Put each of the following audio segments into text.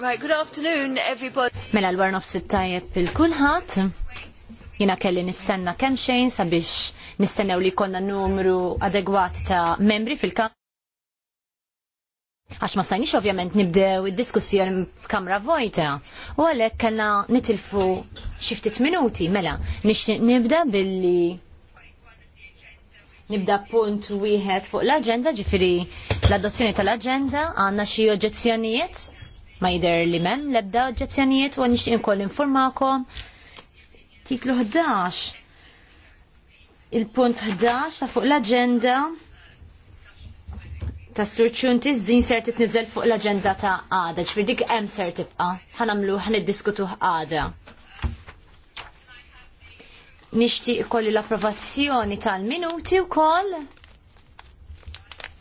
Right, good afternoon everybody. Mela l-war nofs tajjeb il-kulħat. Jina kelli nistenna kemm xejn sabiex nistennew li konna numru adegwat ta' membri fil-kam. Għax ma stajniex ovvjament nibdew id-diskussjoni kamra vojta. U għalhekk kellna nitilfu xi ftit minuti mela nixtieq nibda billi nibda punt wieħed fuq l-aġenda ġifiri l-adozzjoni tal-aġenda għandna xi oġġezzjonijiet ma jider li men, lebda oġġezzjonijiet u għanix inkoll informakom. Tiklu 11. Il-punt 11 ta' fuq l-aġenda ta' surċuntis din ser titniżel fuq l-aġenda ta' għada, ċfir dik hemm ser tibqa' ħanamlu ħanid-diskutu għada. Nixtieq ikolli l-approvazzjoni tal-minuti wkoll.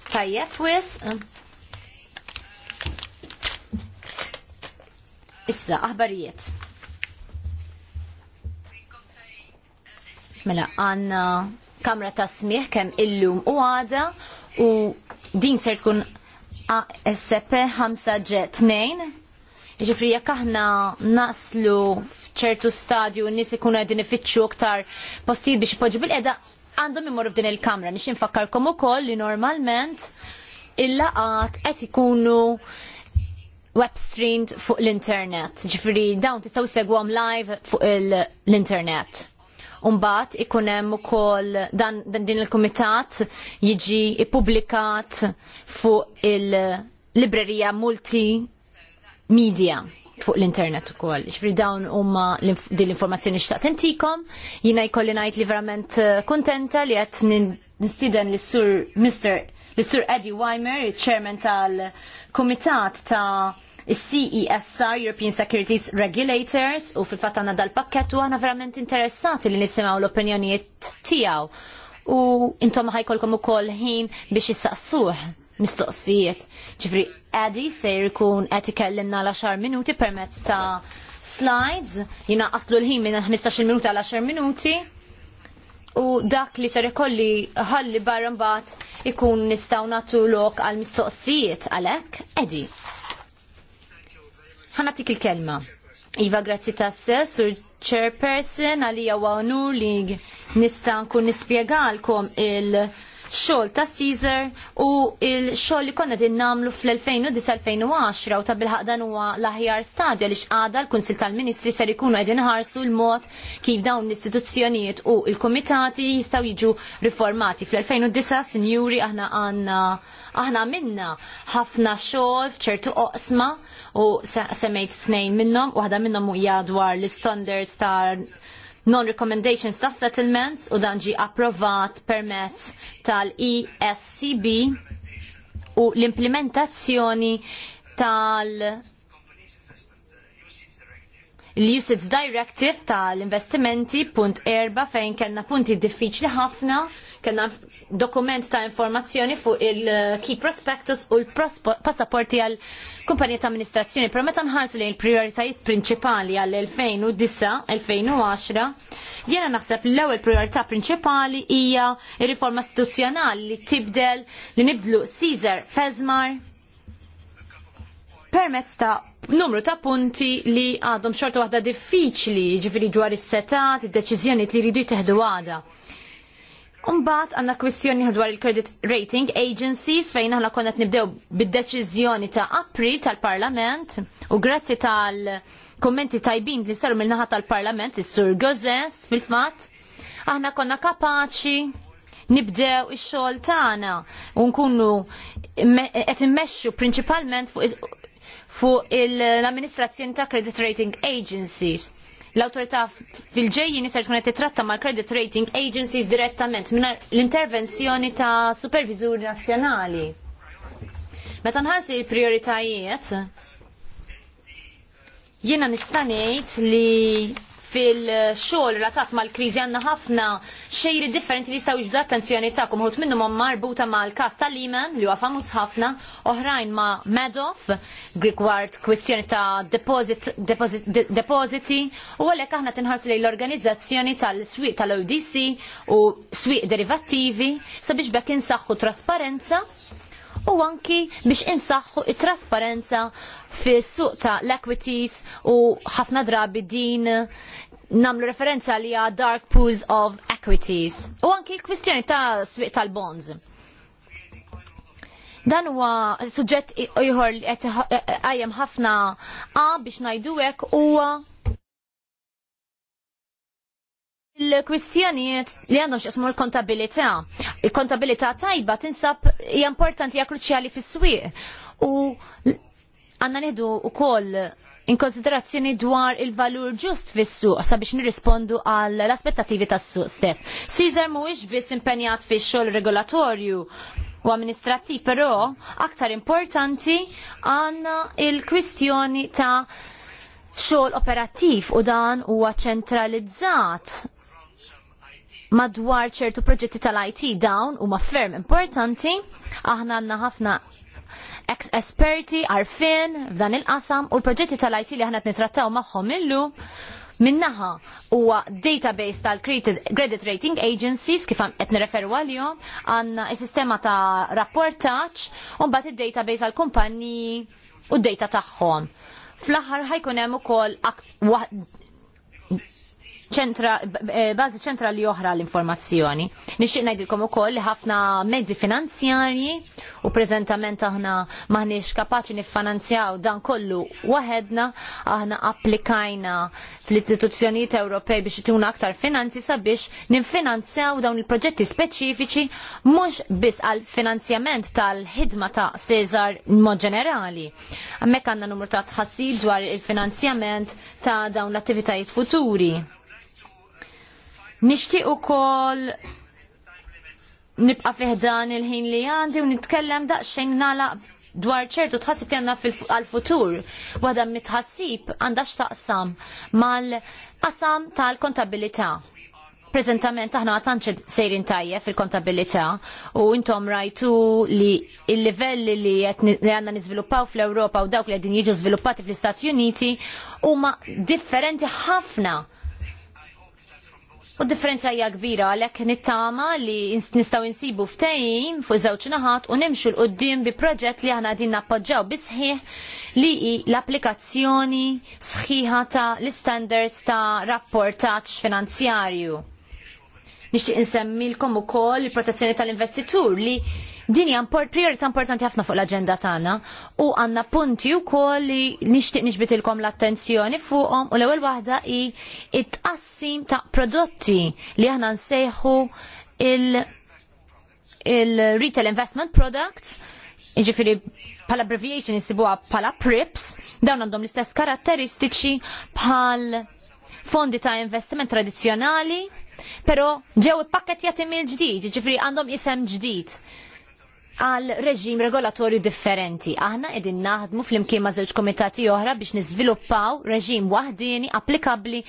Tajjeb wisq. Issa, aħbarijiet. Mela, għanna kamra ta' smieħ kem illum u għada u din ser tkun ASP 5G2 Ġifri, jekk aħna naslu f'ċertu stadju n-nis ikun għedin ifittxu aktar postijiet biex ipoġġu bil-qeda għandhom imorru f'din il-kamra. Nix infakkarkom ukoll li normalment il-laqat qed ikunu web streamed fuq l-internet. Ġifiri dawn tistaw segwom live fuq l-internet. Umbat ikun hemm ukoll dan, dan din il-kumitat jiġi ippubblikat fuq il-librerija multimedia fuq l-internet ukoll. Ġifri dawn huma din l-informazzjoni xtaqt intikom, jiena jkolli ngħid li verament eh, kuntenta li qed nistiden li sur Mr. l-sur Eddie Weimer, il-chairman tal-Kumitat ta' CESR, European Securities Regulators, u fil-fat għanna dal-pakket u għanna verament interessati li nisimaw l-opinjonijiet tijaw. U intom ħajkolkom u koll ħin biex jissaqsuħ mistoqsijiet. Ġifri, Adi sejr kun għet ikellimna l-10 minuti permezz ta' slides, jina qaslu l-ħin minn 15 minuti għal 10 minuti. U dak li ser ikolli ħalli barra mbagħad ikun nistgħu nagħtu lok għal mistoqsijiet għalhekk, Edi ħanatik il-kelma. Iva, grazzi ta' sess, sur chairperson, għalija wa' onur li nista' nkun nispjegalkom il- xogħol ta' Caesar u il-xogħol li konna innamlu fl-2009-2010 u ta' bilħaq dan huwa l-aħjar stadja, għaliex xqada l-Kunsil tal-Ministri ser ikunu qegħdin ħarsu l-mod kif dawn l-istituzzjonijiet u l-kumitati jistgħu jiġu riformati. Fl-2009 sinjuri aħna għandna aħna minna ħafna xogħol f'ċertu oqsma u semmejt snejn minnhom, waħda minnhom hija dwar l-standards ta' non-recommendations ta' settlements u dan ġi approvat permezz tal-ESCB u l-implementazzjoni tal- l-Usage Directive tal-investimenti punt erba fejn kellna punti diffiċli ħafna kena dokument ta' informazzjoni fuq il-key prospectus u l-passaporti għal kumpanija ta' amministrazzjoni. Pero meta nħarsu li il-prioritajiet prinċipali għal 2009-2010, jena naħseb l-ewwel priorità prinċipali hija il riforma istituzzjonali li tibdel li nibdlu Caesar Fezmar permezz ta' numru ta' punti li għadhom xorta waħda diffiċli ġifiri dwar is-setat, id-deċiżjoni li jridu jteħdu għada. Umbat għanna kwistjoni dwar il-credit rating agencies fejn aħna konna nibdew bid-deċiżjoni ta' April tal-Parlament u grazzi tal-kommenti tajbin li saru mill-naħa tal-Parlament is-Sur Gozes fil-fatt aħna konna kapaċi nibdew ix-xogħol tagħna u nkunu qed immexxu prinċipalment fuq fuq l-amministrazzjoni ta' credit rating agencies l-autorità fil-ġejjin ser tkun qed titratta mal-credit rating agencies direttament minn l-intervenzjoni ta' supervizur nazzjonali. Meta nħarsi l-prioritajiet, jiena nista' ngħid li fil-xogħol ratat mal-kriżi għandna ħafna xejri differenti li jistgħu jiġbdu attenzjoni tagħkom ħut minnhom ma marbuta mal-każ ta' Lehman li huwa ħafna, oħrajn ma' Madoff għart kwistjoni ta' deposit, deposit, de, depositi u għalhekk aħna tinħarsu lejn l-organizzazzjoni tal-swieq tal-ODC u swieq derivattivi sabiex bekk insaħħu trasparenza u anki biex insaħħu it-trasparenza fis suq ta' l-equities u ħafna drabi din namlu referenza li għad dark pools of equities. U anki l-kwistjoni ta' sviq tal-bonds. Dan huwa suġġett ieħor li qed għajjem ħafna a biex ngħidu hekk huwa il-kwistjonijiet li għandhom x'ismu l-kontabilità. Il-kontabilità tajba tinsab hija importanti hija kruċjali fis-swieq. U għandna nieħdu wkoll in konsiderazzjoni dwar il-valur ġust fis-suq sabiex nirrispondu għal l-aspettativi tas-suq stess. Caesar mhuwiex biss impenjat fix-xogħol regolatorju u amministrattiv, però aktar importanti għandna il-kwistjoni ta' xogħol operattiv u dan huwa ċentralizzat madwar ċertu proġetti tal-IT dawn huma ferm importanti, aħna għandna ħafna Ex esperti għarfin f'dan il-qasam u l-proġetti tal-IT li aħna nitrattaw magħhom illum minnaħa huwa database tal-Credit Rating Agencies kif qed nirreferu għalihom għandna s-sistema ta' rapportaġġ u mbagħad id-database għall-kumpanji u d-data tagħhom. Fl-aħħar ħajkun hemm ukoll ċentra, eh, bazi ċentrali oħra l-informazzjoni. Nixtieq ngħidilkom ukoll li ħafna mezzi finanzjarji u preżentament aħna maħniex kapaċi niffinanzjaw dan kollu waħedna, aħna applikajna fl-istituzzjonijiet Ewropej biex ituna aktar finanzi sabiex ninfinanzjaw dawn il-proġetti speċifiċi mhux biss għal finanzjament tal-ħidma ta' Cesar mod ġenerali. Hemmhekk għandna numru ta' tħassib dwar il-finanzjament ta' dawn l-attivitajiet futuri Nixtieq ukoll nibqa' fiħdan il-ħin li għandi u nitkellem daqsxejn nagħlaq dwar ċertu tħassib li għandna għal-futur. Waħda mitħassib għandha x'taqsam mal-qasam tal-kontabilità. Prezentament aħna għatanċ sejrin tajje fil-kontabilità u intom rajtu li il-livelli li għanna nizviluppaw fl-Europa u dawk li għedin jiġu zviluppati fl-Istati Uniti huma differenti ħafna U differenza hija kbira għalhekk nittama li nistgħu insibu ftehim fuq żewġ naħat u nimxu l qudiem bi proġett li aħna qegħdin nappoġġaw sħiħ li hi l-applikazzjoni sħiħa ta' l-standards ta' rapportaġġ finanzjarju. Nixtieq insemmilkom ukoll il-protezzjoni tal-investitur li din hija priorità importanti ħafna fuq l-aġenda tagħna u għandna punti wkoll li nixtieq nixbitilkom l-attenzjoni fuqhom u l-ewwel waħda hi it-tqassim ta' prodotti li aħna nsejħu il- il-retail investment products Iġifiri, pal abbreviation jisibuha pala PRIPS, dawn għandhom l-istess karatteristiċi pal fondi ta' investiment tradizjonali, pero ġew ippakketjati mill-ġdid, ġifri għandhom isem ġdid għal reġim regolatorju differenti. Aħna edin naħdmu fl-imkien ma' żewġ komitati oħra biex niżviluppaw reġim wahdini applikabli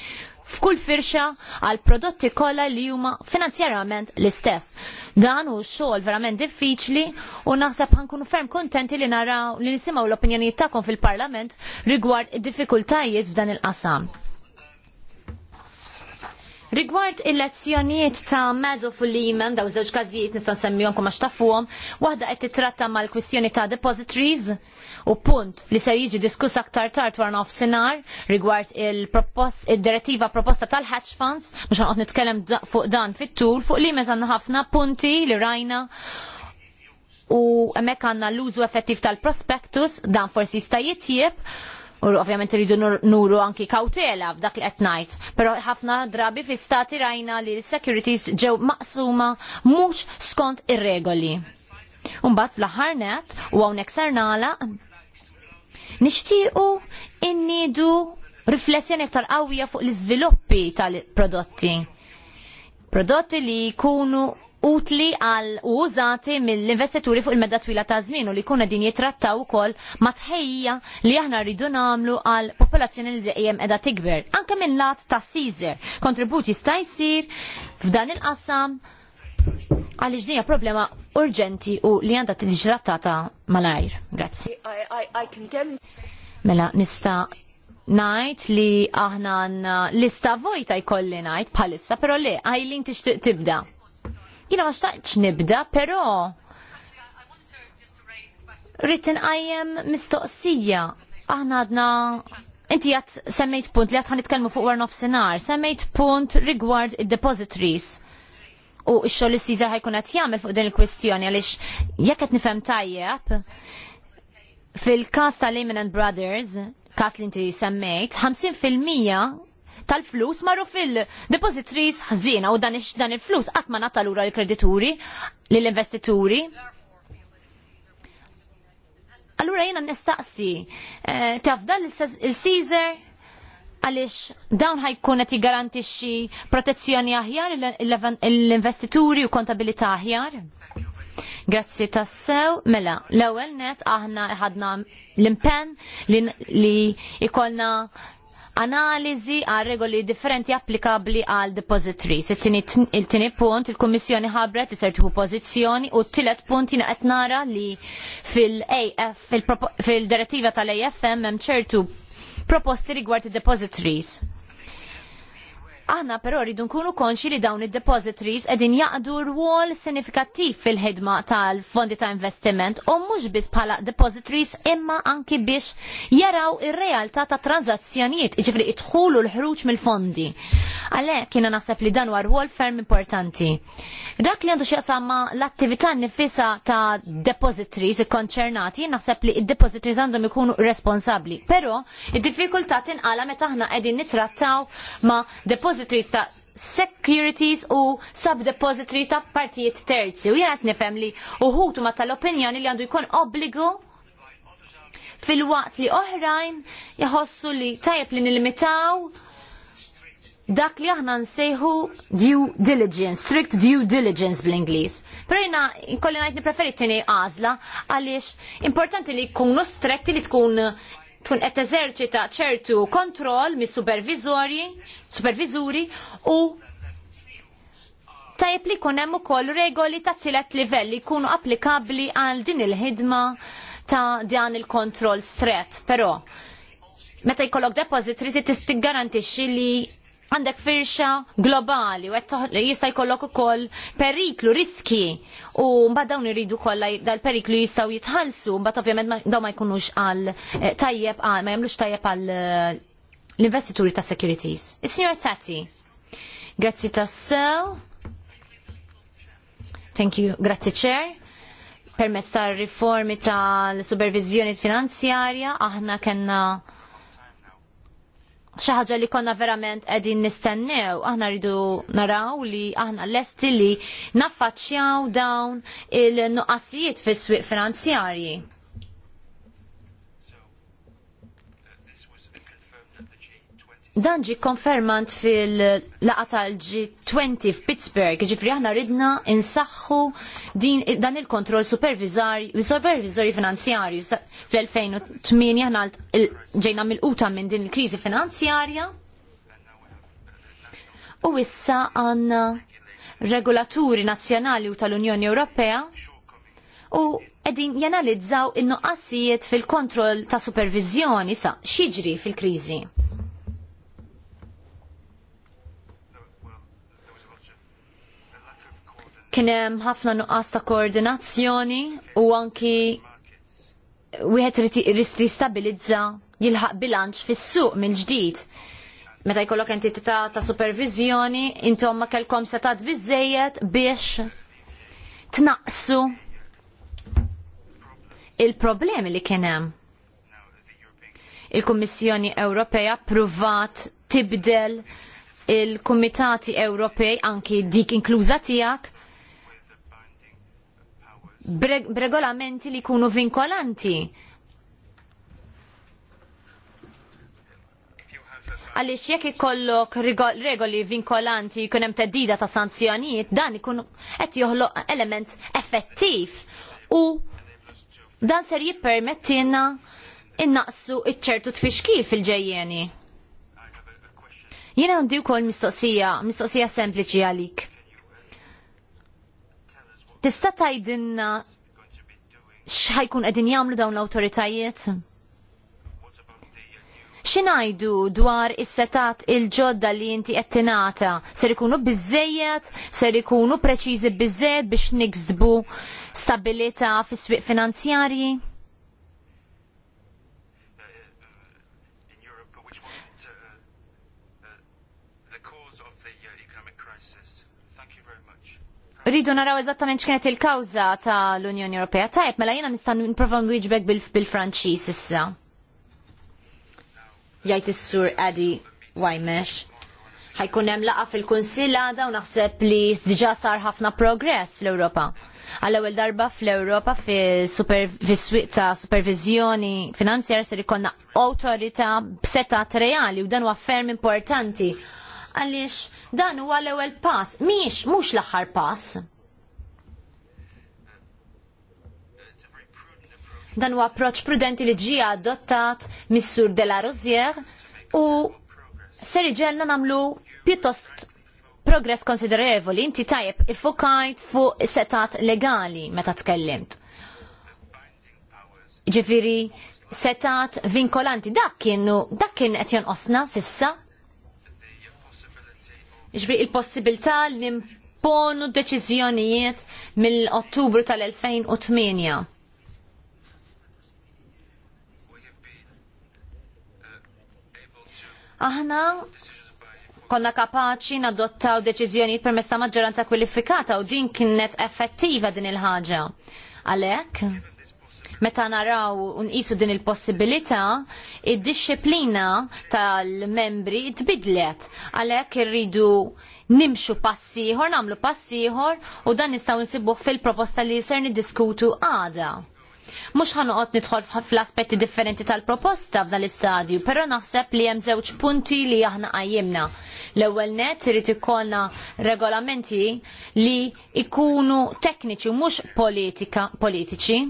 f'kull firxa għal prodotti kollha li huma finanzjarament l-istess. Dan hu xogħol verament diffiċli u naħseb ħankunu ferm kontenti li naraw li nisimgħu l-opinjonijiet tagħkom fil-Parlament rigward id-diffikultajiet f'dan il-qasam. Rigward il-lezzjonijiet ta' Madoff u Lehman, daw żewġ każijiet nista' nsemmihom kum għax tafuhom, waħda qed titratta mal-kwistjoni ta' depositories u punt li ser jiġi diskuss aktar tard wara nofsinhar rigward il-direttiva proposta tal-hedge funds, biex ħanqod nitkellem fuq dan fit-tul, fuq li meżan ħafna punti li rajna u hemmhekk għandna l-użu effettiv tal prospectus dan forsi jista' jitjieb U ovvjament rridu nuru anki kawtela f'dak li qed ngħid, però ħafna drabi fi stati rajna li l-securities ġew maqsuma mhux skont ir-regoli. Umbagħad fl-aħħar net u hawnhekk sar nagħlaq nixtiequ innidu riflessjoni iktar qawwija fuq l-iżviluppi tal-prodotti. Prodotti li jkunu utli għal użati mill-investituri fuq il-medda twila ta' żmien u li jkunu din jitrattaw ukoll ma' tħejja li aħna rridu nagħmlu għal popolazzjoni li dejjem qiegħda tikber. Anke minn lat ta' Caesar, kontribut jista' jsir f'dan il-qasam għaliex dinja problema urġenti u li għandha tiġi trattata malajr. Grazzi. Mela nista' najt li aħna lista vojta jkolli najt bħalissa, pero le, għajlin tixtieq tibda. Jina ma xtaqx nibda, pero rrit inqajjem mistoqsija. Aħna għadna Inti għat semmejt punt li għat għan itkelmu fuq warnof senar, semmejt punt rigward depositories u x-xogħol s-sizar ħajkun qed jagħmel fuq din il-kwestjoni għaliex jekk qed nifhem tajjeb fil-każ ta' Lehman Brothers, każ li inti semmejt, 50% tal-flus marru fil-depositris ħżina u dan il-flus qatt ma nata lura l-kredituri, l-investituri. Allura jiena nistaqsi, eh, taf dan il-Caesar għaliex dawn ħajkun qed jiggarantixxi protezzjoni aħjar l-investituri u kontabilità aħjar? Grazzi tassew, mela, l ewwel net aħna ħadna l-impen li ikolna analiżi għal regoli differenti applikabli għal depositories. Il-tieni punt il-Kummissjoni ħabret li ser tieħu pożizzjoni u t-tielet punt jiena qed nara li fil-AF fil-direttiva tal-AFM hemm ċertu proposti rigward depositories Aħna però rridu nkunu konxi li dawn id-depositories qegħdin jaqdu rwol sinifikattiv fil-ħidma tal-fondi ta' investiment u mhux biss bħala depositories imma anki biex jaraw ir-realtà ta' tranzazzjonijiet, jiġifieri idħulu l-ħruġ mill-fondi. Għalhekk kiena naħseb li dan huwa rwol ferm importanti. Dak li għandu xieqsam ma l-attività nifisa ta' depositories konċernati, naħseb li id-depositories għandhom ikunu responsabli. però id-difikultat tinqala meta aħna qegħdin nitrattaw ma' depositories depositories ta' securities u sub-depository ta' partijiet terzi. U jgħat nifem li uħutu ma tal-opinjoni li għandu jkun obbligu fil-waqt li oħrajn jħossu li tajab li nilimitaw dak li aħna nsejħu due diligence, strict due diligence bl-Inglis. Pero jina, kolli najt nipreferi t-tini għazla, għalix importanti li kunu stretti li tkun tkun qed eżerċita ċertu kontroll mis supervizori supervizuri u tajb li jkun hemm ukoll regoli ta' tielet livell jkunu applikabbli għal din il-ħidma ta' dan il-kontroll stret, però meta jkollok deposit trid tiggarantixxi li għandek firxa globali u għed jista' jkollok ukoll periklu, riski u mbagħad dawn iridu kollha dal-periklu jistgħu jitħallsu mbagħad ovvjament dawn ma jkunux għal eh, tajjeb għal ma jamlux tajjeb għal eh, l-investituri ta' securities. is signor Tati, grazzi tassew. Thank you, grazzi Chair permezz tar riformi tal-supervizjoni finanzjarja aħna kellna xi ħaġa li konna verament qegħdin nistennew, aħna rridu naraw li aħna lesti li naffaċċjaw dawn il-nuqqasijiet fis-swieq finanzjarji. Dan ġi konfermant fil-laqa tal-G20 f'Pittsburgh, ġifri aħna ridna insaħħu dan il-kontroll supervizori finanzjarju. Fl-2008 aħna ġejna mill-quta minn din il-kriżi finanzjarja. U issa għanna regolaturi nazzjonali u tal-Unjoni Ewropea u edin janalizzaw in noqassijiet fil-kontroll ta' supervizjoni sa' xieġri fil-kriżi. Kien hemm ħafna nuqqas ta' koordinazzjoni u anki wieħed jistabilizza jilħaq bilanċ fis-suq minn ġdid. Meta jkollok entità ta' supervizjoni, intom ma kellkom setat biżejjed biex tnaqsu il-problemi li kien hemm. Il-Kummissjoni Ewropea pruvat tibdel il-Kumitati Ewropej anki dik inkluża tiegħek b'regolamenti li jkunu vinkolanti. għaliex jekk ikollok regoli vinkolanti jkun hemm teddida ta' sanzjonijiet, dan ikun qed joħloq element effettiv u dan ser jippermettilna innaqsu iċ-ċertu tfixkil fil-ġejjeni. Jiena għandi wkoll mistoqsija, mistoqsija sempliċi għalik. Tista' tgħidilna x'ħajkun qegħdin jagħmlu dawn l-awtoritajiet? Xinajdu dwar is-setat il-ġodda li inti qed tingħata? Ser ikunu biżejjed, ser ikunu preċiżi biżejjed biex niksbu stabilità fis swiq finanzjarji? rridu naraw eżattament x'kienet il-kawża ta' l-Unjoni Ewropea. Tajb, mela jiena nista' nipprova nwieġbek bil-Franċiż issa. Jgħid is-sur Adi Wajmesh. Ħajkun hemm laqa fil-Kunsill għada u naħseb li diġà sar ħafna progress fl-Ewropa. Għall-ewwel darba fl-Ewropa fis-swieq ta' supervizjoni finanzjar ser ikollna awtorità b'setat reali u dan huwa ferm importanti għaliex dan huwa l-ewwel pass, miex mhux l-aħħar pass. Dan huwa approċċ prudenti li ġie adottat Missur de la Rosière u ser iġelna nagħmlu pjuttost progress konsiderevoli, inti tajjeb ifokajt fuq setat legali meta tkellimt. Ġifiri, setat vinkolanti, dak kienu, dak kien qed jonqosna sissa, Ġifri il-possibilità li nimponu deċiżjonijiet mill-Ottubru tal-2008. Aħna konna kapaċi nadottaw deċiżjonijiet per ta' maġġoranza kwalifikata u din kienet effettiva din il-ħaġa. Għalhekk, Meta naraw unqisu din il-possibilità, id-disciplina tal-membri tbidlet għalhekk irridu nimxu passiħor, namlu passiħor u dan nistaw nsibuħ fil-proposta li ser niddiskutu għada. Mux ħanuqot nidħol fl-aspetti differenti tal-proposta f'dan l-istadju, pero naħseb li hemm żewġ punti li aħna qajjimna. L-ewwel net irid ikollna regolamenti li ikunu tekniċi mhux politika politiċi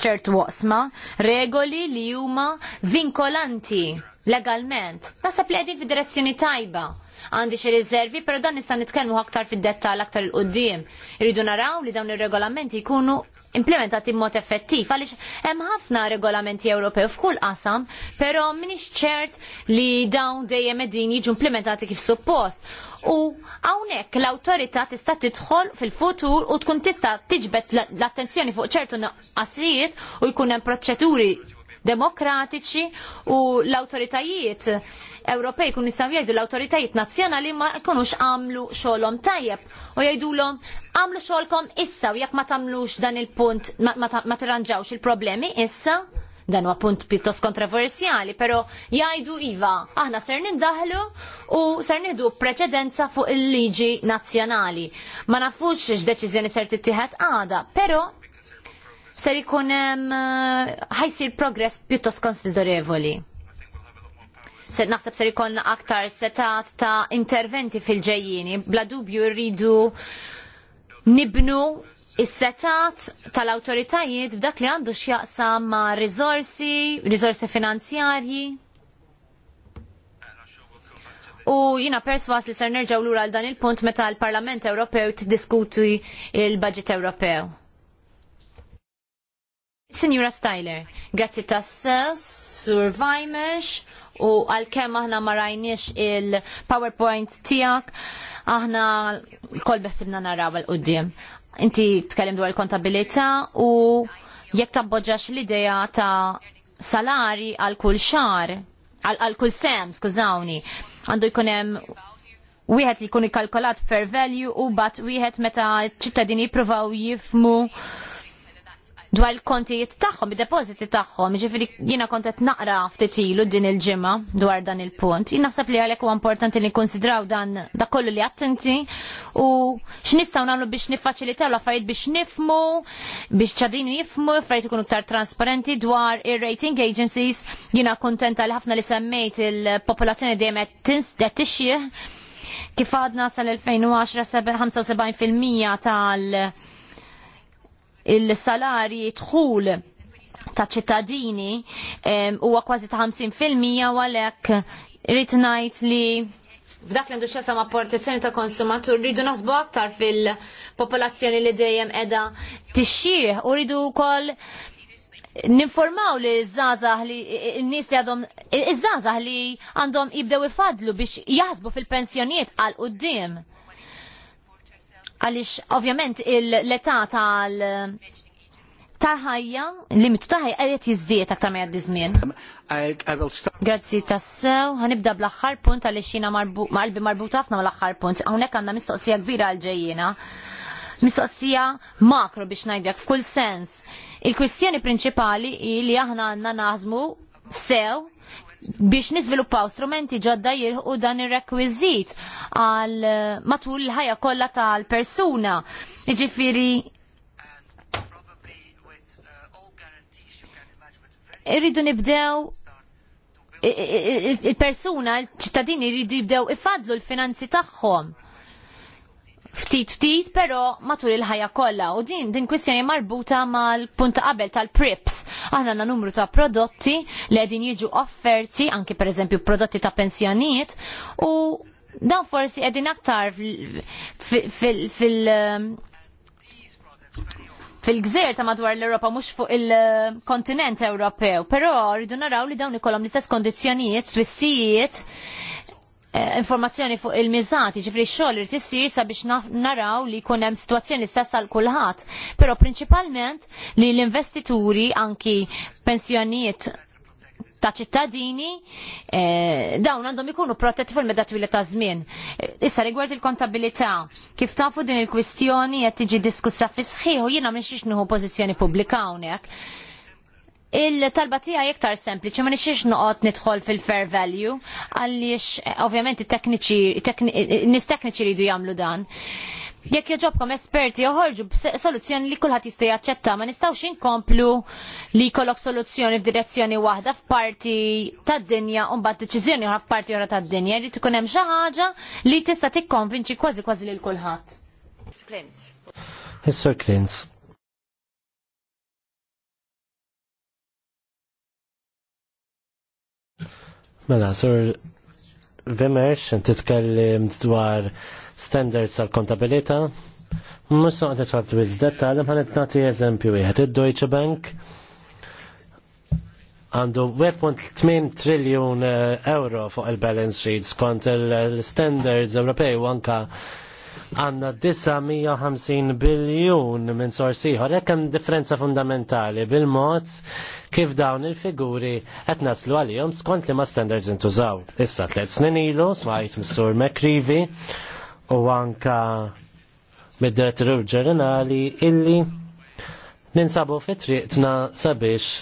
ċertu waqsma regoli li huma vinkolanti legalment. Nasab li għedin fid-direzzjoni tajba għandi xi riservi, però dan nista' nitkellmu aktar fid-dettall aktar il qudiem Irridu naraw li dawn ir-regolamenti jkunu implementati b'mod effettiv għaliex hemm ħafna regolamenti Ewropew f'kull qasam, però m'iniex ċert li dawn dejjem qegħdin jiġu implementati kif suppost. U hawnhekk l-awtorità tista' tidħol fil-futur u tkun tista' tiġbed l-attenzjoni fuq ċertu naqqasijiet u jkun hemm proċeduri demokratiċi u l awtoritajiet Ewropej kun nistaw jgħidu l awtoritajiet nazzjonali ma jkunux għamlu xolom tajjeb u jgħidulhom għamlu xolkom issa u jekk ma tagħmlux dan il-punt ma, ma, ma tirranġawx il-problemi issa dan huwa punt pjuttost kontroversjali, però jgħidu iva, aħna ser nindaħlu u ser nieħdu preċedenza fuq il-liġi nazzjonali. Ma nafux x'deċiżjoni ser tittieħed għada, però ser ikun hemm eh, ħajsir progress pjuttost konsiderevoli. Se naħseb ser ikun aktar setat ta' interventi fil-ġejjini, bla dubju rridu nibnu Is-setat tal-awtoritajiet f'dak li għandu x'jaqsam ma' rizorsi, rizorsi finanzjarji. U jina perswas li ser nerġaw lura għal dan il-punt meta l-Parlament Ewropew tiddiskuti il-Budget Ewropew. Signora Styler, grazzi tassew, survivors, u għal-kem aħna ma rajniex il-PowerPoint tijak, aħna kol beħsibna naraw għal-qoddim. Inti tkellem dwar il-kontabilita u jekk tabboġġax l-ideja ta' salari għal kull xar, għal kull sem, skużawni, għandu jkunem wieħed li jkun ikkalkolat fair value u bat wieħed meta ċittadini jippruvaw jifmu dwar il-kontijiet tagħhom, id-depożiti tagħhom, ġifieri jiena kont qed naqra ftit ilu din il-ġimgħa dwar dan il-punt. Jien naħseb li għalhekk huwa importanti li nkunsidraw dan da kollu li attenti u x'nistgħu nagħmlu biex niffaċilitaw l-affarijiet biex nifmu, biex ċadini jifmu, affarijiet ikunu iktar transparenti dwar ir-rating agencies. Jiena kontenta li ħafna li semmejt il-popolazzjoni dejjem qed tixjih kif għadna sal-2010 75% tal- il-salari tħul ta' ċittadini huwa kważi ta' 50% u għalhekk rrid ngħid li f'dak li għandu xesa ma' protezzjoni ta' konsumatur rridu naħsbu aktar fil-popolazzjoni li dejjem qiegħda tixxih u rridu wkoll ninformaw li żgħażagħ li n-nies li għadhom iż-żgħażagħ li għandhom jibdew ifadlu biex jaħsbu fil-pensjonijiet għal quddiem għaliex ovvjament l-età tal taħajja, limitu taħajja għajet jizdiet aktar ma jaddi zmin. Grazzi tassew, ħanibda bl-axħar punt għaliex jina marbi marbu ħafna mal-axħar punt, għonek għanna mistoqsija kbira għal-ġejjina. Mistoqsija makro biex najdjak f'kull sens. Il-kwistjoni prinċipali li aħna għanna naħzmu sew biex niżviluppaw strumenti ġodda jirħu dan ir-rekwiżit għal eh, matul il-ħajja kollha tal-persuna. Jiġifieri irridu nibdew il-persuna, il-ċittadini jridu jibdew ifadlu l-finanzi tagħhom ftit ftit, pero matul il-ħajja kollha. U din din kwistjoni marbuta mal-punt qabel tal-prips. Aħna għandna numru ta' prodotti li qegħdin jiġu offerti, anke pereżempju prodotti ta' pensjonijiet, u dan forsi qegħdin aktar fil- um, fil-gżer ta' madwar l-Europa mhux fuq il-kontinent Ewropew, però rridu naraw li dawn ikollhom l-istess kondizzjonijiet, twissijiet Eh, informazzjoni fuq il-miżati, ġifri xogħol irid issir sabiex naraw li jkun hemm sitwazzjoni stessa għal kulħadd, però prinċipalment li l-investituri anki pensjonijiet ta' ċittadini eh, dawn għandhom ikunu protetti fil-meda twila ta' żmien. Eh, issa rigward il-kontabilità, kif tafu din il-kwistjoni qed tiġi diskussa fi sħiħ u jiena minn xiex nieħu pożizzjoni pubblika hawnhekk Il-talba tiegħi iktar sempliċi ma nixiex noqgħod nidħol fil-fair value għaliex eh, ovvjament it-tekniċi li du jamlu jagħmlu dan. Jekk joġobkom esperti joħorġu soluzzjoni li kulħadd jista' jaċċetta, ma nistgħux inkomplu li jkollok soluzzjoni f'direzzjoni waħda f'parti tad-dinja u mbagħad deċiżjoni oħra f'parti oħra tad-dinja li tkun hemm xi ħaġa li tista' tikkonvinċi kważi kważi lil kulħadd. Is-Sur Klintz. Mela, sur Vimers titkellim dwar standards tal kontabilita. Mux għabdu nitfab dwiz dettal, mħan nati eżempju wieħed. Id-Deutsche Bank għandu 1.8 triljun eh, euro fuq il-balance sheets kont il-standards Ewropej u anka għanna 950 biljun minn sorsiħor, jekk hemm differenza fundamentali bil-mod kif dawn il-figuri qed naslu għalihom skont li ma standards intużaw. Issa tliet snin ilu smajt Mr. McCreevy u anka mid-direttur ġenerali illi ninsabu fitriqtna sabiex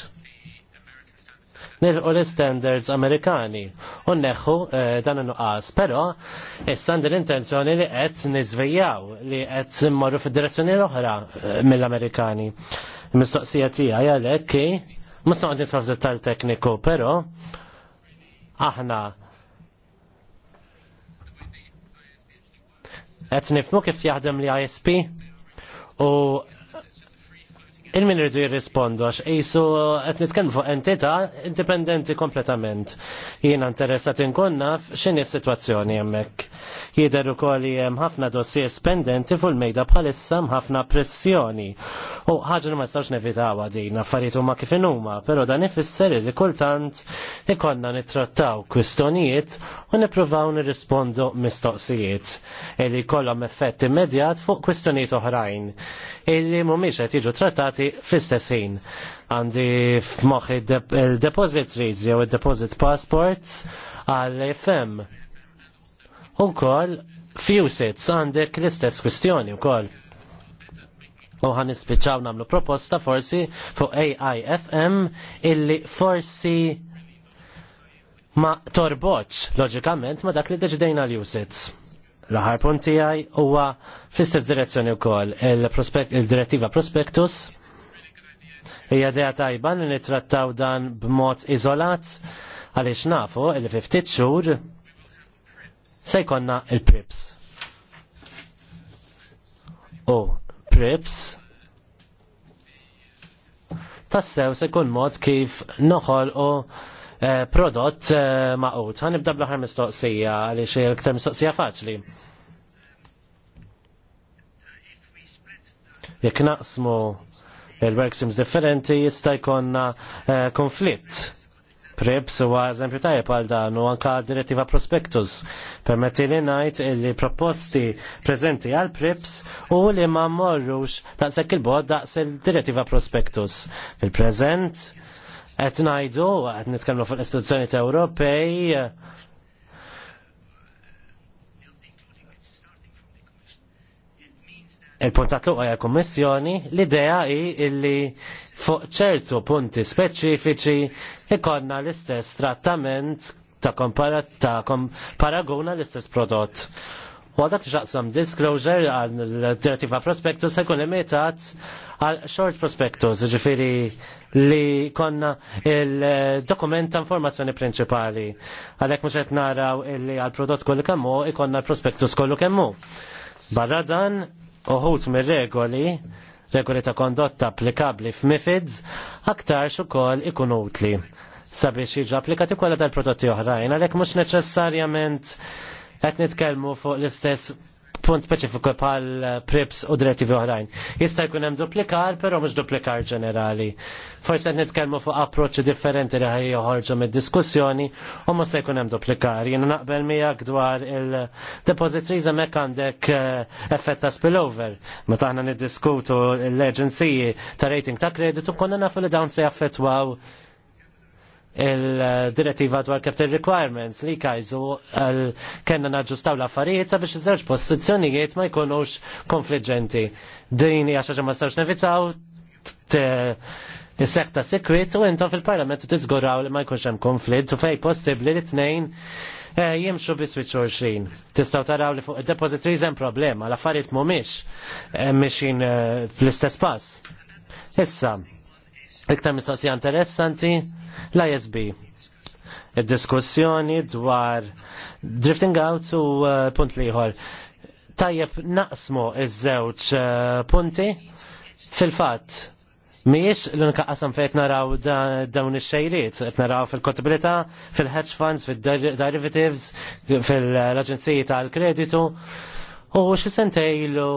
nilqu l-standards Amerikani u neħħu eh, dan il-nuqqas. Però issa din l-intenzjoni li qed nizvijaw li qed morru fid-direzzjoni l-oħra eh, mill-Amerikani. Mistoqsija tiegħi għalhekk mhux noqgħod nidħol dettal tekniku, però aħna qed nifmu kif jaħdem l-ISP u Il-min rridu jirrispondu għax jisu qed nitkellmu fuq entità indipendenti kompletament. Jiena interessat inkun naf x'inhi s-sitwazzjoni hemmhekk. Jidher ukoll li hemm ħafna dossiers pendenti fuq il-mejda bħalissa ħafna pressjoni. U ħaġa li ma nistgħux nevitawha din affarijiet huma kif huma, però dan ifisser li kultant ikonna nittrattaw kwistjonijiet u nippruvaw nirrispondu mistoqsijiet illi jkollhom effett immedjat fuq kwistjonijiet oħrajn illi mhumiex qed jiġu trattati fl-istess ħin. Għandi f'moħħ il deposit rizzi jew il-deposit passports għal FM. U kol fusits għandek l-istess kwistjoni wkoll. U ħan nispiċċaw nagħmlu proposta forsi fuq AIFM illi forsi ma torboċ loġikament ma dak li deġdejna l-usits l-ħar punti għaj huwa fl-istess direzzjoni u kol il-direttiva prospectus Hija deja tajba li nittrattaw dan b'mod iżolat għaliex nafu li fi ftit xhur se jkollna il-prips. U prips tassew se jkun mod kif noħolqu eh, prodott eh, maqut. Għan ibda bl-ħar mistoqsija, għalix il ktar mistoqsija faċli. Jek naqsmu il-work differenti jista' jkollna eh, konflitt. Prips huwa eżempju tajjeb għal dan u anka direttiva prospectus permetti li ngħid li proposti preżenti għal Prips u li ma mmorrux daqshekk il-bod daqs il-direttiva prospectus. Fil-preżent qed ngħidu qed nitkellmu fuq l-istituzzjoni Ewropej il-puntat luqa ja kommissjoni, l-idea hi illi fuq ċertu punti speċifiċi ikonna l-istess trattament ta' paraguna l-istess prodott. U għadak xaqsam disclosure għal direttiva prospectus jkun limitat għal short prospectus, ġifiri li konna il-dokument ta' informazzjoni prinċipali. Għalek muxet naraw illi għal prodott kollu kemmu ikonna l-prospectus kollu kemmu. Barra dan, uħut mir regoli regoli ta' kondotta applikabli f'MIFIDS aktar ukoll ikun utli sabiex jiġu applikati kollha tal-prodotti oħrajn għalhekk mhux neċessarjament qed nitkellmu fuq l-istess punt speċifiku pal prips u direttivi oħrajn. Jista' jkun hemm duplikar, però mhux duplikar ġenerali. Forse qed nitkellmu fuq approċċi differenti li ħaj joħorġu mid-diskussjoni u ma se jkun hemm duplikar. Jiena naqbel miegħek dwar il-depositories hemmhekk għandek eh, effett ta' spillover. Meta aħna niddiskutu l aġenziji ta' rating ta' kreditu konna nafu li dawn se jaffettwaw il-direttiva dwar capital requirements li kajzu eh, kena naġustaw l-affarijiet sabiex iż-żewġ pożizzjonijiet ma jkunux konfliġenti. Din hija xi ma sarx nevitaw Is-seħ ta' sekwit u intom fil-parlament tiżguraw li ma jkunx hemm konflitt u fej possibbli li tnejn eh, jimxu bi switch xorxin. Tistaw taraw li fuq depositories hemm problema, l-affarijiet mhumiex eh, mixin fl-istess pass. Issa, Iktar mistoqsija interessanti l-ISB. Id-diskussjoni dwar drifting out u uh, punt liħor. Tajjeb naqsmu iż-żewġ uh, punti fil-fatt Miex l unika qasam fejt naraw dawn ix-xejriet, qed naraw fil-kotabilità, fil-hedge funds, fil-derivatives, fil-aġenziji tal-kreditu. U xi sentejlu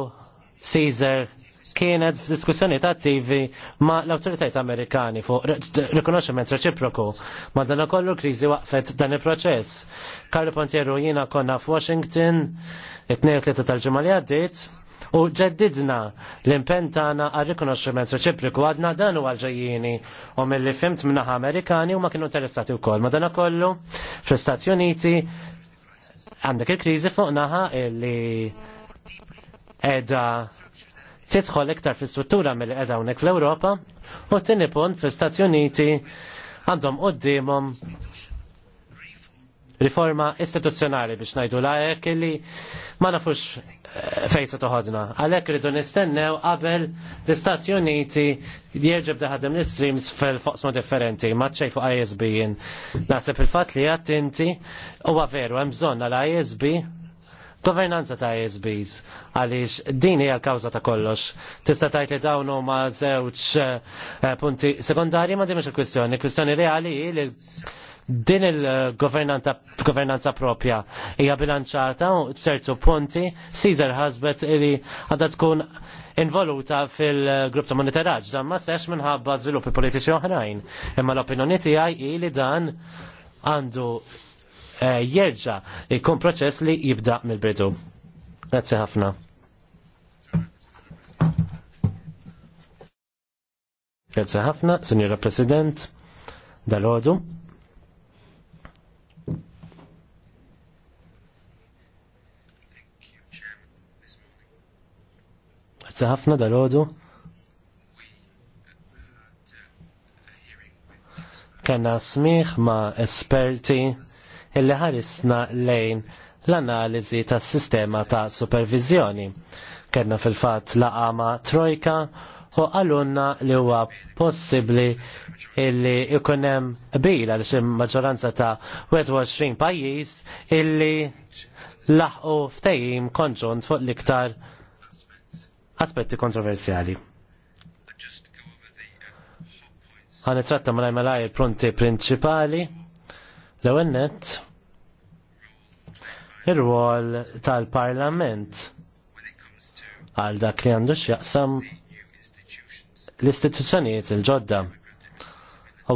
Caesar kienet f'diskussjoni attivi ma l autoritajt Amerikani fuq rikonoxximent reċiproku. Ma dan kollu kriżi waqfet dan il-proċess. Karlo Pontieru jiena konna f'Washington it-23 tal-ġimgħa li għaddiet u ġeddidna l-impenn tagħna għal rikonoxximent reċiproku għadna dan huwa ġejjieni u mill-li fimt minnaħa Amerikani u ma kienu interessati wkoll. Ma dan kollu fl-Istati Uniti għandek il-kriżi fuq naħa illi edha tidħol iktar fi struttura mill qeda hawnhekk fl-Ewropa u tieni punt fl-Istati Uniti għandhom qudiemhom riforma istituzzjonali biex ngħidu lajek illi ma nafux eh, fejsa toħodna. Għalhekk rridu nistennew qabel l-Istati Uniti jerġeb daħadem l-streams fil-foqsma differenti, maċċej fuq ISB jien. Naħseb il-fatt li għattinti huwa veru hemm bżonn għal ISB governanza ta' ISBs għaliex din hija l-kawża ta' kollox. Tista' tajt li dawn huma żewġ eh, punti sekondarji ma dimx il-kwistjoni. Kwistjoni reali li din il-governanza propja hija bilanċata u b'ċertu punti Caesar ħasbet li għadha tkun involuta fil-grupp ta' monitoraġġ dan ma sex minħabba żviluppi politiċi oħrajn. Imma l-opinjoni tiegħi hi li dan għandu Eh, jerġa' jkun proċess li jibda mill-bidu. Grazzi ħafna. Grazzi ħafna, Sinjora President, dal-ħodu. Grazzi ħafna dal-ħodu. Kenna smiħ ma' esperti illi ħarisna lejn l-analiżi tas-sistema ta' supervizjoni. Kenna fil-fatt laqama trojka u għalunna li huwa possibbli illi ikunem bila li xim maġġoranza ta' 21 pajjiż illi laħu ftejim konġunt fuq l-iktar aspetti kontroversjali. Għan tratta malaj malaj il-pronti prinċipali L-ewwel nett ir-rwol tal-Parlament għal dak li għandu x'jaqsam l-istituzzjonijiet il-ġodda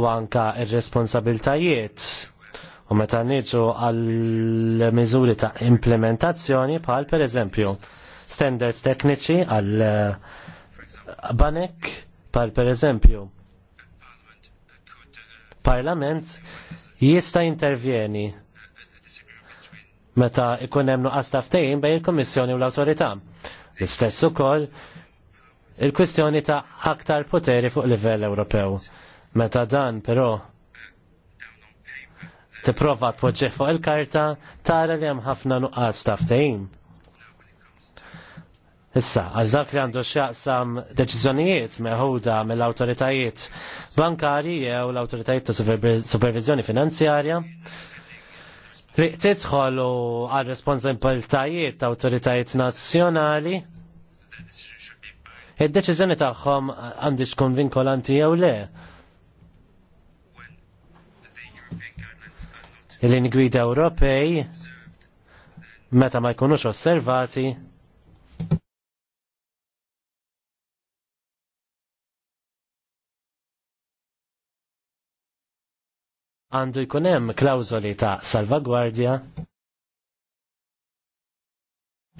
u anka il responsabiltajiet u meta niġu għal miżuri ta' implementazzjoni bħal per eżempju standards tekniċi għal uh, banek bħal per eżempju parlament jista' jintervjeni meta ikun hemm nuqqas taftejn bejn il-Kummissjoni u l-Awtorità. L-istess ukoll il-kwistjoni ta' aktar poteri fuq livell Ewropew. Meta dan però tipprova tpoġġih fuq il-karta tara li hemm ħafna nuqqas taftejn. Issa, għal dak li għandu xaqsam deċizjonijiet meħuda mill-autoritajiet bankari jew l-autoritajiet ta' supervizjoni finanzjarja li tidħolu għal responsabiltajiet ta' autoritajiet nazzjonali id-deċizjoni tagħhom għandi xkun vinkolanti jew le. Il-ingwida Ewropej meta ma jkunux osservati għandu jkun hemm klawżoli ta' salvagwardja.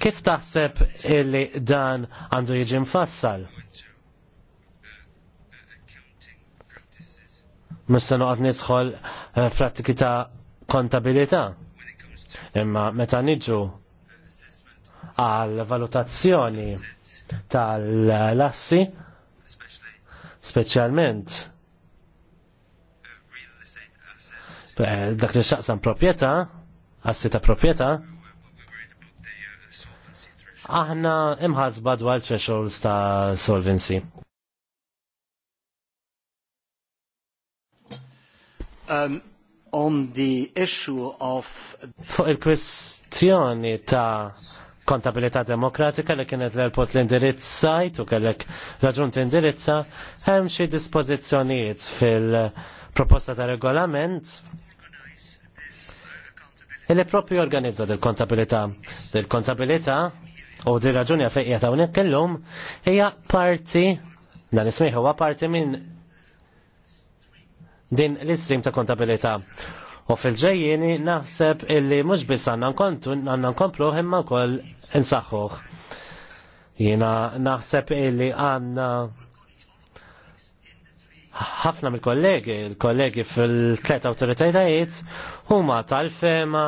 Kif taħseb illi dan għandu jiġi mfassal? Mista noqgħod nidħol eh, prattiki ta' kontabilità. Imma meta niġu għal valutazzjoni tal-lassi, speċjalment Eh, dak li xaqsam proprjetà, għassi ta' proprjetà, aħna imħasba dwar thresholds ta' solvency. Um, on the issue of fuq il-kwestjoni ta' kontabilità demokratika li kienet l-airport l-indirizzajt u kellek raġunt indirizza, hemm xi dispożizzjonijiet fil-proposta ta' regolament illi propju organizza del kontabilità del kontabilità u di raġuni għafej jgħata unek kellum hija parti, dan ismiħ huwa parti minn din l-istrim ta' kontabilità. U fil-ġejjini naħseb illi mux biss kontu għanna nkomplu imma kol insaħħuħ. Jina naħseb illi għanna ħafna mill-kollegi, il-kollegi fil-tlet autoritajiet huma tal-fema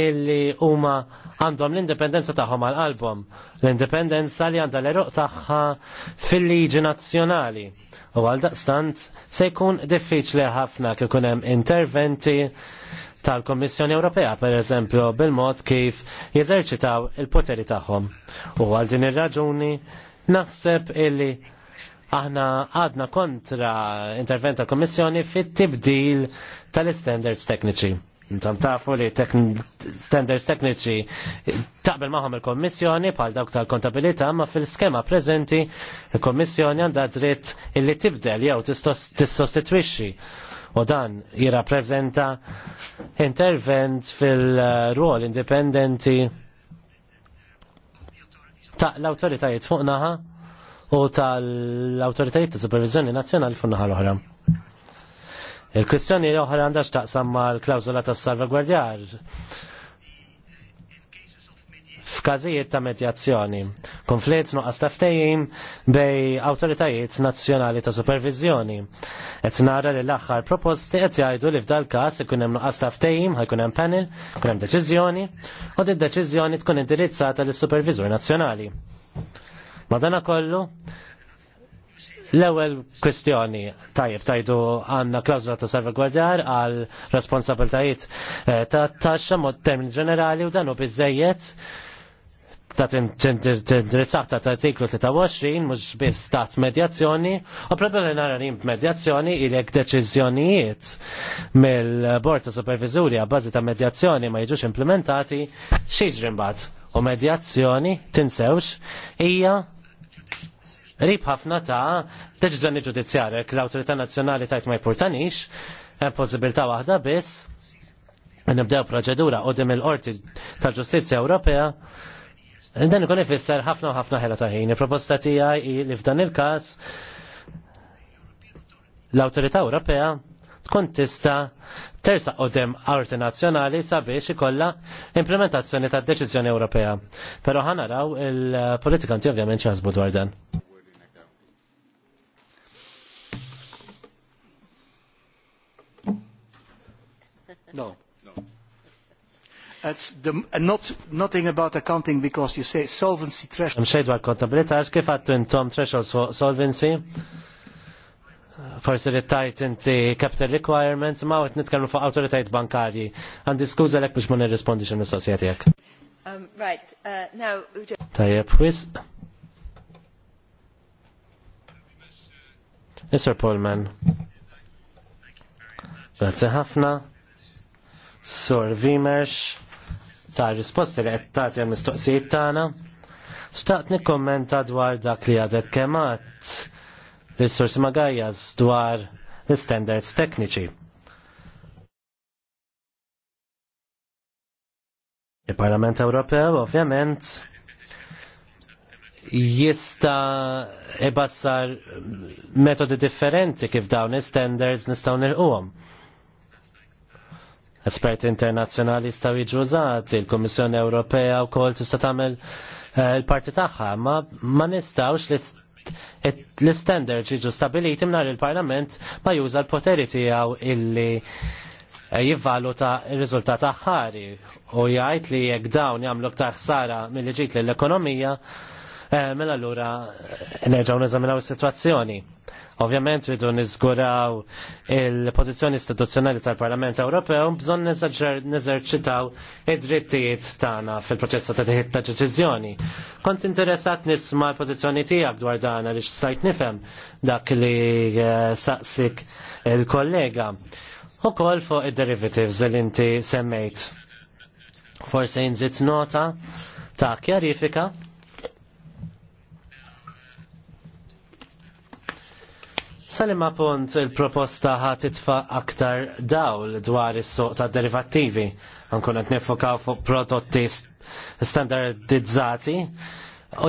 illi huma għandhom l-indipendenza tagħhom għal album l-indipendenza li għandha l-eruq tagħha fil-liġi nazzjonali. U għal daqstant se jkun diffiċli ħafna kif hemm interventi tal-Kommissjoni Ewropea, per eżempju, bil-mod kif jeżerċitaw il-poteri tagħhom. U għal din ir-raġuni naħseb illi aħna għadna kontra intervent ta' kommissjoni fit-tibdil tal-standards tekniċi. Intom tafu li standards tekniċi taqbel maħom il-kommissjoni pal dawk tal-kontabilità ma fil-skema prezenti il-kommissjoni għandha dritt illi tibdel jew tissostitwixxi u dan jirrappreżenta intervent fil ruol indipendenti ta' l-autoritajiet fuq naħa u tal-autoritajiet ta' supervizjoni nazzjonali fuq naħa l-oħra. Il-kwistjoni l-oħra għandax taqsam ma' l-klawzula tas salvagwardjar f'każijiet ta' medjazzjoni, konflitt nuqqas ta ftejim bej awtoritajiet nazzjonali ta' supervizjoni. Qed nara li l-aħħar proposti qed jgħidu li f'dal każ ikun hemm nuqqas taftejjim, ħajkun hemm panel, ikun hemm deċiżjoni, u d deċiżjoni tkun indirizzata lis supervizur nazzjonali. Madana kollu, L-ewel kwestjoni, tajib, tajdu għanna klawzula ta' salvagwardjar għal responsabiltajiet eh, ta' taxxa mod termin ġenerali u dan u bizzejiet ta' tindrizzaħ ta' artiklu 23 mux biss ta' medjazzjoni u li nara rim medjazzjoni il jek deċizjonijiet mill-Bord ta' Supervizuri għabbażi ta' medjazzjoni ma jiġux implementati xieġrin bat u medjazzjoni tinsewx hija rib ħafna ta' deċiżjoni ġudizzjarja l-Awtorità Nazzjonali tajt ma jpurtanix, hemm possibilità waħda biss nibdew proċedura qudiem il-Qorti tal-Ġustizzja Ewropea Dan ikun ifisser ħafna u ħafna ħela ta' ħin. Il-proposta tiegħi li f'dan il-każ l-Awtorità Ewropea tkun tista' tersaq qudiem Qorti Nazzjonali sabiex ikollha implementazzjoni tad-deċiżjoni Ewropea. Però ħanaraw il-politikanti ovvjament xi dwar dan. No. That's the, uh, not, nothing about accounting because you say solvency threshold. I'm about dwar ask if I tom threshold for solvency? Forse li tajt inti capital requirements, ma għet nitkellmu fuq autoritajt bankari. Għandi skuza l-ek biex ma nirrispondi xin associati għek. Um, right, uh, now... Tajjeb, wis. Mr. Pullman. Grazie ħafna. Sur Vimesh ta' risposti li qed tagħti mistoqsijiet tagħna. Xtaqt nikkommenta dwar dak li għadek kemat l-Sur Magajjas dwar l-standards tekniċi. Il-Parlament Ewropew ovvjament jista ibassar metodi differenti kif dawn standards nistaw nilquhom esperti internazzjonali staw iġużat, il komissjoni Ewropea u kol tista' tagħmel eh, il-parti tagħha, ma, ma nistawx l-standard jiġu stabiliti mnar il-Parlament ma juża l-poteri tiegħu illi eh, jivvaluta r-riżultat aħħari u jgħid li jekk dawn jagħmlu ktar ħsara mill ġit ġiet lill-ekonomija, Eh, mela l-ura nerġaw neżaminaw il-situazzjoni. Ovvjament ridu nizguraw il-pozizjoni istituzzjonali tal-Parlament Ewropew bżon neżerċitaw id-drittijiet tagħna fil-proċess ta' teħid ta' deċiżjoni. Kont interessat nisma' l-pożizzjoni tiegħek dwar dan għaliex sajt nifhem dak li eh, saqsik il-kollega. U kol fuq id-derivatives li inti semmejt. Forse inżit nota ta' kjarifika Salima punt il-proposta ħat titfa aktar dawl dwar is-suq ta' derivattivi. Ankun qed nifokaw fuq prodotti standardizzati.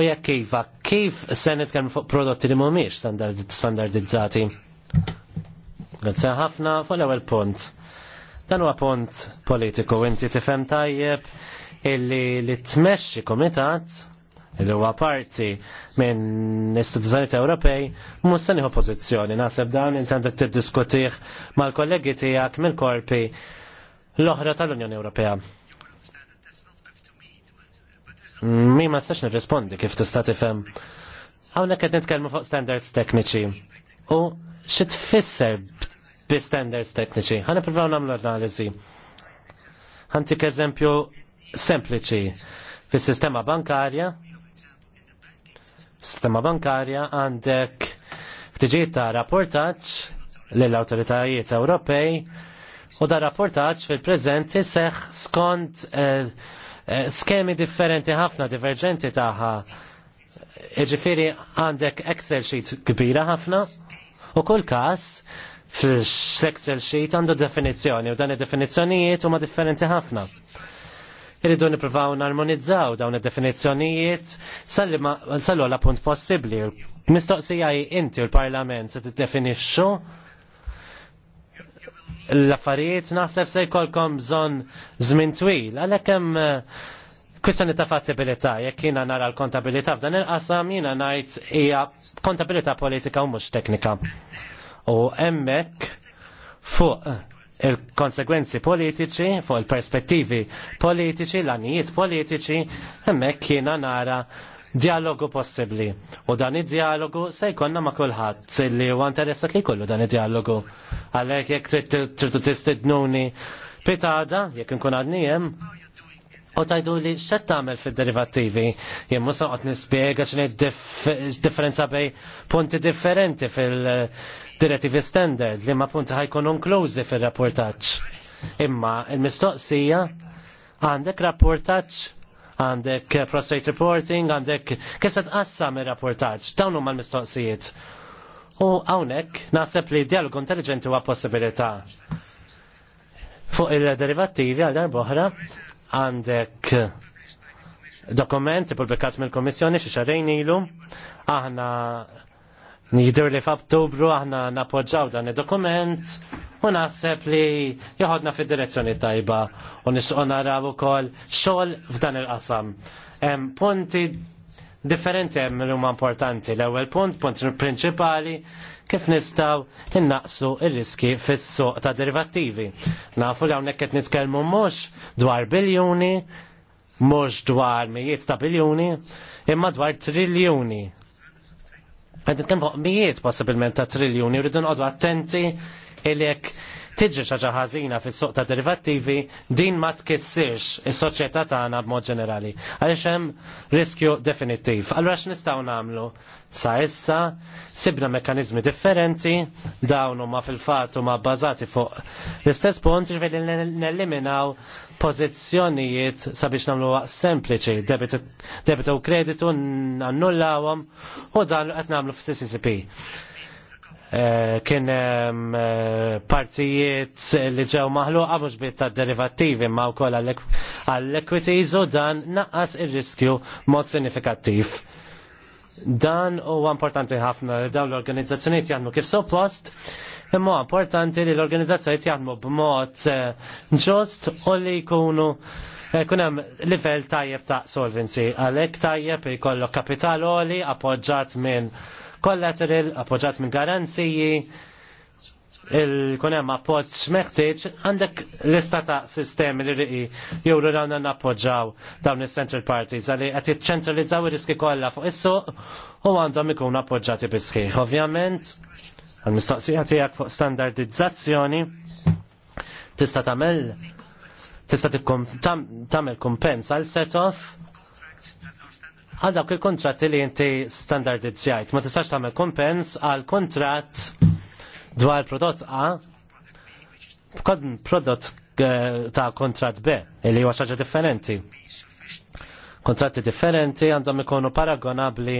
U jekk kif, iva, kif se nitkellem fuq prodotti li mhumiex standardizzati? Grazzi ħafna fuq l-ewwel punt. Dan huwa punt politiku inti tifhem tajjeb illi li tmexxi komitat li huwa parti minn istituzzjonijiet Ewropej mhux se nieħu pożizzjoni naħseb dan int tiddiskutih mal-kollegi tiegħek mill-korpi l-oħra tal-Unjoni Ewropea. Mi ma stax nirrispondi kif tista' tifhem. Hawnhekk qed nitkellmu fuq standards tekniċi. U xi tfisser bi standards tekniċi? Ħa nippruvaw nagħmlu analiżi. Ħantik eżempju sempliċi. Fis-sistema bankarja sistema bankarja għandek ftiġijiet ta' rapportaċ l-autoritajiet Ewropej u da' rapportaċ fil-prezent seħ skont eh, eh, skemi differenti ħafna, divergenti taħħa. Iġifiri għandek Excel sheet kbira ħafna u kull kas fl excel sheet għandu definizjoni u dan id-definizjonijiet huma differenti ħafna irridu nippruvaw narmonizzaw dawn id-definizzjonijiet sal għala punt possibbli. Mistoqsija inti u l-Parlament se tiddefinixxu l-affarijiet naħseb se jkollkom bżonn żmien twil, għalhekk hemm eh, kwistjoni ta' fattibilità, jekk jiena nara l-kontabilità f'dan il-qasam jina ngħid hija kontabilità politika u mhux teknika. U hemmhekk fuq il-konsekwenzi politiċi, fuq il-perspettivi politiċi, l-anijiet politiċi, hemmhekk kiena nara dialogu possibbli. U dan id-dialogu se jkollna ma' kulħadd li huwa interessat li kollu dan id-dialogu. Għalhekk jekk trid tistidnuni pitada, jekk inkun għadnijem, U tajdu li xed tagħmel fid-derivattivi, jemmu saqgħod nispjega x'inhi differenza bej punti differenti fil- direttivi standard li ma punti ħajkun inklużi fil-rapportaċ. Imma il-mistoqsija għandek rapportaċ għandek prostate reporting, għandek kessa tqassam il-rapportaġġ, dawn huma l-mistoqsijiet. U hawnhekk naħseb li dialogu intelligenti huwa possibilità. Fuq il-derivattivi għal darboħra għandek dokumenti publikat mill komissjoni xi xarejn ilu, aħna Nidur li f'Ottubru aħna napoġġaw dan id-dokument u naħseb li joħodna fid-direzzjoni tajba u nixqu naraw ukoll xogħol f'dan il-qasam. Hemm punti differenti hemm li huma importanti. L-ewwel punt, punt prinċipali, kif nistgħu innaqsu ir-riski fis-suq ta' derivattivi. Nafu li hawnhekk qed nitkellmu mhux dwar biljuni, mhux dwar mijiet ta' biljuni, imma dwar triljuni Għed nitkellem fuq mijiet possibilment ta' triljuni, rridu noqogħdu attenti il-jek tiġi xaġa ħażina fis-suq ta' derivattivi din ma tkissirx is-soċjetà tagħna b'mod ġenerali. Għaliex hemm riskju definittiv. Allura x'nistgħu nagħmlu? Sa issa sibna mekkaniżmi differenti dawn huma fil-fatt huma bbażati fuq l-istess punt ġifieri neliminaw pożizzjonijiet sabiex nagħmlu sempliċi debitu u kreditu annullawhom u dan qed nagħmlu fis-CCP. Eh, kien eh, partijiet li ġew maħlu mhux bit ta' derivattivi ma' wkoll għall equity zo dan naqqas ir-riskju mod sinifikattiv. Dan huwa importanti ħafna li dawn l organizzazzjoniet jgħadmu kif suppost, imma importanti li l-organizzazzjonijiet jaħdmu b'mod eh, ġust u li jkunu Kunem hemm livell tajjeb ta' solvency, għalhekk tajjeb jkollok kapital għoli appoġġat minn collateral appoġġat minn garanziji il-kunem appoġġ meħtieġ għandek lista ta' sistemi li riqi jowru li nappoġġaw dawn is-central parties għalli qed jiċċentralizzaw ir-riski kollha fuq is-suq u għandhom ikun appoġġati bisħiħ. Ovvjament, għal-mistoqsija tiegħek fuq standardizzazzjoni tista' tagħmel tista' tamel kumpens għal set-off għal dawk il kontrat li inti standardizzjajt. Ma tistax tagħmel kompens għal kontrat dwar prodott A prodott eh, ta' kontrat B li huwa xaġa differenti. Kontratti differenti għandhom ikunu paragonabli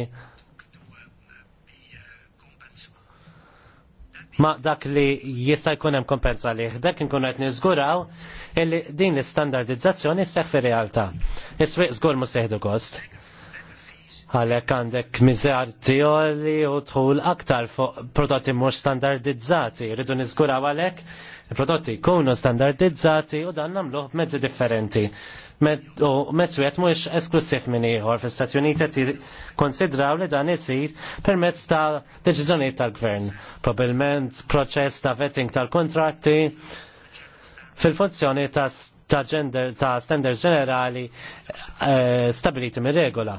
ma dak li jista' jkun hemm kompensa li dak inkunu qed niżguraw illi din l-istandardizzazzjoni seħħ fir-realtà. Is-swieq żgur mhux seħdu gost għalhekk għandek miżar tijoli u tħul aktar fuq prodotti mhux standardizzati. Rridu niżguraw għalhekk il-prodotti jkunu standardizzati u dan nagħmluh mezzi differenti. U mezz wieħed mhuwiex esklusiv minn ieħor fi istati Uniti qed konsidraw li dan isir permezz ta' deċiżjonijiet tal-gvern. Probabilment proċess ta' vetting tal-kontratti fil-funzjoni ta' ta' gender ta' standards ġenerali uh, stabiliti mir regola.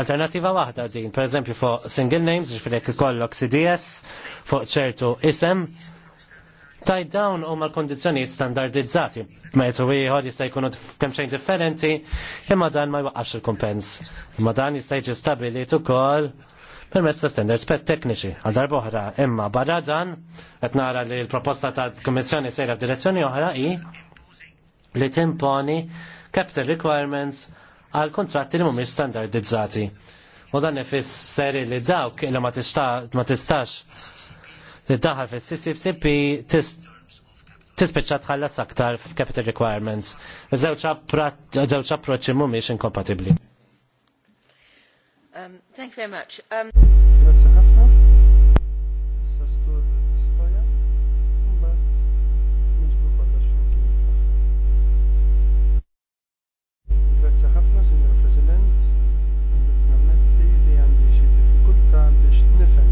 Alternativa waħda din, per eżempju fuq single names, ġifirek ikollok CDS, fuq ċertu isem, taj dawn u mal-kondizjoniet standardizzati. Ma jtu ieħor jista' jkunu kemmxejn differenti, imma dan ma jwaqqax il-kumpens. Imma dan jista' jiġi stabilit ukoll permezz ta' standards per tekniċi. Għal darba oħra, imma barra dan, qed nara li l-proposta ta' kummissjoni sejra f'direzzjoni oħra hi li timponi capital requirements għal kontratti li mhumiex standardizzati. U dan ifisser li dawk li ma tistax li daħal fis CCCP tispeċa tħallas aktar f'capital requirements. Żewġ approċċi mhumiex inkompatibbli. Um, thank you very much. Um... nifhem.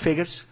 figures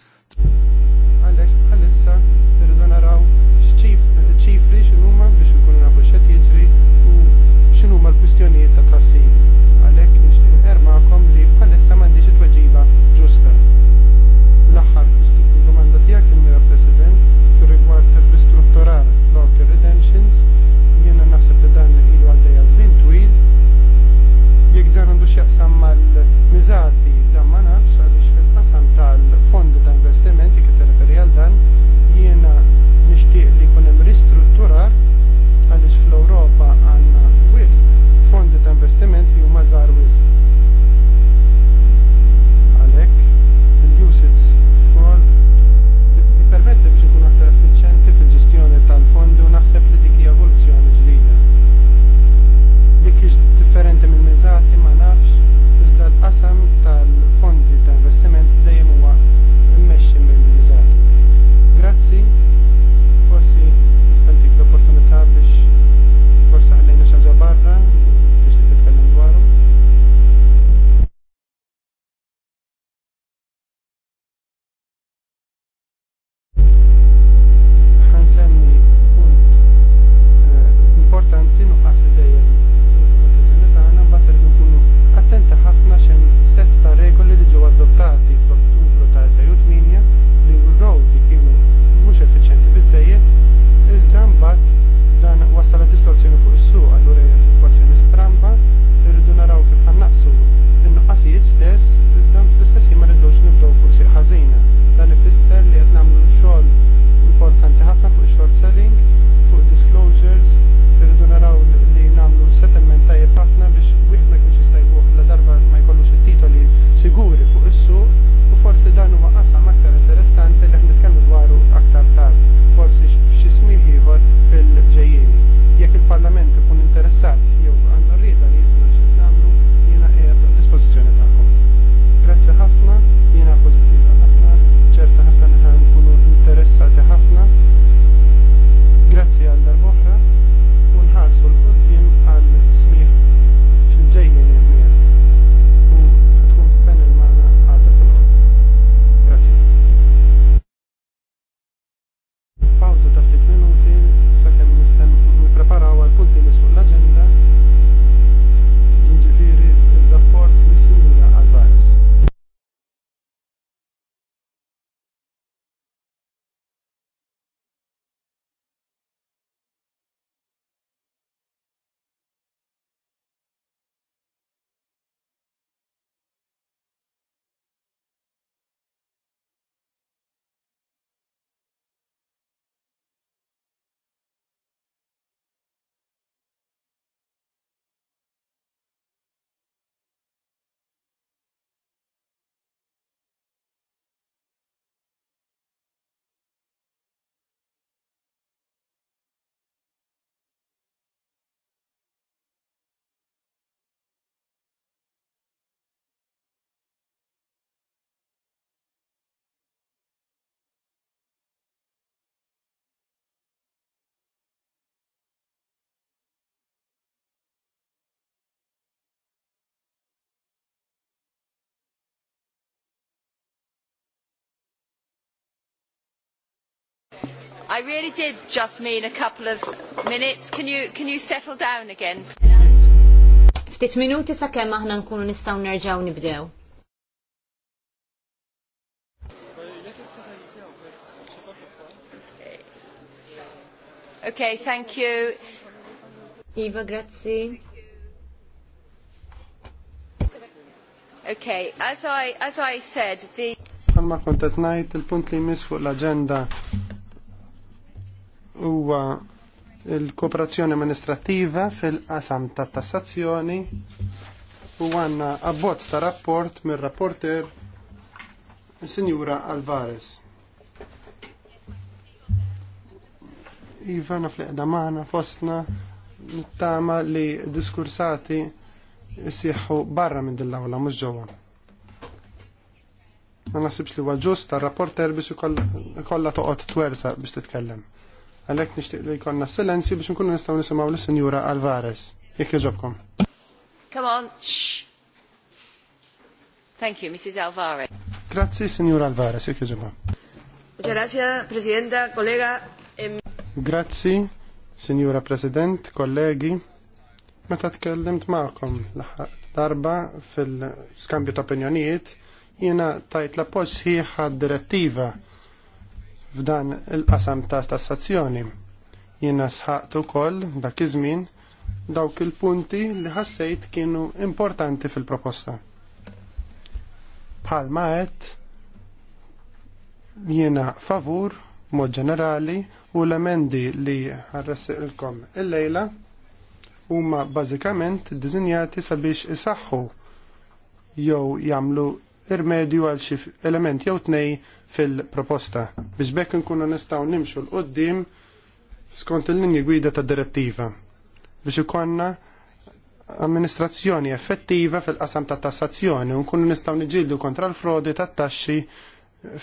I really did just mean a couple of minutes. Can you, can you settle down again? Ftit minuti sa' kemm aħna nkunu nistgħu nerġgħu nibdew. Okay, thank you. Iva, grazzi. Okay, as I, as I said, the... Għalma kontet najt, il-punt li jmiss fuq l-agenda huwa il-kooperazzjoni amministrattiva fil-qasam ta' tassazzjoni u għanna abbozz ta' rapport mir rapporter il-Sinjura Alvarez. Ivana fl-eqda maħna fostna nittama li diskursati siħu barra minn dill-awla, mux ġewwa. Ma nasibx li huwa ġust tar-rapporter biex kolla toqgħod twersa biex titkellem għalek nishtiq li jkollna silenzju biex nkunu nistaw nisimaw l sinjura Alvarez. Jek jogħġobkom. Come on. Shh. Thank you, Mrs. Alvarez. Grazzi, Sinjura Alvarez, jekk jogħġobha. Grazie, Presidenta, kollega. Grazzi, Sinjura President, kollegi. Meta tkellimt magħkom darba fil-skambju ta' opinjonijiet, jiena tajt l-appoġġ sħiħ direttiva direttiva f'dan il-qasam ta' tassazzjoni. Jiena sħaqt ukoll dak iż-żmien dawk il-punti li ħassejt kienu importanti fil-proposta. Bħalma għedt jiena favur mod ġenerali u l-emendi li ħarresilkom il-lejla huma bażikament dizinjati sabiex isaħħu jew jagħmlu irmedju għal xi element jew tnej fil-proposta biex bekk nkunu nistgħu nimxu l qudiem skont il-linji gwida tad direttiva biex ikonna amministrazzjoni effettiva fil-qasam ta' tassazzjoni u nkunu nistgħu niġildu kontra l-frodi tat-taxxi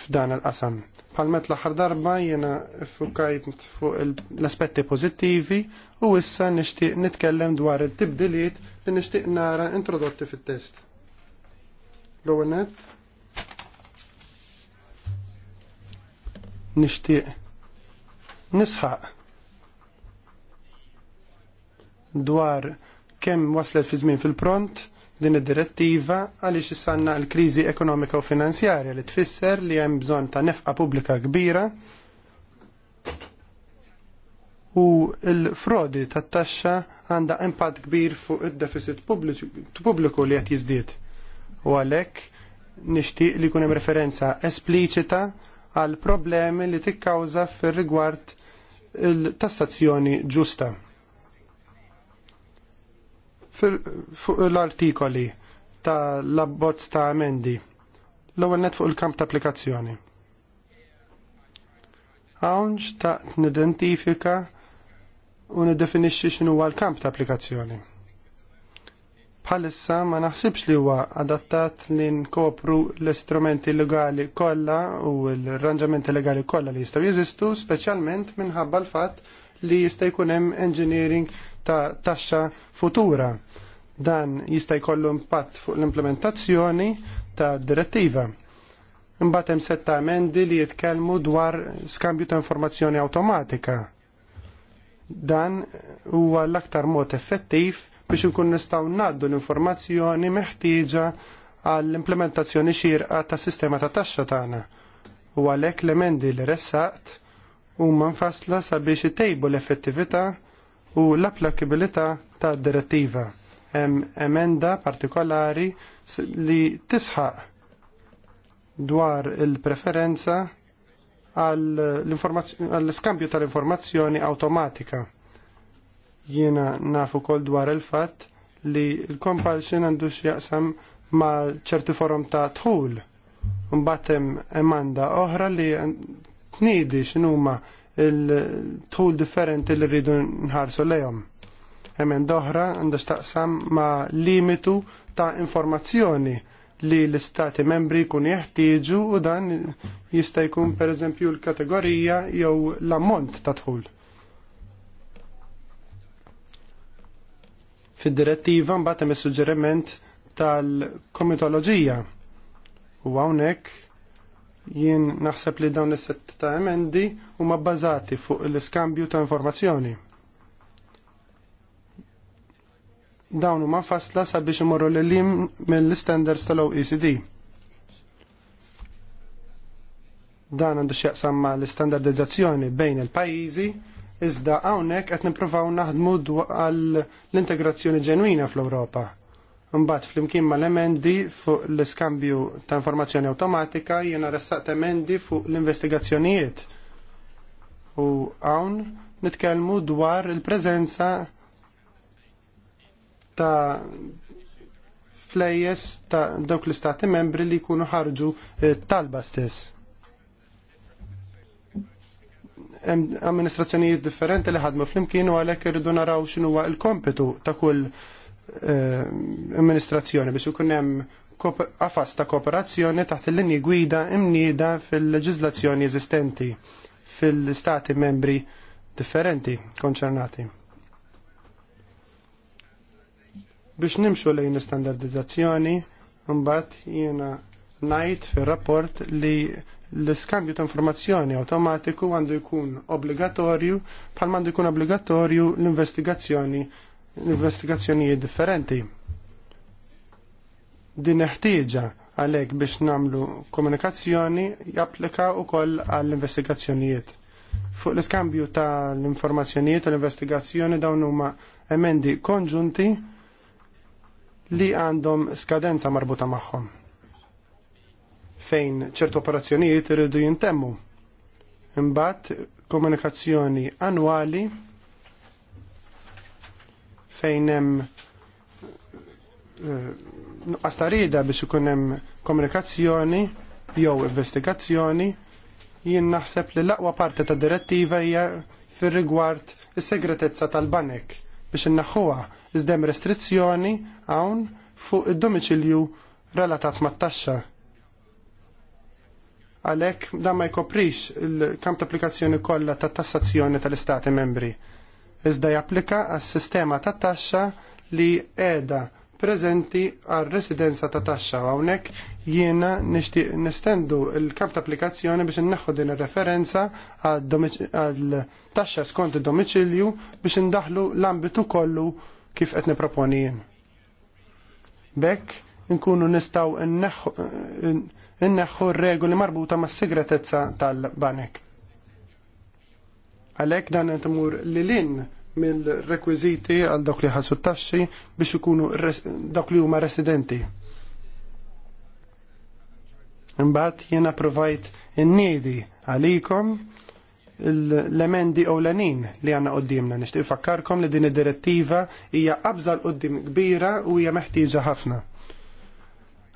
f'dan il-qasam. Palmet l-aħħar darba jiena fukajt fuq l-aspetti pożittivi u issa nixtieq nitkellem dwar it-tibdiliet li nixtieq nara introdotti fit-test. L-ewwel nett nixtieq nisħaq dwar kemm waslet fi żmien fil-pront din id-direttiva għaliex issanna l-kriżi ekonomika u finanzjarja li tfisser li hemm bżonn ta' nefqa pubblika kbira u l-frodi tat-taxxa għandha impatt kbir fuq id-deficit pubbliku li qed jiżdied u għalhekk nixtieq li jkun hemm referenza espliċita għal problemi li tikkawża fir-rigward il-tassazzjoni ġusta. l-artikoli ta' l ta' amendi l-ewwel net fuq il-kamp ta' applikazzjoni. Hawnx ta' nidentifika u niddefinixxi x'inhu huwa l-kamp ta' applikazzjoni bħalissa ma naħsibx li huwa adattat li nkopru l-istrumenti legali kollha u l-arranġamenti legali kollha li jistgħu jeżistu, speċjalment minħabba l-fatt li jista' jkun hemm engineering ta' taxxa futura. Dan jista' jkollu impatt fuq l-implementazzjoni ta' direttiva. Imbagħad hemm setta emendi li jitkellmu dwar skambju ta' informazzjoni awtomatika. Dan huwa l-aktar mod effettiv biex inkun nistgħu ngħaddu l-informazzjoni meħtieġa għall-implementazzjoni xirqa ta' sistema ta' taxxa tagħna. U għalhekk l-emendi li ressaqt huma nfassla sabiex itejbu l-effettività u l-applikabilità tad direttiva. Hemm emenda partikolari li tisħaq dwar il-preferenza għall-iskambju tal-informazzjoni automatika Jiena nafu kol dwar il-fatt li l-compulsion għandu x'jaqsam ma' ċerti forum ta' tħul. Mbatem emanda oħra li t-nidi x'numa il-tħul differenti li rridu nħarsu lejhom. Emenda oħra għandu x'taqsam ma' limitu ta' informazzjoni li l-istati membri kun jeħtieġu u dan jista' jkun pereżempju l-kategorija jew l-ammont ta' tħul. Fid-direttiva mbagħad hemm is-suġġeriment tal-komitoloġija. U hawnhekk jien naħseb li dawn is-sett ta' emendi huma bbażati fuq l-iskambju ta' informazzjoni. Dawn huma fasla sabiex imorru lil lim mill-standards tal-OECD. Dan għandu x'jaqsam ma' l-istandardizzazzjoni bejn il-pajjiżi Iżda hawnhekk qed nippruvaw naħdmu għal l-integrazzjoni ġenwina fl-Ewropa. Mbagħad flimkien mal-emendi fuq l-iskambju ta' informazzjoni awtomatika jiena ressaqt emendi fuq l-investigazzjonijiet. U hawn nitkellmu dwar il-preżenza ta' flejjes ta' dawk l-istati membri li jkunu ħarġu eh, talba stess amministrazzjonijiet differenti li ħadmu flimkien u għalhekk irridu naraw x'inhuwa l-kompetu ta' kull eh, amministrazzjoni biex ikun hemm qafas ta' kooperazzjoni taħt il-linji gwida imnida fil-leġiżlazzjoni eżistenti fil-stati membri differenti konċernati. Biex nimxu lejn standardizzazzjoni, mbagħad jiena ngħid fir-rapport li l-iskambju ta' informazzjoni awtomatiku għandu jkun obbligatorju bħal għandu jkun obbligatorju l-investigazzjoni l-investigazzjonijiet differenti. Din ħtieġa għalhekk biex namlu komunikazzjoni japplika wkoll għall-investigazzjonijiet. Fuq l-iskambju ta' l-informazzjonijiet u l-investigazzjoni dawn huma emendi konġunti li għandhom skadenza marbuta magħhom fejn ċertu operazzjonijiet irridu jintemmu. Imbagħad komunikazzjoni annwali fejn hemm eh, nuqqas tarida biex ikun hemm komunikazzjoni jew investigazzjoni jien naħseb li l-aqwa parti ta' direttiva hija fir-rigward is-segretezza tal-banek biex innaħħuha iżdem restrizzjoni hawn fuq id-domiċilju relatat mat-taxxa Għalhekk dan ma jkoprix il-kamp ta' applikazzjoni kollha tat tassazzjoni tal-Istati membri. Iżda japplika għas sistema ta' taxxa li qiegħda preżenti għal residenza ta' taxxa hawnhekk jiena nixtieq nestendu il-kamp ta' applikazzjoni biex inneħħu din ir-referenza għal taxxa skont id-domiċilju biex indaħlu l-ambitu kollu kif qed niproponi jien. Bekk nkunu nistgħu inneħħu r-regoli marbuta mas segretezza tal-banek. Għalhekk dan qed imur lilin mill-rekwiżiti għal dawk li t taxxi biex ikunu dawk li huma residenti. Imbagħad jiena provajt in-niedi għalikom l-emendi ewlenin li għanna qoddimna. Nishtiq fakkarkom li din id-direttiva hija qabża l qoddim kbira u hija meħtieġa ħafna.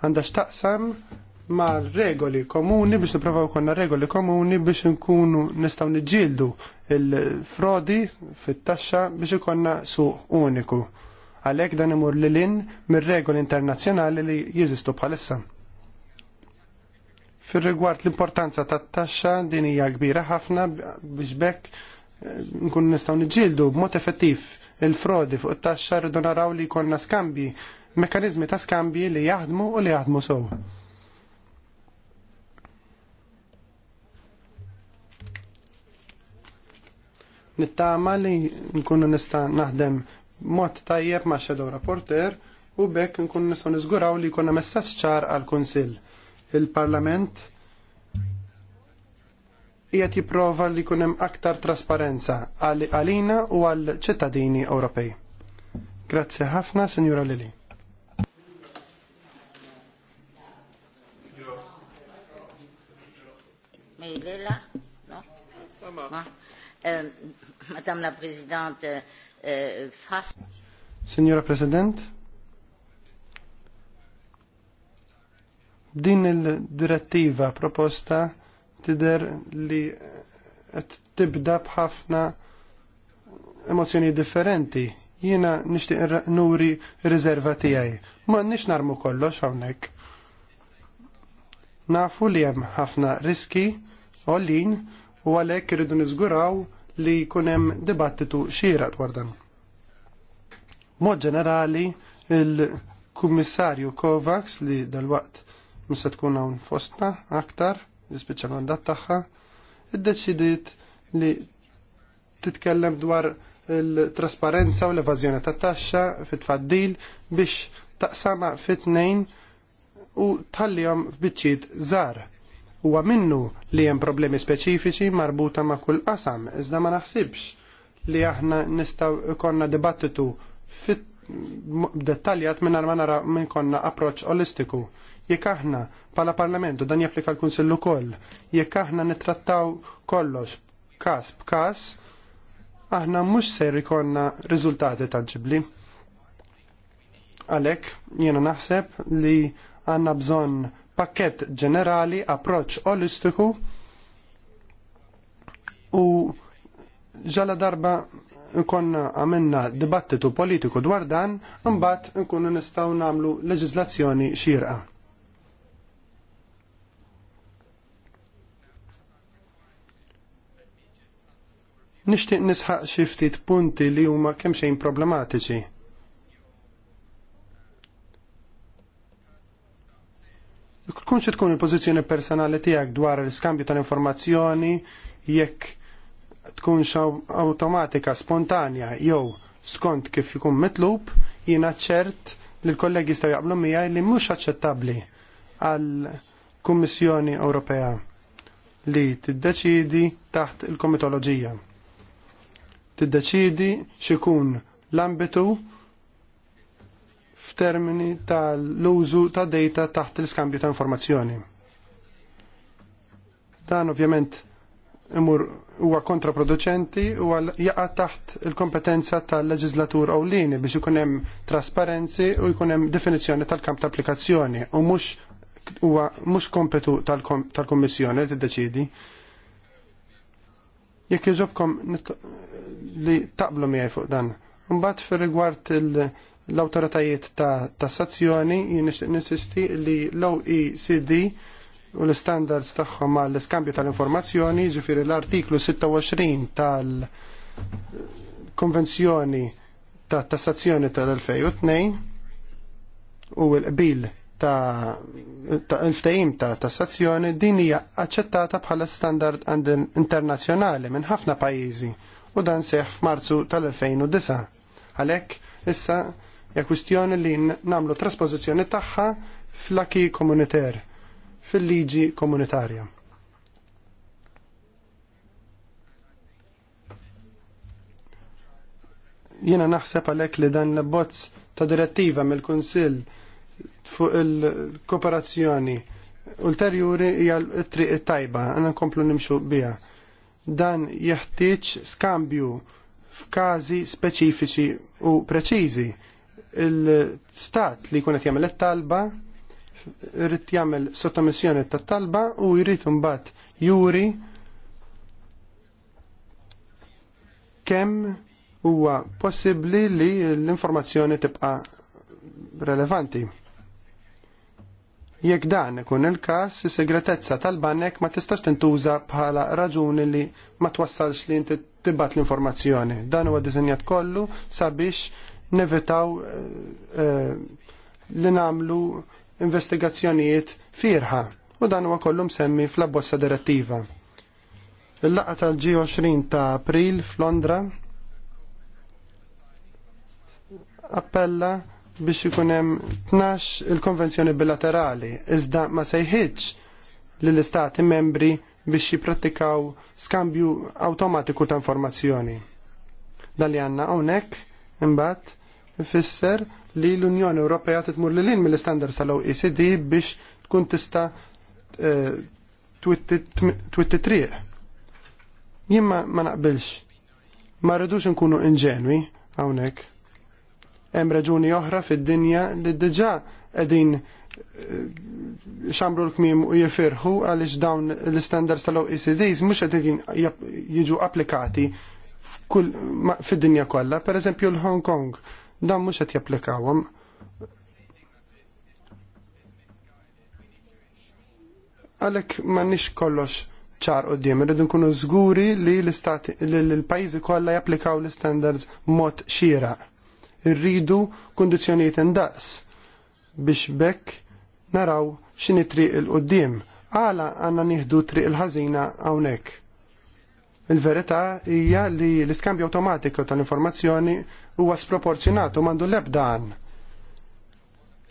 Għandha x'taqsam ma' regoli komuni biex niprofaw konna regoli komuni biex nkunu nistaw nġildu il-frodi fit-taxxa biex ikonna suq uniku. Għalek dan imur li lin mir-regoli internazzjonali li jizistu bħalissa. Fir rigward l-importanza tat-taxxa din hija kbira ħafna biex bekk eh, nkun nistaw nġildu b'mod effettiv il-frodi fuq it-taxxa rridu naraw li jkollna skambji, mekkanizmi ta' skambji li jaħdmu u li jaħdmu sew. Nittama li nkunu nista' naħdem mod tajjeb ma' xedow Rapporter u bekk nkunu nistgħu niżguraw li jkunna messaġġ ċar għal kunsill. Il-Parlament qiegħed jipprova li jkun hemm aktar trasparenza għal għalina u għal ċittadini Ewropej. Grazzi ħafna, Sinjura Lili. Lila, no? Sama. Ma, ehm, Madame la Présidente, euh, euh, face... Signora President, din il-direttiva proposta tider li qed tibda bħafna emozjoni differenti. Jiena nixtieq nuri riserva tiegħi. Ma nix narmu kollox hawnhekk. Nafu li hemm ħafna riski olin u għalhekk irridu niżguraw li kunem dibattitu xira dwar dan. Mod ġenerali, il-kummissarju Kovacs li dal-waqt mista tkun hawn fostna aktar, l-speċjal mandat tagħha, iddeċidiet li titkellem dwar il-trasparenza u l-evażjoni ta' taxxa fit-tfaddil biex taqsama fit-tnejn u tħallihom f'biċċiet żgħar Huwa minnu li hemm problemi speċifiċi marbuta ma' kull qasam, iżda ma naħsibx li aħna nistgħu konna dibattitu fit dettaljat minn ma nara minn konna approċ olistiku. Jekk aħna pala parlamentu dan japplika l-Kunsillu koll, jekk aħna nitrattaw kollox kas b'każ, aħna mhux ser ikonna riżultati tanġibli. Għalhekk jiena naħseb li għandna bżonn pakket ġenerali, approċ olistiku u ġala darba nkonna għamilna dibattitu politiku dwar dan, mbagħad nkunu nistgħu nagħmlu leġiżlazzjoni xierqa. Nixtieq nisħaq xi ftit punti li huma kemm xejn problematiċi Kun xi tkun il-pożizzjoni personali tiegħek dwar l-iskambju tal-informazzjoni jekk tkunx awtomatika, spontanja jew skont kif ikun mitlub, jina ċert li l-kollegi staw jaqblu mija li mhux aċċettabbli għall Kummissjoni Ewropea li t-deċidi taħt il-komitoloġija. Tiddeċidi x'ikun l-ambitu f'termini tal-użu ta' data taħt l-iskambju ta' informazzjoni. Dan ovvjament imur huwa kontraproducenti u jaqa taħt il-kompetenza tal-leġislatur lini biex ikun hemm trasparenzi u jkun hemm definizzjoni tal-kamp ta' applikazzjoni u mhux huwa mhux kompetu tal-Kommissjoni li tiddeċidi. Jekk jogħġobkom li taqblu miegħi fuq dan. Mbagħad fir rigward il- l-autoritajiet ta' tassazzjoni jinsisti li l-OECD u l-standards tagħhom għall l-iskambju tal-informazzjoni, ġifiri l-artiklu 26 tal-Konvenzjoni ta' tassazzjoni tal-2002 u l-qbil ta' il-ftehim ta' tassazzjoni din hija aċċettata bħala standard internazzjonali minn ħafna pajjiżi u dan seħ f'Marzu tal-2009. Għalhekk issa Ja kwistjoni li nagħmlu traspożizzjoni tagħha fl-aki komuniter, fil-liġi komunitarja. Jiena naħseb għalhekk li dan l-bozz ta' direttiva mill-Kunsill fuq il-kooperazzjoni ulterjuri hija triq tajba, għana nkomplu nimxu biha. Dan jeħtieġ skambju f'każi speċifiċi u preċiżi il-stat li kunet jagħmel it-talba irrid jagħmel sottomissjoni tat-talba u jrid imbagħad juri kemm huwa possibbli li l-informazzjoni tibqa' relevanti. Jekk dan ikun il-każ, is-segretezza tal-banek ma tistax tintuża bħala raġuni li ma twassalx li inti tibgħat l-informazzjoni. Dan huwa diżenjat kollu sabiex nevitaw eh, eh, li namlu investigazzjonijiet firħa u dan huwa kollu msemmi fl abbossa direttiva. il laqgħa tal 20 ta' April f'Londra appella biex ikun hemm tnax il-konvenzjoni bilaterali, iżda ma sejħitx lill istati membri biex jipprattikaw skambju awtomatiku ta' informazzjoni. Dan li għandna hawnhekk imbagħad fisser li l-Unjoni Ewropea titmur li lin mill-standards tal-OECD biex tkun tista' eh, twitti triq. Jien ma naqbilx. Ma rridux nkunu inġenwi hawnhekk. Hemm raġuni oħra fid-dinja li diġà qegħdin eh, xamru l-kmim u jifirħu għaliex dawn l-standards tal oecd mhux qegħdin jiġu applikati fid-dinja kollha. Per eżempju l-Hong Kong dan mhux qed japplikawhom. Għalhekk m'għandniex kollox ċar qudiem, irridu nkunu żguri li l-pajjiżi kollha japplikaw l-standards mod xieraq. Irridu kundizzjonijiet indaqs biex bekk naraw x'inhi triq il qudiem Għala għandna nieħdu triq il-ħażina hawnhekk. Il-verità hija li l-iskambju awtomatiku tal-informazzjoni huwa sproporzjonat u mandu lebdan.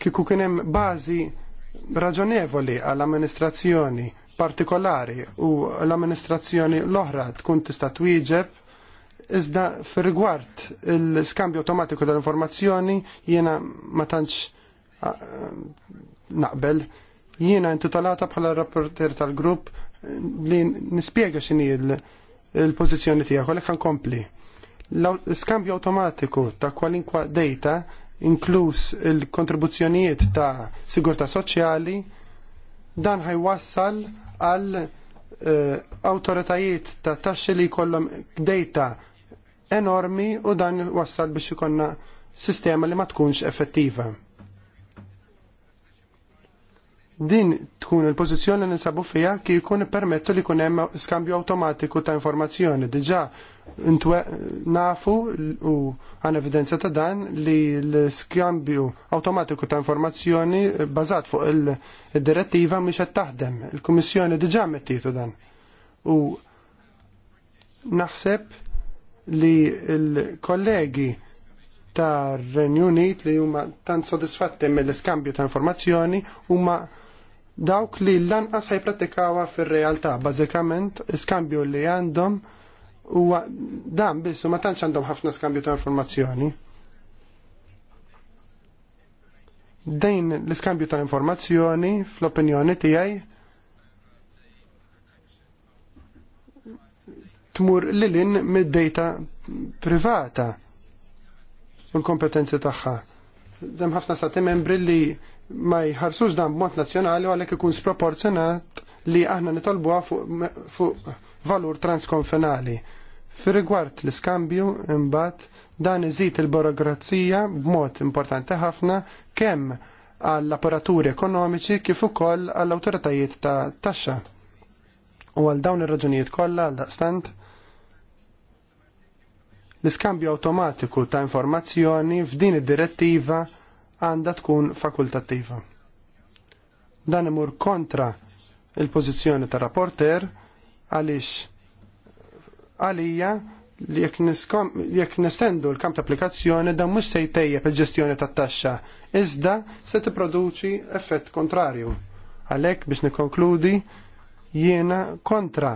Kiku kienem bazi raġonevoli għall-amministrazzjoni partikolari u l-amministrazzjoni l-oħra tkun tista' twieġeb iżda fir-rigward l-skambju automatiku tal-informazzjoni jiena ma tantx naqbel jiena intutalata bħala rapporter tal-grupp li nispjega x'inhi l-pożizzjoni tiegħek u lek kompli l Skambju automatiku ta' kwalinkwa data, inkluż il-kontribuzzjonijiet ta' sigurta soċjali, dan ħajwassal għal eh, autoritajiet ta' taxxi li jkollhom data enormi u dan wassal biex ikonna sistema li ma tkunx effettiva. Din tkun il-pożizzjoni li nsabu fija ki jkun permettu li jkun hemm skambju awtomatiku ta' informazzjoni. Diġà nafu u għan evidenza ta' dan li l-skambju awtomatiku ta' informazzjoni bazat fuq il-direttiva mhix qed taħdem. Il-Kummissjoni diġà mettitu dan. U naħseb li l-kollegi tar Renju Unit li huma tant sodisfatti mill-iskambju ta' informazzjoni huma dawk li lanqas ħajpratikawa fir-realtà. Bażikament, skambju li għandhom u dan biss ma tantx għandhom ħafna skambju ta' informazzjoni. Dejn l-iskambju ta' informazzjoni fl-opinjoni tiegħi tmur lilin mid data privata u l-kompetenzi tagħha. Dem ħafna stati membri li ma jħarsux dan b'mod nazzjonali u għalhekk ikun sproporzjonat li aħna nitolbuha fuq fu valur transkonfenali. Fi rigward l-iskambju imbagħad dan iżid il-burokrazija b'mod importanti ħafna kemm għall-apparaturi ekonomiċi kif ukoll għall-awtoritajiet ta' taxxa. U għal dawn ir-raġunijiet kollha għal daqstant l-iskambju awtomatiku ta' informazzjoni f'din id-direttiva għandha tkun fakultattiva. Dan imur kontra il-pożizzjoni ta' rapporter għaliex għalija li jekk nestendu l-kamp ta' applikazzjoni dan mhux se jtejjeb il-ġestjoni tat-taxxa, iżda se tipproduċi effett kontrarju. Għalhekk biex nikkonkludi jiena kontra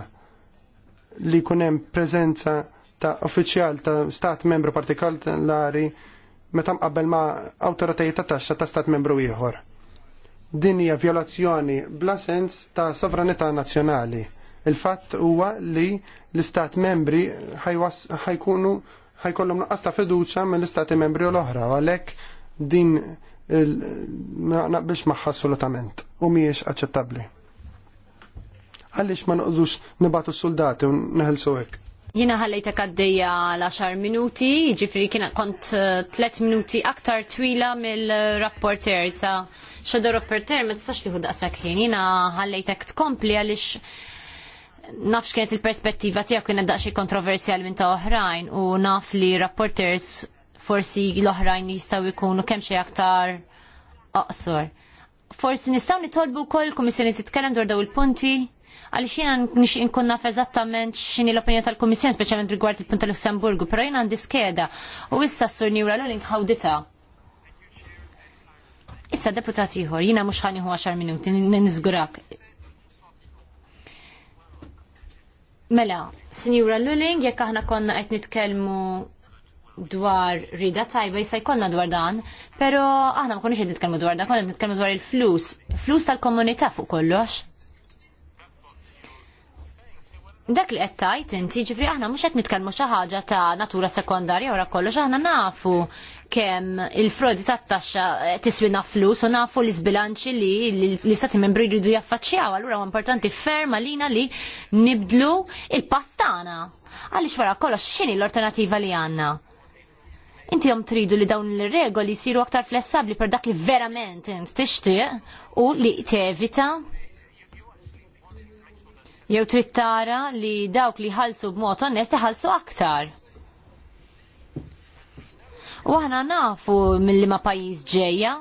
li jkun hemm ta' uffiċjal ta' stat membru partikolari meta mqabbel ma' awtoritajiet ta' taxxa ta' stat membru ieħor. Din hija violazzjoni bla sens ta' sovranità nazzjonali. Il-fatt huwa li l-istat membri ħajkunu ħajkollhom nuqqas ta' fiduċja mill-istati membri u l-oħra, għalhekk din naqbilx magħha assolutament u mhijiex aċċettabbli Għaliex ma noqdux nibatu s soldati u neħelsu hekk. Jina ħallejtek għaddeja l-10 minuti, ġifri kiena kont 3 uh, minuti aktar twila mill-rapporter sa xadu rapporter ma tistax tiħu daqsak ħin. Jina ħallejtek tkompli għalix nafx kienet il-perspettiva tiegħek kienet daqxie kontroversjal minn ta' oħrajn u naf li rapporters forsi l-oħrajn jistaw ikunu kemm xi aktar aqsor. Forsi nistgħu nitolbu wkoll komissjoni titkellem dwar daw il-punti għal xina nix nkun naf eżattament xini l-opinjoni tal-Komissjon, speċjalment rigward il-punt tal-Lussemburgu, pero jina għandi skeda u issa s-sur Newra l ħawdita. Issa deputat ieħor, jina mhux hu 10 minuti, nizgurak. Mela, Sinjura Luling, jekk aħna konna qed nitkellmu dwar rida tajba jista' jkollna dwar dan, però aħna ma konniex qed nitkellmu dwar dan, konna nitkellmu dwar il-flus, flus tal-komunità fuq kollox dak li qed tajt, inti ġifri aħna mhux qed nitkellmu xi ħaġa ta' natura sekondarja wara kollox aħna nafu kemm il-frodi tat-taxxa tiswina flus u nafu l-isbilanċi li l-istati membri jridu jaffaċċjaw allura huwa importanti ferma lina li nibdlu il-pastana. Għaliex wara kollox x'inhi l-alternativa li għandna? Inti jom tridu li dawn ir regoli jisiru aktar flessabli per dak li verament int tixtieq u li tevita jew trid tara li dawk li ħalsu b'mod onest iħallsu aktar. U aħna nafu milli ma pajjiż ġejja,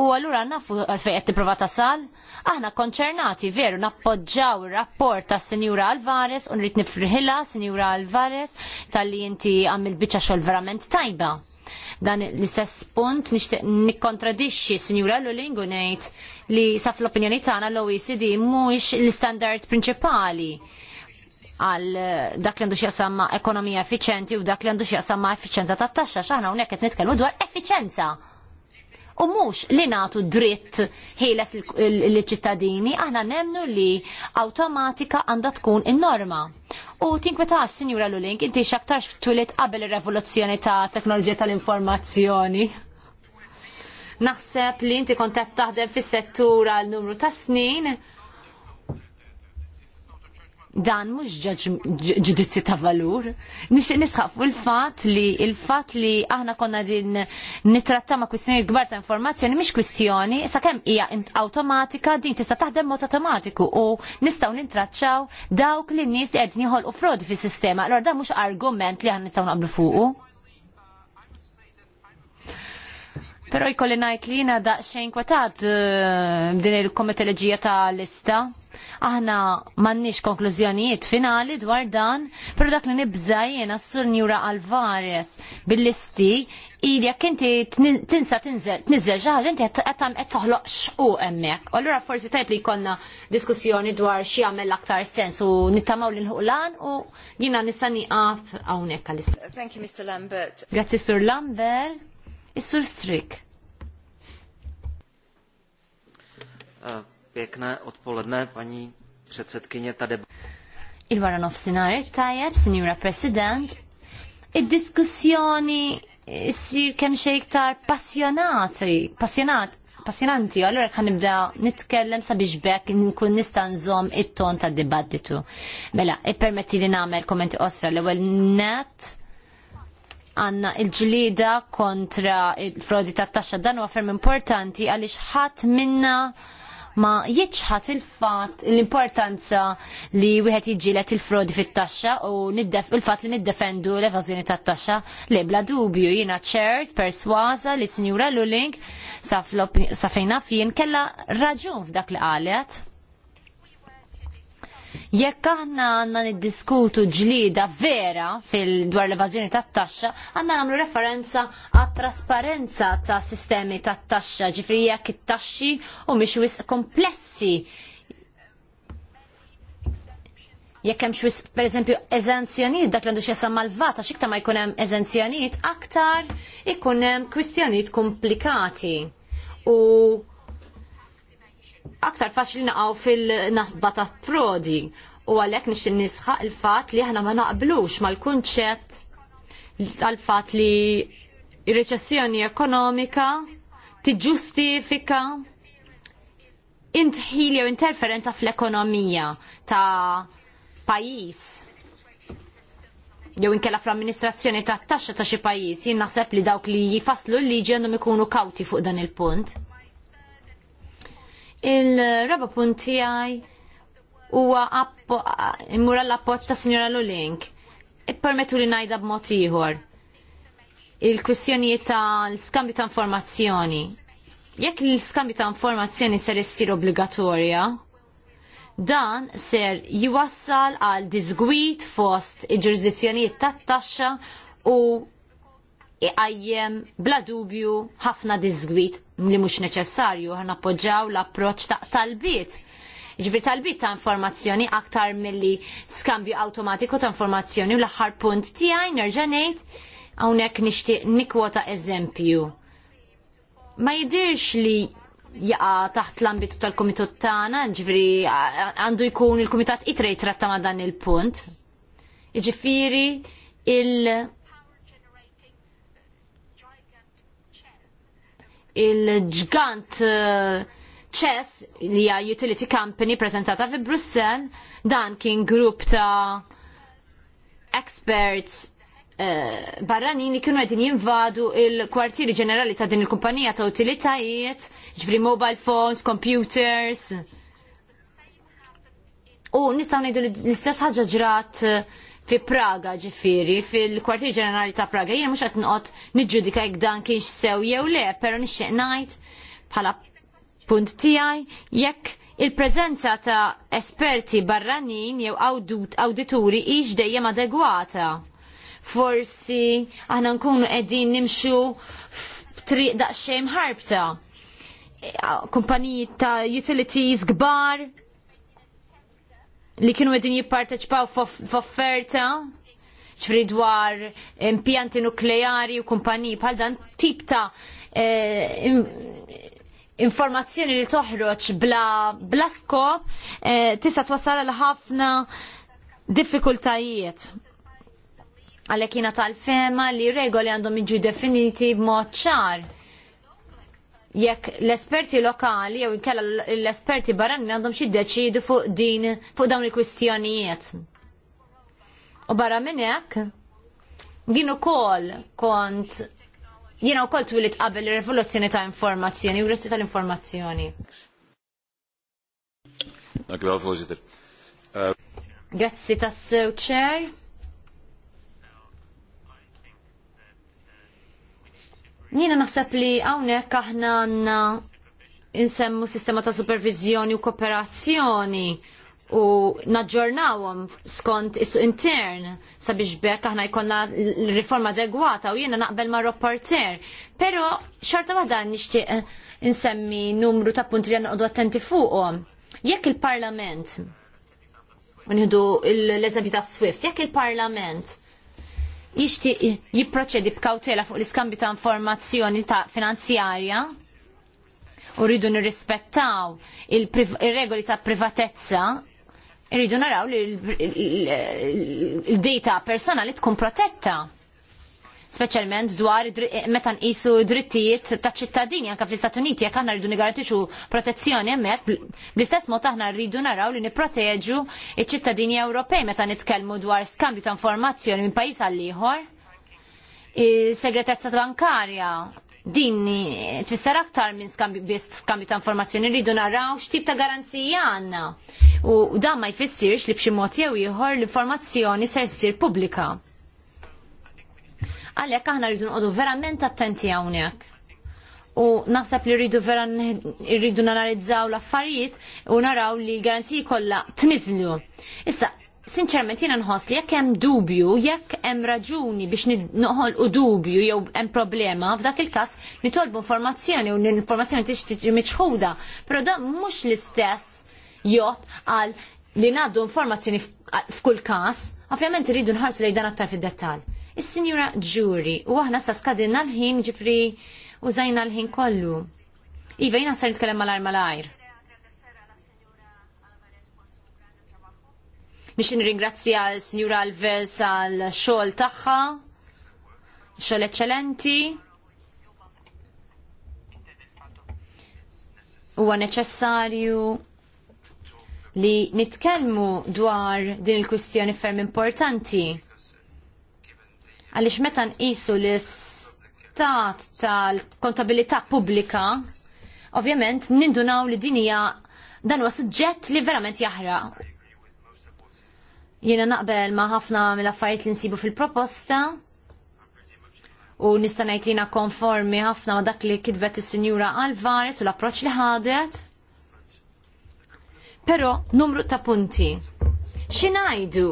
u allura nafu fejn qed tipprova tasal. Aħna konċernati veru nappoġġaw ir-rapport tas Sinjura Alvarez u nrid nifriħilha Sinjura Alvarez talli inti għamil biċċa xogħol verament tajba dan l-istess punt nixtieq nikkontradixxi Sinjura Lulingu ngħid li saf l-opinjoni tagħna l-OECD mhux l-istandard prinċipali għal dak li għandu xjaqsam ma' ekonomija effiċenti u dak li għandu xjaqsam ma' effiċenza tat taxxa xaħna hawnhekk qed nitkellmu dwar effiċenza. U mhux li nagħtu dritt ħieles l ċittadini aħna nemnu li awtomatika għandha tkun in-norma. U tinkwetax, Sinjura Lulink, inti x'aktarx tulit qabel ir-revoluzzjoni ta' teknoloġija tal-informazzjoni. Naħseb li inti kont qed taħdem fis-settur għal numru ta' snin. Dan mhux ġudizzju ta' valur. Nixtieq nisħaq fuq il-fatt li il-fatt li aħna konna din nitratta ma' kwistjoni kbar ta' informazzjoni mhix kwistjoni sakemm hija awtomatika din tista' taħdem mod automatiku u nistgħu nintraċċaw dawk li nies li qegħdin jħolqu frodi fis-sistema. Allora dan mhux argument li aħna nistgħu naqblu fuqu. Pero jkolli najt li jina daqsxejn kwetat eh, din il-komitologija ta' lista. Aħna mannix konklużjonijiet finali dwar dan, pero dak li nibża jiena s-sur Njura għal-varjes bil-listi ili jekk inti tinsa tinżel, tinżel ġaħġa, inti qed toħloq xqu hemmhekk. Allura forsi tajb li jkollna diskussjoni dwar xi jagħmel aktar sens u nittamaw lil ħuqlan u jiena nista' nieqaf hawnhekk għal. Thank you Mr. Lambert. Grazzi Sur Lambert. Is-Sur Strik. Eh, pěkné odpoledne, paní předsedkyně, ta debata. Il-wara nofsinhar tajjeb, Sinjura President, id-diskussjoni sir kemm xejn passjonati, passjonat, passjonanti, allura kan nibda nitkellem sabiex bekk nkun nista' nżomm it-ton tad-dibattitu. Mela, ippermetti li nagħmel kommenti osra l-ewwel net għanna il-ġlida kontra il-frodi tat taxxa dan huwa ferm importanti għaliex ħadd minna ma jitxħat il-fat l-importanza li wieħed jiġġielet il-frodi fit-taxxa u il-fat li niddefendu l-evażjoni tat-taxxa li bla dubju jiena ċert persważa li Sinjura Luling sa fejn jien kella raġun f'dak li qalet. Jekk aħna għandna niddiskutu ġlida vera fil-dwar l-evażjoni tat-taxxa, għandna nagħmlu referenza għat-trasparenza ta' sistemi tat-taxxa, ġifri jekk it-taxxi u mhix wisq komplessi jekk hemm xwis pereżempju eżenzjonijiet dak li għandu x'jasam malvata, vata x'iktar ma jkun hemm eżenzjonijiet aktar ikun hemm kwistjonijiet komplikati. U aktar faċli naqgħu fil-naħba ta' prodi u għalhekk nixtieq nisħaq il-fatt li aħna ma naqblux mal-kunċett tal-fatt li r reċessjoni ekonomika tiġġustifika intħili u interferenza fl-ekonomija ta' pajjiż jew inkella fl-amministrazzjoni tat taxxa ta' xi pajjiż jien naħseb li dawk li jifasslu l-liġi għandhom ikunu kawti fuq dan il-punt. Il-raba punti tiegħi huwa immura l-appoġġ ta' signora Lulink. Ippermettu li ngħidha b'mod ieħor. Il-kwistjonijiet ta' l-skambju ta' informazzjoni. Jekk l-skambju ta' informazzjoni ser issir obbligatorja, dan ser jiwassal għal disgwit fost il-ġurisdizzjonijiet tat-taxxa u iqajjem bla dubju ħafna diżgwit li mhux neċessarju ħan appoġġaw l-approċċ ta' talbiet. Ġifri talbiet ta' informazzjoni aktar milli skambju awtomatiku ta' informazzjoni u l-aħħar punt tiegħi nerġa' ngħid hawnhekk nixtieq nikwota eżempju. Ma jidirx li jaqa taħt l-ambitu tal-komitat tagħna, ġifri għandu jkun il-komitat itre jitratta ma' dan il-punt. Ġifiri il il-ġgant eh, ċess li hija utility company prezentata fi Brussel dan kien grupp ta' experts uh, barranin li kienu għedin jinvadu il-kwartieri ġenerali ta' din il-kumpanija ta' utilitajiet, ġvri mobile phones, computers. U nistaw ngħidu l-istess ħaġa ġrat uh, fi Praga ġifiri, fil-kwartier ġenerali ta' Praga, jien mhux qed nġudika niġġudika jekk dan kienx sew jew le, però nixtieq ngħid bħala punt tiegħi jekk il-preżenza ta' esperti barranin jew awdituri iġ dejjem adegwata. Forsi aħna nkunu qegħdin nimxu f'triq daqsxejn ħarbta. Kumpaniji ta' utilities kbar li kienu għedin jipparteċpaw f'offerta ċfri dwar impjanti nukleari u kumpaniji bħal dan tip ta' eh, informazzjoni li toħroġ bla, bla skop eh, tista' twassal għal ħafna diffikultajiet. Għalhekk jiena tal-fema li regoli għandhom jiġu definiti b'mod ċar jekk l-esperti lokali jew inkella l-esperti barani għandhom xi deċidu fuq din fuq dawn il-kwistjonijiet. U barra minn hekk jien ukoll kont jiena wkoll twilit qabel ir-rivoluzzjoni ta' informazzjoni u tal-informazzjoni. Grazzi tas-sew ċer. Jiena naħseb li hawnhekk aħna għanna insemmu sistema ta' supervizjoni u kooperazzjoni u naġġornawhom skont is intern sabiex bekk aħna jkollna l-riforma adegwata u jiena naqbel ma' rapporter. Però xorta waħda nixtieq eh, insemmi numru ta' punti li għanqodu attenti fuqhom. Jekk il-Parlament, nħidu l-eżempju ta' Swift, jekk il-Parlament jixtieq jipproċedi b'kawtela fuq l-iskambju ta' informazzjoni ta' finanzjarja u rridu nirrispettaw il-regoli ta' privatezza, rridu naraw li l-data personali tkun protetta speċjalment dwar eh, meta nqisu drittijiet ta' ċittadini anke fl-Istati Uniti jekk aħna rridu nigarantixxu protezzjoni hemmhekk bl-istess mod aħna rridu naraw li nipproteġu iċ-ċittadini Ewropej meta nitkellmu dwar skambju ta' informazzjoni minn pajjiż għal ieħor. Segretezza bankarja din tfisser aktar minn skambju ta' informazzjoni rridu naraw x'tip ta' garanzija għandna. U dan ma jfissirx li b'xi mod jew ieħor l-informazzjoni ser ssir pubblika Għalhekk aħna rridu nqogħdu verament attenti hawnhekk. U naħseb li rridu vera rridu nanalizzaw l-affarijiet u naraw li l-garanziji kollha tniżlu. Issa, sinċerment jiena nħos li jekk hemm dubju, jekk hemm raġuni biex noħolqu dubju jew hemm problema, f'dak il-każ nitolbu informazzjoni u l-informazzjoni tixtieġi miċħuda, però dan mhux l-istess jott għal li nagħdu informazzjoni f'kull każ, ovvjament irridu nħarsu lejn dan aktar fid-dettall is-Sinjura Ġuri u aħna sa skadinna l-ħin ġifri zajna l-ħin kollu. Iva, jina sar nitkellem mal-ar mal-ajr. Nix nringrazzja l-Sinjura Alves għal-xol taħħa, xol eccellenti. Huwa neċessarju li nitkellmu dwar din il-kwistjoni ferm importanti. Għaliex meta nqisu l-istat tal-kontabilità pubblika, ovvjament nindunaw li din hija dan huwa suġġett li verament jaħraq. Jiena naqbel ma' ħafna mill-affarijiet li nsibu fil-proposta u nista' ngħid na konformi ħafna ma' dak li kitbet is-Sinjura Alvarez u l-approċċ li ħadet. Però numru ta' punti. Xi ngħidu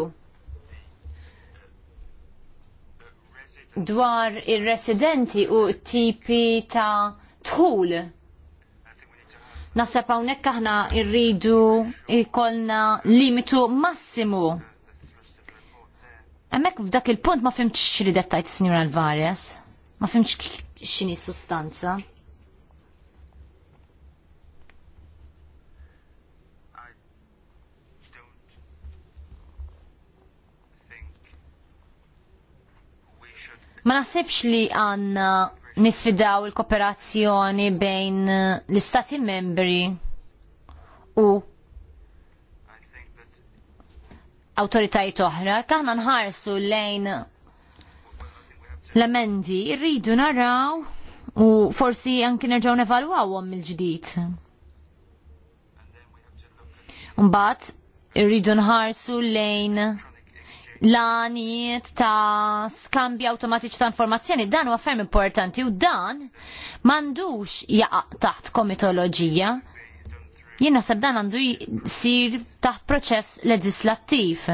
dwar ir-residenti u tipi ta' tħul. Nasab hawnhekk aħna rridu jkollna limitu massimu. Hemmhekk f'dak il-punt ma fimx x'ridet tajt Sinjur Alvarez, ma fimx x'inhi sustanza. Ma nasibx li għanna nisfidaw il-kooperazzjoni bejn l-istati membri u autoritajiet oħra, kaħna nħarsu lejn l-emendi, irridu naraw u forsi anki nerġaw nevalwawhom il ġdid Mbagħad irridu nħarsu lejn l-għaniet ta' skambja automatiċi ta' informazzjoni, dan huwa ferm importanti u dan mandux jaqaq taħt komitoloġija. Jien naħseb dan għandu jsir taħt proċess leġislattiv.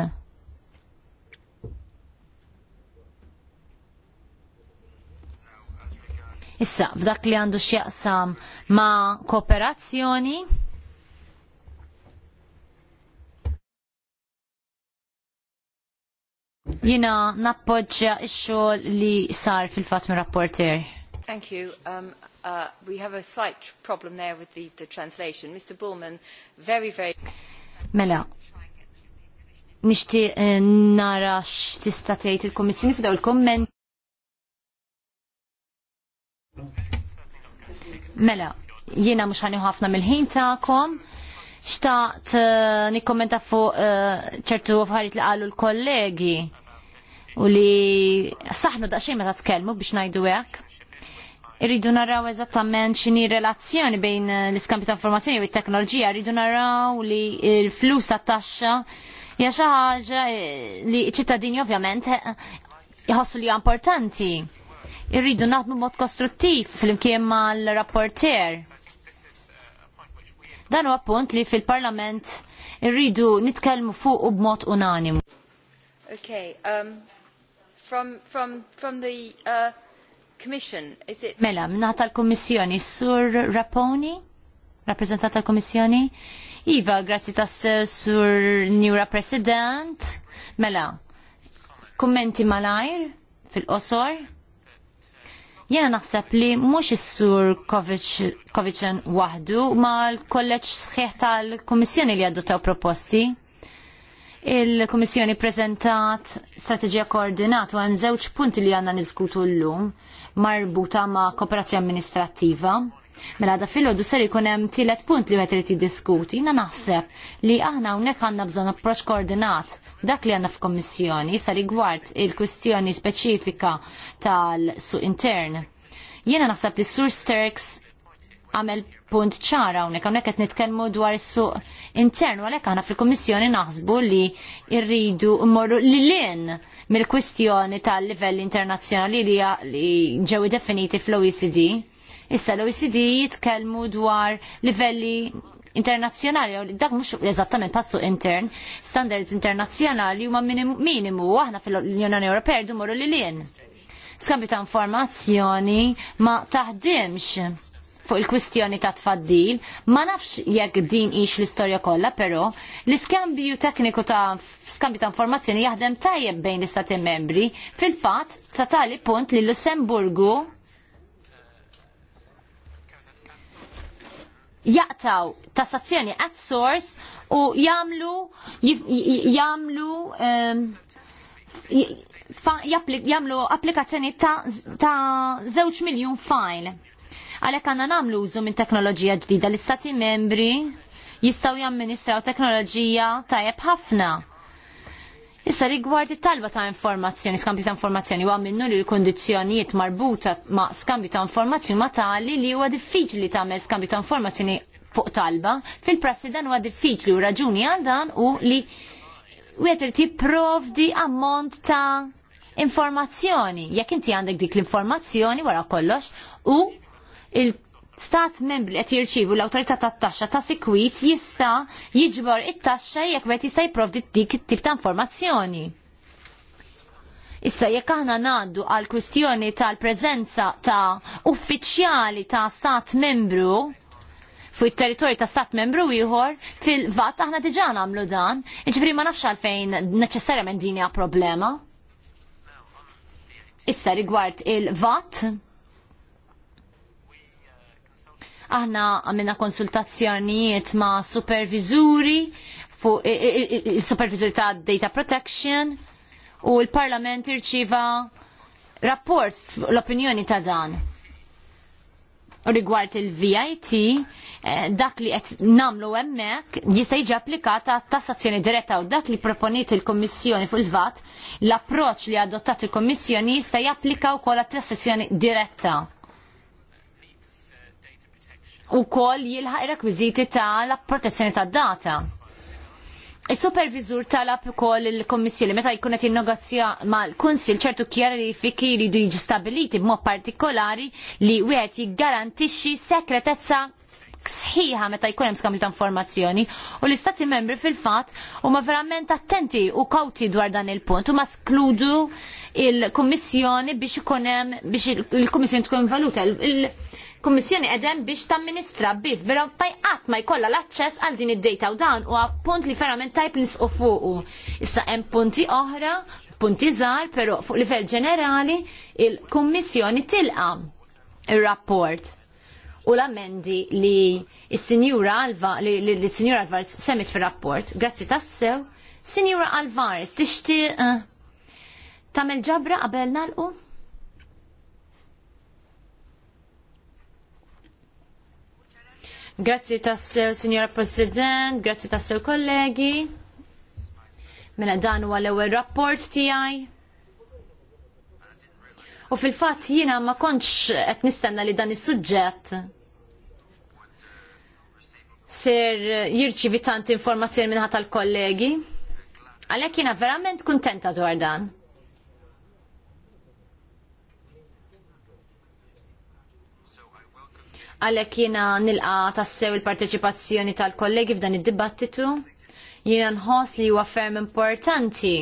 Issa, f'dak li għandu x'jaqsam ma' kooperazzjoni, Jina nappoġġa x li sar fil fat mir rapporter. Thank you. Um, uh, we have a slight problem there with the, the translation. Mr. Bullman, very, very... Mela, nishti eh, nara x tgħid il komissini fidaw il-komment. Mela, jina mhux ħani ħafna mill-ħin tagħkom. Xtaqt eh, nikkommenta fuq eh, ċertu għafħarit li għallu l-kollegi u li saħna daqsxejn meta tkellmu biex ngħidu hekk. Irridu naraw eżattament x'inhi relazzjoni bejn l-iskambi ta' informazzjoni u t-teknoloġija, rridu naraw li l-flus tat-taxxa hija xi ħaġa eh, li ċittadini ovvjament eh, jħossu li importanti. Irridu naħdmu mod kostruttiv flimkien mal-rapporter. Dan huwa punt li fil-Parlament irridu nitkellmu fuq u b'mod unanimu. Okay, um, from, from, from the uh, Commission. Is it... Mela, mnata tal kommissjoni Sur Raponi, rappresentata tal kommissjoni Iva, grazzi tas Sur Njura President. Mela, kommenti malajr fil-qosor. Jena naħseb li mux is-sur Kovicen wahdu ma l-kolleġ sħiħ tal-Kommissjoni li għaddu taw proposti. Il-Komissjoni prezentat strategija koordinat għan żewġ punti li għanna niskutu l-lum marbuta ma' kooperazzja amministrativa. Mela da fil-ħodu ser ikun hemm tielet punt li wieħed irid jiddiskuti. Jiena naħseb li aħna hawnhekk għandna bżonn approċċ koordinat dak li għandna f'Kommissjoni sa rigward il-kwistjoni speċifika tal-suq intern. Jiena naħseb li Sur Sterks għamel punt ċara unek, għamnek għet nitkelmu dwar suq internu, għalek għana fil-Komissjoni naħsbu li irridu morru li l-in mill-kwistjoni tal-livell internazjonali li ġewi definiti fl-OECD. Issa l-OECD jitkelmu dwar livelli internazzjonali, dak mux eżattament passu intern, standards internazzjonali huma minimu, aħna fil-Unjoni Ewropea jdu morru li l-in. Skambju ta' informazzjoni ma taħdimx fuq il-kwistjoni ta' tfaddil, ma nafx jekk din ix l-istorja kollha, però l-iskambju tekniku ta' skambju ta' informazzjoni jaħdem tajjeb bejn l-istati membri fil-fatt ta' tali punt li Lussemburgu jaqtaw tassazzjoni at source u jamlu jamlu jamlu applikazzjoni ta', ta 0 miljon file. Għalhekk għandna nagħmlu użu minn teknoloġija ġdida l-istati membri jistgħu jamministraw teknoloġija tajjeb ħafna. Issa rigward it-talba ta' informazzjoni, skambju ta' informazzjoni, u għamminnu li l-kondizzjonijiet marbuta ma' skambju ta' informazzjoni ma' tali li huwa diffiċli tagħmel skambju ta' informazzjoni fuq talba. Fil-prassi dan huwa diffiċli u raġuni għal dan u li ti provdi ammont ta' informazzjoni. Jekk inti għandek dik l-informazzjoni wara kollox u il-stat membri qed jirċievu l-awtorità tat-taxxa ta' sikwit jista' jiġbor it-taxxa jekk qed jista' jipprovdi dik it-tip ta' informazzjoni. Issa jekk aħna ngħaddu għal kwistjoni tal-preżenza ta' uffiċjali ta' stat membru fuq it-territorju ta' stat membru ieħor fil-vat aħna diġà nagħmlu dan, jiġifieri ma nafx għalfejn neċessarjament din hija problema. Issa rigward il-vat, Aħna għamilna konsultazzjonijiet ma' supervizuri fuq il-supervizuri ta' data protection u l-Parlament irċiva rapport l-opinjoni ta' dan. U rigward il-VIT, eh, dak li qed namlu hemmhekk jista' jiġi applikata tassazzjoni diretta u dak li proponiet il-Kommissjoni fuq il-VAT, l-approċċ li adottat il-Kommissjoni jista' japplika wkoll għat-tassazzjoni diretta u kol jilħaq rekwiziti ta' la protezzjoni ta' data. il supervisur talab ukoll il-Kommissjoni meta jkun qed jinnegozja mal-Kunsil ċertu kjarifiki li jridu jiġi stabiliti b'mod partikolari li wieħed jiggarantixxi sekretezza sħiħa meta jkun hemm skambju ta' informazzjoni u l-istati membri fil-fatt huma verament attenti u kawti dwar dan il-punt u ma skludu il-Kummissjoni biex ikun hemm biex il-Kummissjoni tkun valuta il-Kummissjoni qegħdem biex tamministra biss però tajqat ma jkollha l-aċċess għal din id-dejta u dan huwa punt li verament tajb nisqu fuqu. Issa hemm punti oħra, punti żgħar, però fuq livell ġenerali il-Kummissjoni tilqa' il rapport u l-ammendi li s-Sinjura Alva, li l-Sinjura Alvarez semmit fil-rapport. Grazzi tassew. Sinjura Alvarez, tixti uh, tamel ġabra qabel nalqu? Grazzi tassew, Sinjura President, grazzi tassew kollegi. Mela dan huwa l-ewwel rapport tiegħi. U fil-fatt jiena ma kontx qed nistenna li dan is-suġġett ser jirċivi tant informazzjoni minnħat tal-kollegi. Għalhekk jiena verament kuntenta dwar dan. għalek jena nilqa tassew il-parteċipazzjoni tal-kollegi f'dan id-dibattitu, jena nħos li huwa ferm importanti.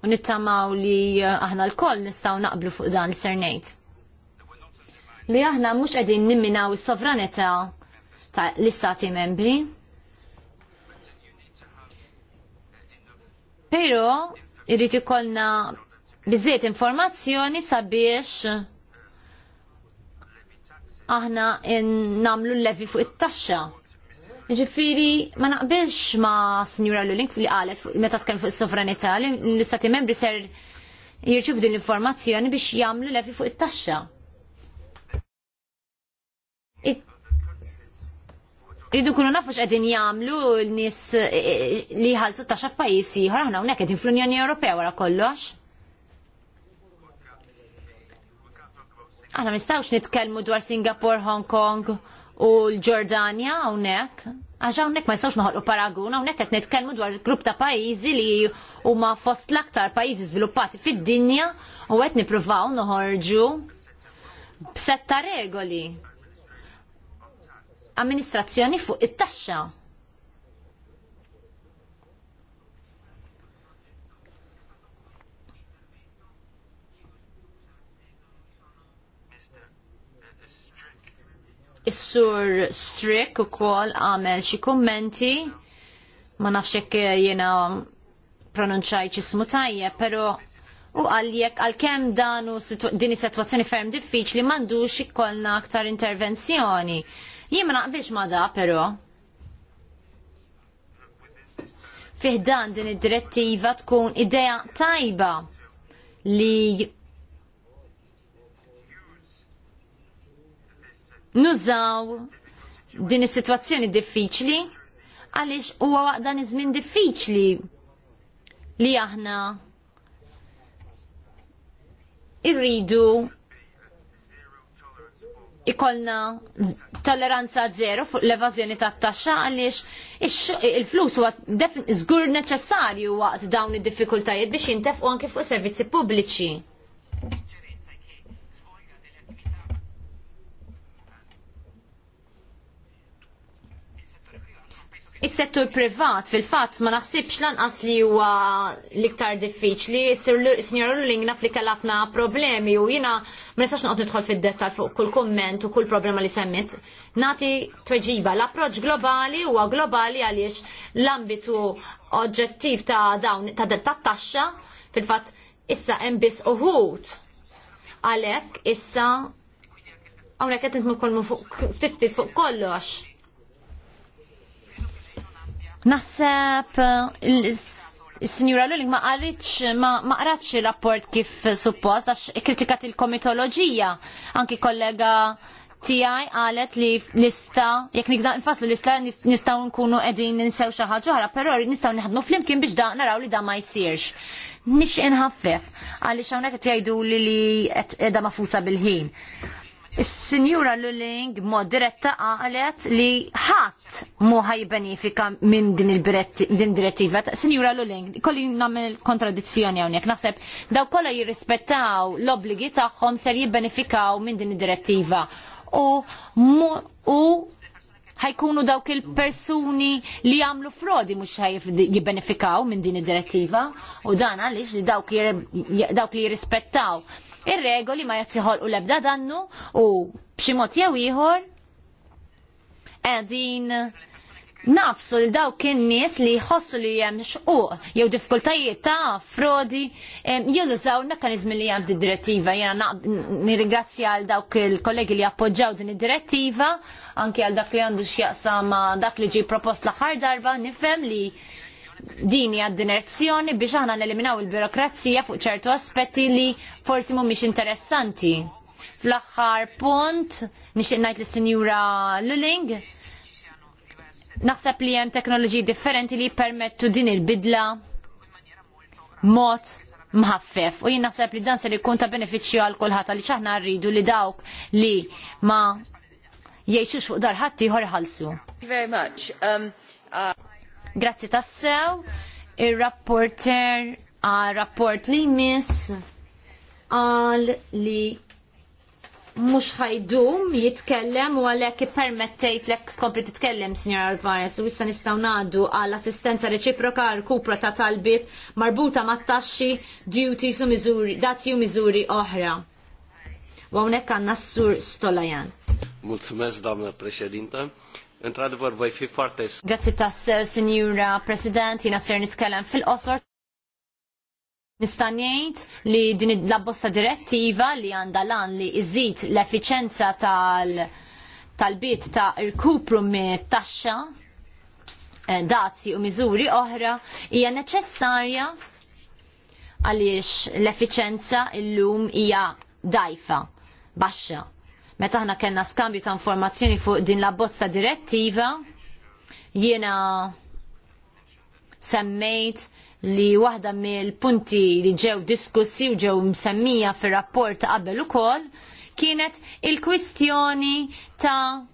U nittamaw li aħna l-koll nistaw naqblu fuq dan l-sernejt li aħna mhux qegħdin nimminaw is-sovranità ta' l-istati membri. Pero irrid ikollna biżejt informazzjoni sabiex aħna nagħmlu l-levi fuq it-taxxa. Ġifiri, ma naqbilx ma Signora Lulink li qalet meta tkellem fuq is-sovranità li l-istati membri ser jirċivu din l-informazzjoni biex jagħmlu levi fuq it-taxxa. Rridu kunu nafu x'qegħdin jagħmlu l-nies eh, li jħallsu taxxa f'pajjiż ieħor aħna hawnhekk qegħdin fl-Unjoni Ewropea wara kollox. Aħna nistgħux nitkellmu dwar Singapore, Hong Kong u l ġordania hawnhekk. Għax hawnhekk ma nistgħux noħolqu paragun, hawnhekk qed nitkellmu dwar grupp ta' pajjiżi li huma fost l-aktar pajjiżi żviluppati fid-dinja u qed nippruvaw noħorġu b'setta regoli amministrazzjoni fuq it-taxxa. Is-sur Strick u kol għamel xi kummenti ma nafxek jena pronunċaj ċismu tajje, pero u għaljek għal-kem danu dini situazzjoni ferm diffiċli xie kolna aktar intervenzjoni. Jien ma naqbilx ma da, però. Fiħdan din id-direttiva tkun idea tajba li nużaw din is-sitwazzjoni diffiċli għaliex huwa waqdan iż-żmien diffiċli li aħna irridu ikolna tolleranza zero fuq l-evażjoni tat-taxxa għaliex il-flus huwa żgur neċessarju waqt dawn id-diffikultajiet biex jintefqu anke fuq servizzi pubbliċi. Is-settur privat fil-fatt ma naħsibx lanqas li huwa l-iktar diffiċli, s-sinjor Luling naf li ħafna problemi u jina ma nistax noqgħod nidħol fid-dettal fuq kull komment u kull problema li semmit. Nati tweġiba, l-approċ globali huwa globali għaliex l-ambitu oġġettiv ta' dawn ta' tat-taxxa fil-fatt issa hemm biss uħud għalhekk issa hawnhekk qed nitmu fuq ftit fuq kollox Naħseb eh, Signora Lulling ma qalitx ma qratx il-rapport kif suppost għax kritikat il-komitoloġija anki kollega tiegħi qalet li lista jekk nibda nfasslu lista nistgħu nkunu qegħdin ninsew xi ħaġa oħra, però nistgħu neħdmu flimkien biex da naraw li da ma jsirx. Nix inħaffef għaliex hawnhekk qed jgħidu li li qiegħda mafusa bil-ħin. Is-Sinjura Luling mod diretta qalet li ħadd mu ħajbenifika minn din il-direttiva. Sinjura Luling, kolli nagħmel kontradizzjoni hawnhekk. Naħseb daw kollha jirrispettaw l-obbligi tagħhom ser jibbenefikaw minn din id-direttiva. U u ħajkunu dawk il-persuni li jagħmlu frodi mhux jibbenefikaw minn din id-direttiva u dan għaliex li dawk li jirrispettaw Ir-regoli ma jattiħol u lebda dannu u bximot jew ieħor qegħdin nafsu l daw kien nies li jħossu li hemm xquq jew diffikultajiet ta' frodi jew użaw il-mekkaniżmi li hemm direttiva jiena nirringrazzja għal dawk il-kollegi li appoġġaw din id-direttiva anke għal dak li għandu x'jaqsam ma' dak li ġie propost l-aħħar darba nifhem li dini għad direzzjoni biex aħna neliminaw il-birokrazija fuq ċertu aspetti li forsi mhumiex interessanti. Fl-aħħar punt, nixtieq ngħid lis-Sinjura Luling, naħseb li hemm teknoloġiji differenti li permettu din il-bidla mod mħaffef u jien naħseb li dan se kun ta' benefiċċju għal kolħat għaliex aħna rridu li dawk li ma jiexux fuq dar ħadd ieħor ħalsu. Thank you very much. Um, uh... Grazzi tassew, il-rapporter għal rapport li miss għal li mux ħajdum jitkellem u għalek permettejt lek tkompli titkellem, Signor Alvarez, u issa nistaw nadu għal assistenza reċiproka għal kupra ta' talbit marbuta ma' taxxi duties u miżuri, dati u miżuri oħra. U għonek għanna s-sur Stolajan. Mulțumesc, doamnă președintă. Intradwar boj fi fortes. Grazzi tas, Signora President, jina ser nitkellem fil-qosor. Nistanjejt li din l bosta direttiva li għanda lan li iżid l-efficienza tal- tal-bit ta' irkupru me taxxa eh, dazzi u miżuri oħra hija neċessarja għaliex l-efficienza illum hija dajfa, baxxa. Meta aħna kellna skambju ta' informazzjoni fuq din l-abbozza direttiva, jiena semmejt li waħda mill-punti li ġew diskussi u ġew msemmija fir-rapport qabel ukoll kienet il-kwistjoni ta'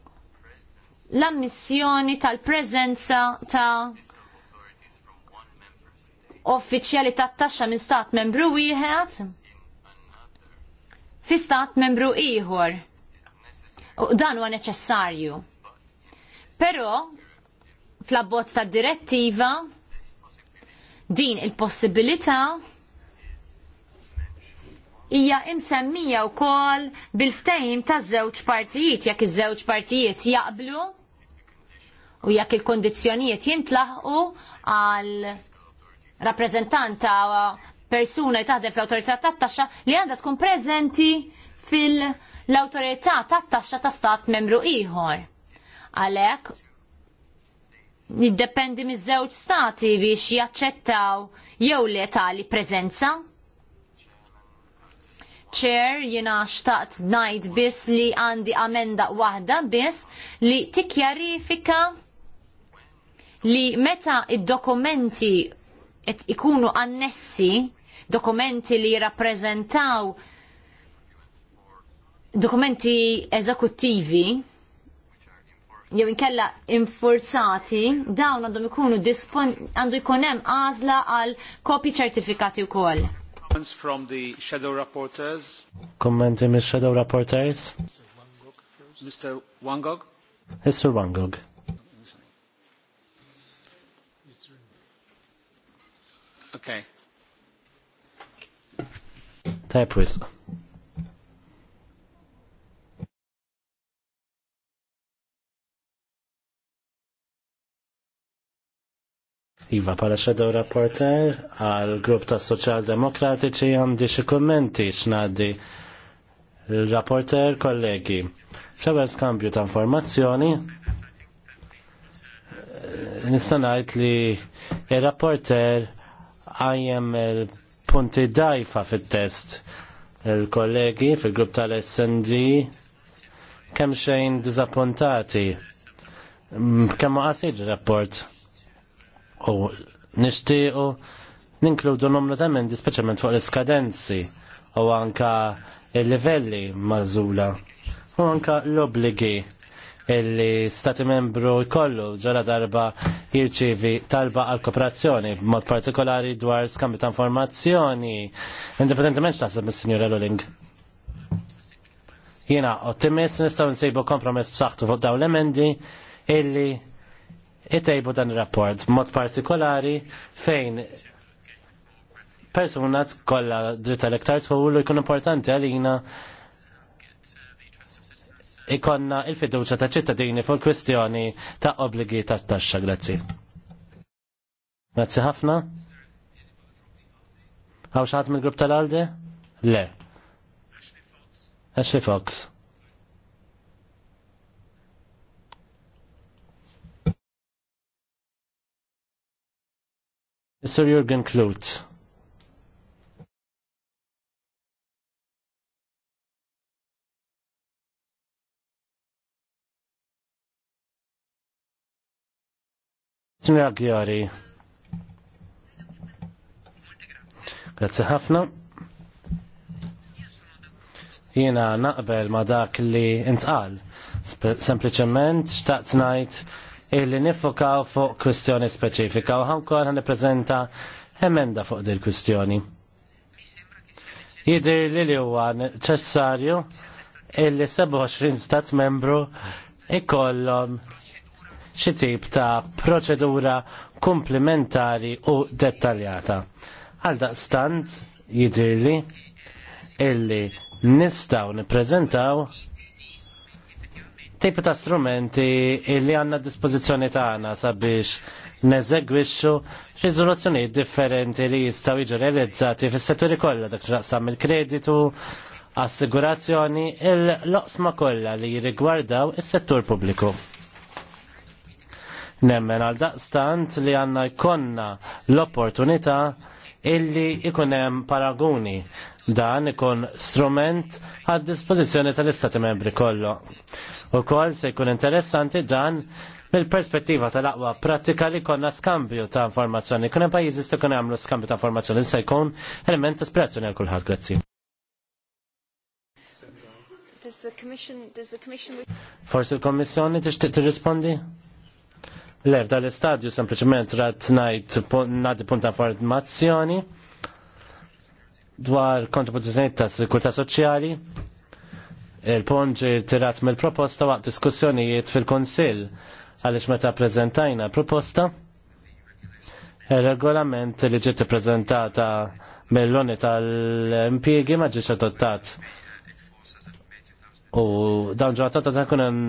l-ammissjoni tal-preżenza ta' uffiċjali ta' taxxa minn stat membru wieħed fi stat membru ieħor dan huwa neċessarju. Però fl-abbozz tad direttiva din il-possibilità hija imsemmija wkoll bil-ftehim taż-żewġ partijiet jekk iż-żewġ partijiet jaqblu u jekk il-kondizzjonijiet jintlaħqu għal rappreżentanta persuna li taħdem fl-awtorità tat-taxxa li għandha tkun preżenti fil- l-autorità tat-taxxa ta' stat membru ieħor. Għalhekk niddependi miż-żewġ stati biex jaċċettaw jew le tali preżenza. Chair jiena xtaqt ngħid biss li għandi amenda waħda biss li tikkjarifika li meta id-dokumenti ikunu annessi, dokumenti li jirrappreżentaw dokumenti eżekuttivi jew inkella infurzati dawn għandhom ikunu dispon għandu jkun hemm għażla għal kopji ċertifikati wkoll. Comments from the shadow rapporteurs. Kommenti mis shadow rapporteurs. Mr. Wangog. Mr. Wangog. Okay. Tajb Okay. Iva pala xedaw rapporter għal grupp ta' soċjal-demokratiċi għandi xi kummenti x'ngħaddi rapporter kollegi. Xabel skambju ta' informazzjoni nista' ngħid li il rapporter għajem il-punti dajfa fit-test il-kollegi fil-grupp tal-SND kemm xejn diżappuntati. Kemm ma qasir rapport u nishtiqu ninkludu numru ta' emendi speċjalment fuq l-iskadenzi u anka il-livelli mażula u anka l-obligi illi stati membru jkollu ġara darba jirċivi talba għal kooperazzjoni b'mod partikolari dwar skambi ta' informazzjoni indipendentement x'taħseb mis-Sinjura Luling. Jiena ottimist nistgħu nsejbu kompromess b'saħħtu fuq dawn l-emendi illi itejbu dan il-rapport, mod partikolari fejn persuna tkolla dritta l-iktar tħullu jkun importanti għalina ikonna il-fiduċa ta' ċittadini fuq kwistjoni ta' obligi ta' taxxa, grazzi. Grazzi ħafna. Għaw xaħat mill-grupp tal-alde? Le. Fox. Ashley Fox. Sir Jürgen Klut. Signora Jari. Grazie ħafna. Jena naqbel ma dak li intqal. Sempliciment, xtaqt ngħid illi nifokaw fuq kwistjoni speċifika u ħankor ħan prezenta emenda fuq dil kwistjoni Jidir li li huwa ċessarju illi 27 stat membru ikollhom xi tip ta' proċedura komplementari u dettaljata. Għal daqstant li illi nistaw niprezentaw tipi ta' strumenti li għanna dispozizjoni tagħna sabiex neżegwixxu riżoluzzjonijiet differenti li jistgħu jiġu realizzati fis-setturi kollha dak xaqsam il-kreditu, assigurazzjoni, il-loqsma kollha li jirrigwardaw is-settur pubbliku. Nemmen għal daqstant li għanna jkonna l-opportunità illi ikunem paraguni dan ikun strument għad dispozizjoni tal-Istati membri kollu. U kol se jkun interessanti dan mill-perspettiva tal-aqwa pratika li konna skambju ta' informazzjoni. Kunem pajizi se kun għamlu skambju ta' informazzjoni, se jkun element ispirazzjoni għal kulħadd, grazzi. Forse il-Kommissjoni tixtieq tirrispondi? Le, dal-istadju sempliciment rat najt nadi punta informazzjoni dwar kontribuzzjoni ta' sikurta soċjali Il-ponġi tirat mill-proposta waqt diskussjonijiet fil-Konsil għaliex meta prezentajna proposta il-regolament li ġiet prezentata mill-loni tal-impiegi ma ġiex adottat. U dawn ġattata eh, ta' kunem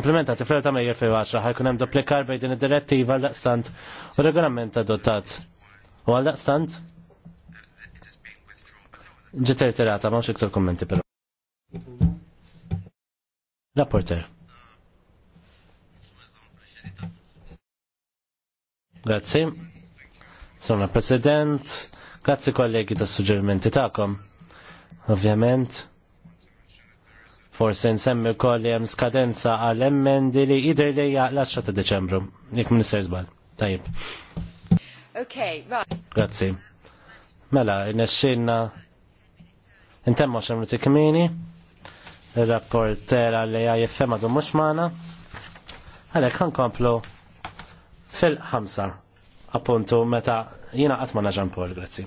implementati fl ta' mejjer fil għaxa ħajkun hemm duplikar bejn din id-direttiva għal-daqstant u regolament adottat. U għal-daqstant? Ġiet tirata ma' xiktar kommenti però. Rapporter. Grazzi. Sona President, grazzi kollegi da suġġerimenti tagħkom. Ovvjament, forse nsemmi kolli hemm skadenza għal emmendi li jidher li l-10 ta' Deċembru. Jekk minister isser Tajjeb. Okay, right. Grazzi. Mela, nexxinna intemma xemru t-kmini il rapportera li għaj jiffema du mux maħna. Għalek komplu fil-ħamsa appuntu meta jina naġan pol, grazie.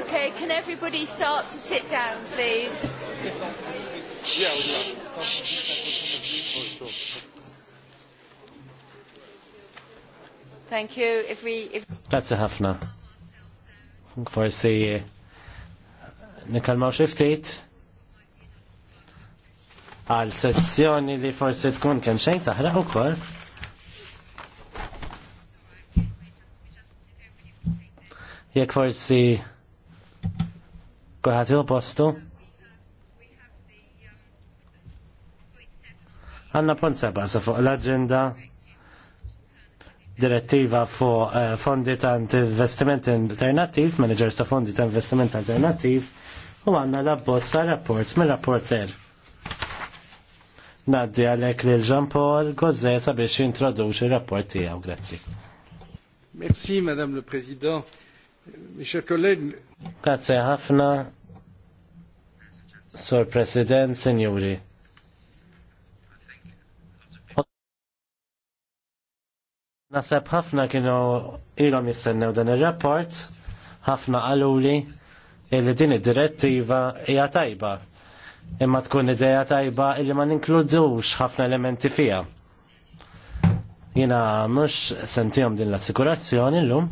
Okay, can everybody start to sit down, please? Thank you. If we, if... Grazie ħafna. Forsi nikalmaw xiftit għal sessjoni li forsi tkun kemm xejn taħraq ukoll. Jekk forsi kulħadd postu. Għanna punt seba sa fuq l-agenda direttiva fuq eh, fondi ta' investiment alternativ, manager sa' fondi ta' investiment alternativ, u għanna l-abbozz ta' rapport mill rapporter Naddi għalek li l-Jean-Paul Gozzesa biex jintroduċi rapport tijaw, grazzi. Merci, Madame le Président. Grazie ħafna, Sor President, signori. Nasab ħafna kienu ilhom jistennew dan ir-rapport, ħafna qaluli illi din id-direttiva hija tajba. Imma tkun idea tajba illi ma ninkludux ħafna elementi fija. Jina mhux sentijom din l-assikurazzjoni llum.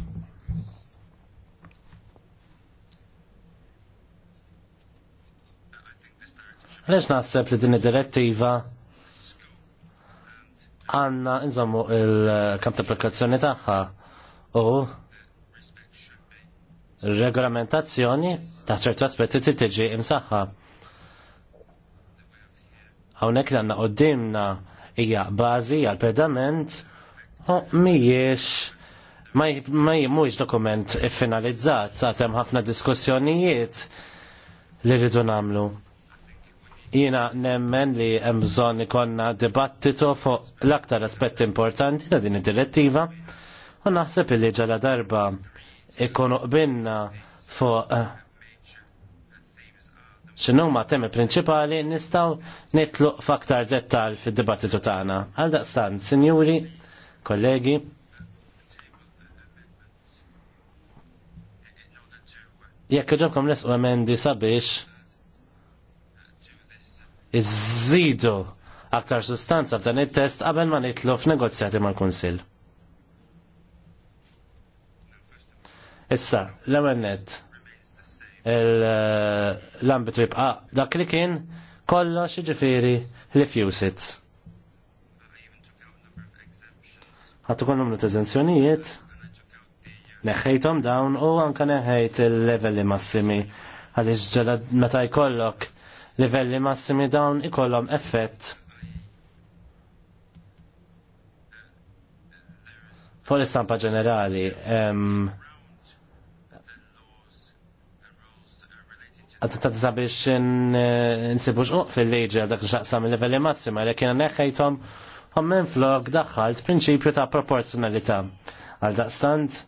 Għaliex naħseb li din id-direttiva għanna nżommu il-kamp applikazzjoni tagħha u regolamentazzjoni ta' ċertu aspetti tiġi imsaħħa. Hawnhekk li għandna qudiemna hija bażi għal pedament u mhijiex ma mhux dokument iffinalizzat għatem ħafna diskussjonijiet li rridu nagħmlu. Jiena nemmen li hemm bżonn ikonna dibattitu fuq l-aktar aspetti importanti ta' din id-direttiva u naħseb li ġala darba ikonu qbinna fuq eh, xinu ma' temi prinċipali nistgħu nitluq f'aktar dettal fid-dibattitu tagħna. Għal daqstant, sinjuri, kollegi, jekk ġobkom lesqu emendi sabiex iżidu aktar sustanza f'dan it-test qabel ma nitlu f'negozjati mal-Kunsill. Issa, l-ewwel eh, l-ambit ribqa ah, dak li kien kollox jiġifieri li fjusits. Għattu kon numru t-eżenzjonijiet, neħħejtom dawn u anka neħħejt il-level li massimi għaliex ġela meta jkollok livelli massimi dawn ikollhom effett fuq l-istampa ġenerali għadda ta' sabiex nsibux uq fil-leġi għadak xaqsam il-livelli massima, li kiena neħħajtom għommen flok daħħalt prinċipju ta' proporzjonalità. Għal daqstant,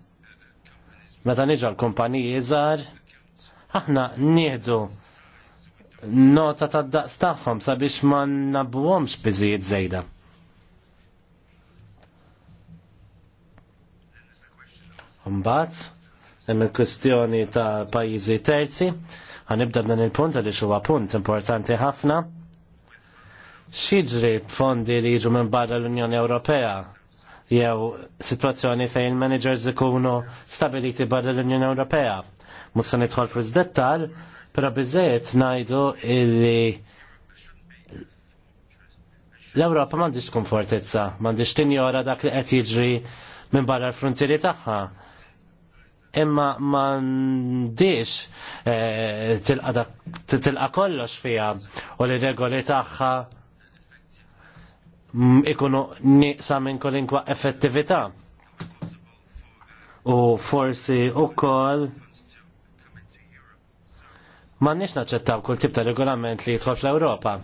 meta niġu l-kumpaniji iżar, aħna nieħdu nota ta' daqs tagħhom sabiex ma nabbuhomx biżijiet żejda. Mbagħad hemm il-kwistjoni ta' pajjiżi terzi, ħanibda b'dan il-punt għaliex huwa punt importanti ħafna. X'jiġri fondi li jiġu minn barra l-Unjoni Ewropea jew sitwazzjoni fejn il-managers ikunu stabiliti barra l-Unjoni Ewropea. Musa nidħol fuż dettal Pero bizzejiet najdu illi l-Europa mandiġ komfortezza, mandiġ tinjora dak li qed jiġri minn barra l-frontieri tagħha. Imma mandiġ eh, tilqa kollox fija u li regoli tagħha ikunu nieqsa minn kolinkwa effettività. U forsi u koll Ma nix naċċettaw kull tip ta' regolament li jitħol fl-Ewropa.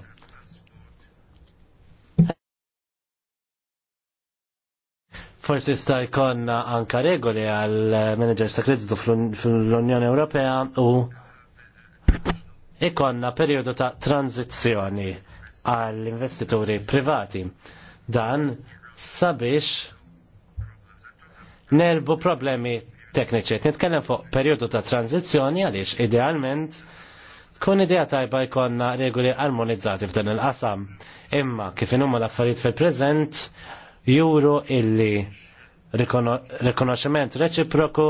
Forsi sta' jkonna anka regoli għal manager ta' kreditu fl-Unjoni Ewropea u ikonna periodu ta' tranzizjoni għall investituri privati. Dan sabiex nerbu problemi tekniċi. Nitkellem fuq periodu ta' tranzizzjoni għaliex idealment Tkun idea tajba jkollna regoli armonizzati f'dan il-qasam, imma kif inhom l-affarijiet fil-preżent juru illi rikonoxximent reċiproku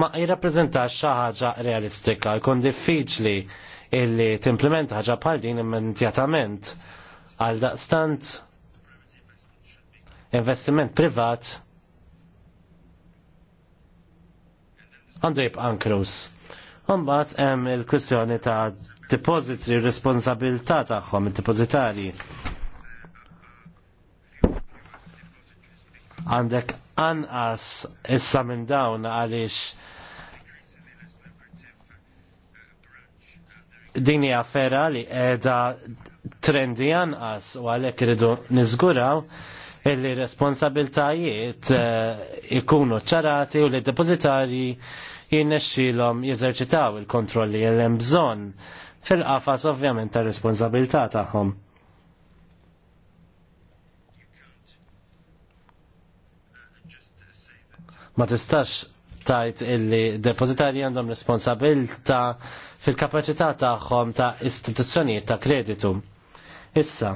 ma jirrappreżentax xi ħaġa realistika, jkun diffiċli illi timplementa ħaġa bħal din immedjatament għal daqstant investiment privat għandu jibqa' nkrus. Mbagħad hemm il-kwistjoni ta' depositri responsabilità tagħhom id-depozitarji. Għandek anqas issa minn dawn għaliex din hija li qiegħda trendi anqas u għalhekk iridu niżguraw r responsabiltajiet eh, ikunu ċarati u li depozitarji Jinnexxilhom jeżerċitaw il-kontrolli li hemm bżonn fil-qafas ovvjament ta' responsabilità tagħhom. Ma tistax tajt illi depozitarji għandhom responsabilta fil-kapacità tagħhom ta' istituzzjonijiet ta' kreditu. Issa,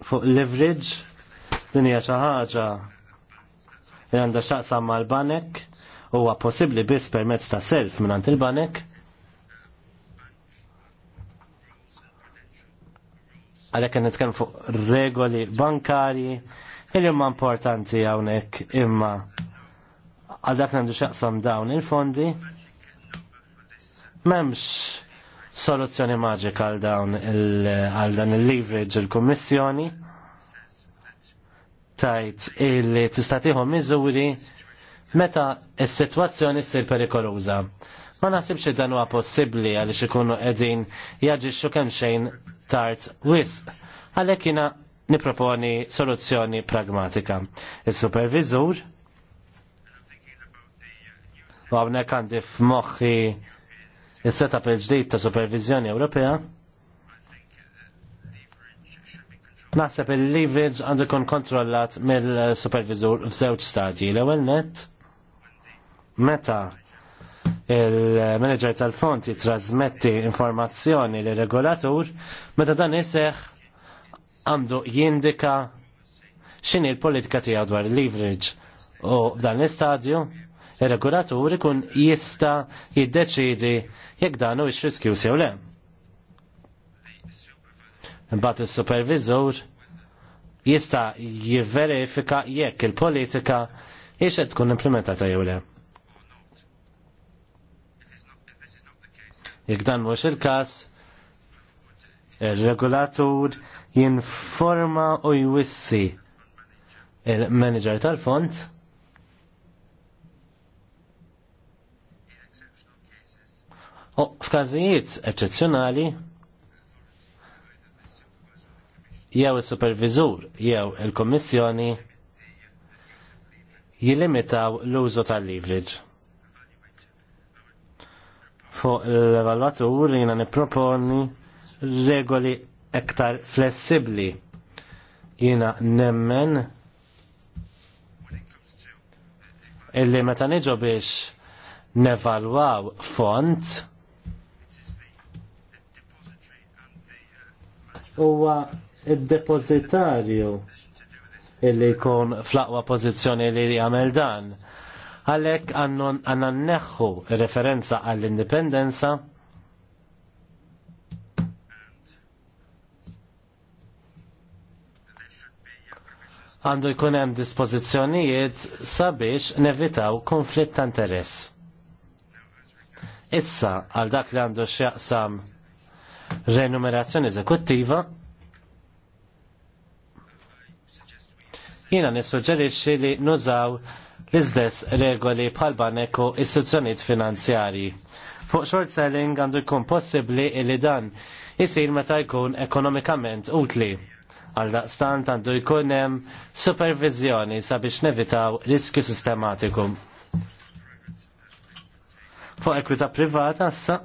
fuq leverage din hija xi ħaġa li għandha x'aqsam mal-banek huwa possibbli biss permezz ta' self mingħand il-banek. Għalhekk għan nitkellem fuq regoli bankarji il ma importanti hawnhekk imma għal dak għandu xaqsam dawn il-fondi memx soluzzjoni maġika għal dawn għal dan il-leverage il-kommissjoni tajt li tista' tieħu miżuri meta s-sitwazzjoni ssir perikoluża. Ma nasibx li dan huwa possibbli għaliex ikunu qegħdin jaġixxu kemm xejn tard wisq. Għalhekk jiena niproponi soluzzjoni pragmatika. Is-supervizur u hawnhekk għandi f'moħħi is-setup il-ġdid ta' supervizjoni Ewropea. Naħseb il-leverage għandu jkun kontrollat mill-supervizur f'żewġ stadji. L-ewwel nett Meta il-manager tal-font jitrasmetti informazzjoni li regolatur, meta dan jiseħ għandu jindika xini l-politika tijaw dwar leverage u dan l-istadju il regolatur ikun jista jiddeċidi jekk dan u riskju sew le. Mbat is-supervisor jista' jivverifika jekk il-politika jiex qed tkun implementata jew le. Jekk dan mhux il-każ, il regulatur jinforma u jwissi il-manager tal-fond U f'każijiet eċċezzjonali jew il supervizur jew il-Kommissjoni jilimitaw l-użu tal-leverage fuq l-evalwatur jina niproponi regoli ektar flessibli jina nemmen illi meta niġu biex nevalwaw font huwa id-depozitarju illi jkun fl-aqwa pożizzjoni li jagħmel dan Għalek għannan neħħu referenza għall-indipendenza għandu jkun hemm dispożizzjonijiet sabiex nevitaw konflitt ta' interess. Issa għal dak li għandu x'jaqsam renumerazzjoni eżekuttiva jiena nissuġġerixxi li nużaw l-izdess regoli bħal banek u istituzzjonijiet finanzjarji. Fuq short selling għandu jkun possibbli li dan jisir meta jkun ekonomikament utli. Għal daqstant għandu jkun hemm supervizjoni sabiex nevitaw riskju sistematiku. Fuq ekwita privata assa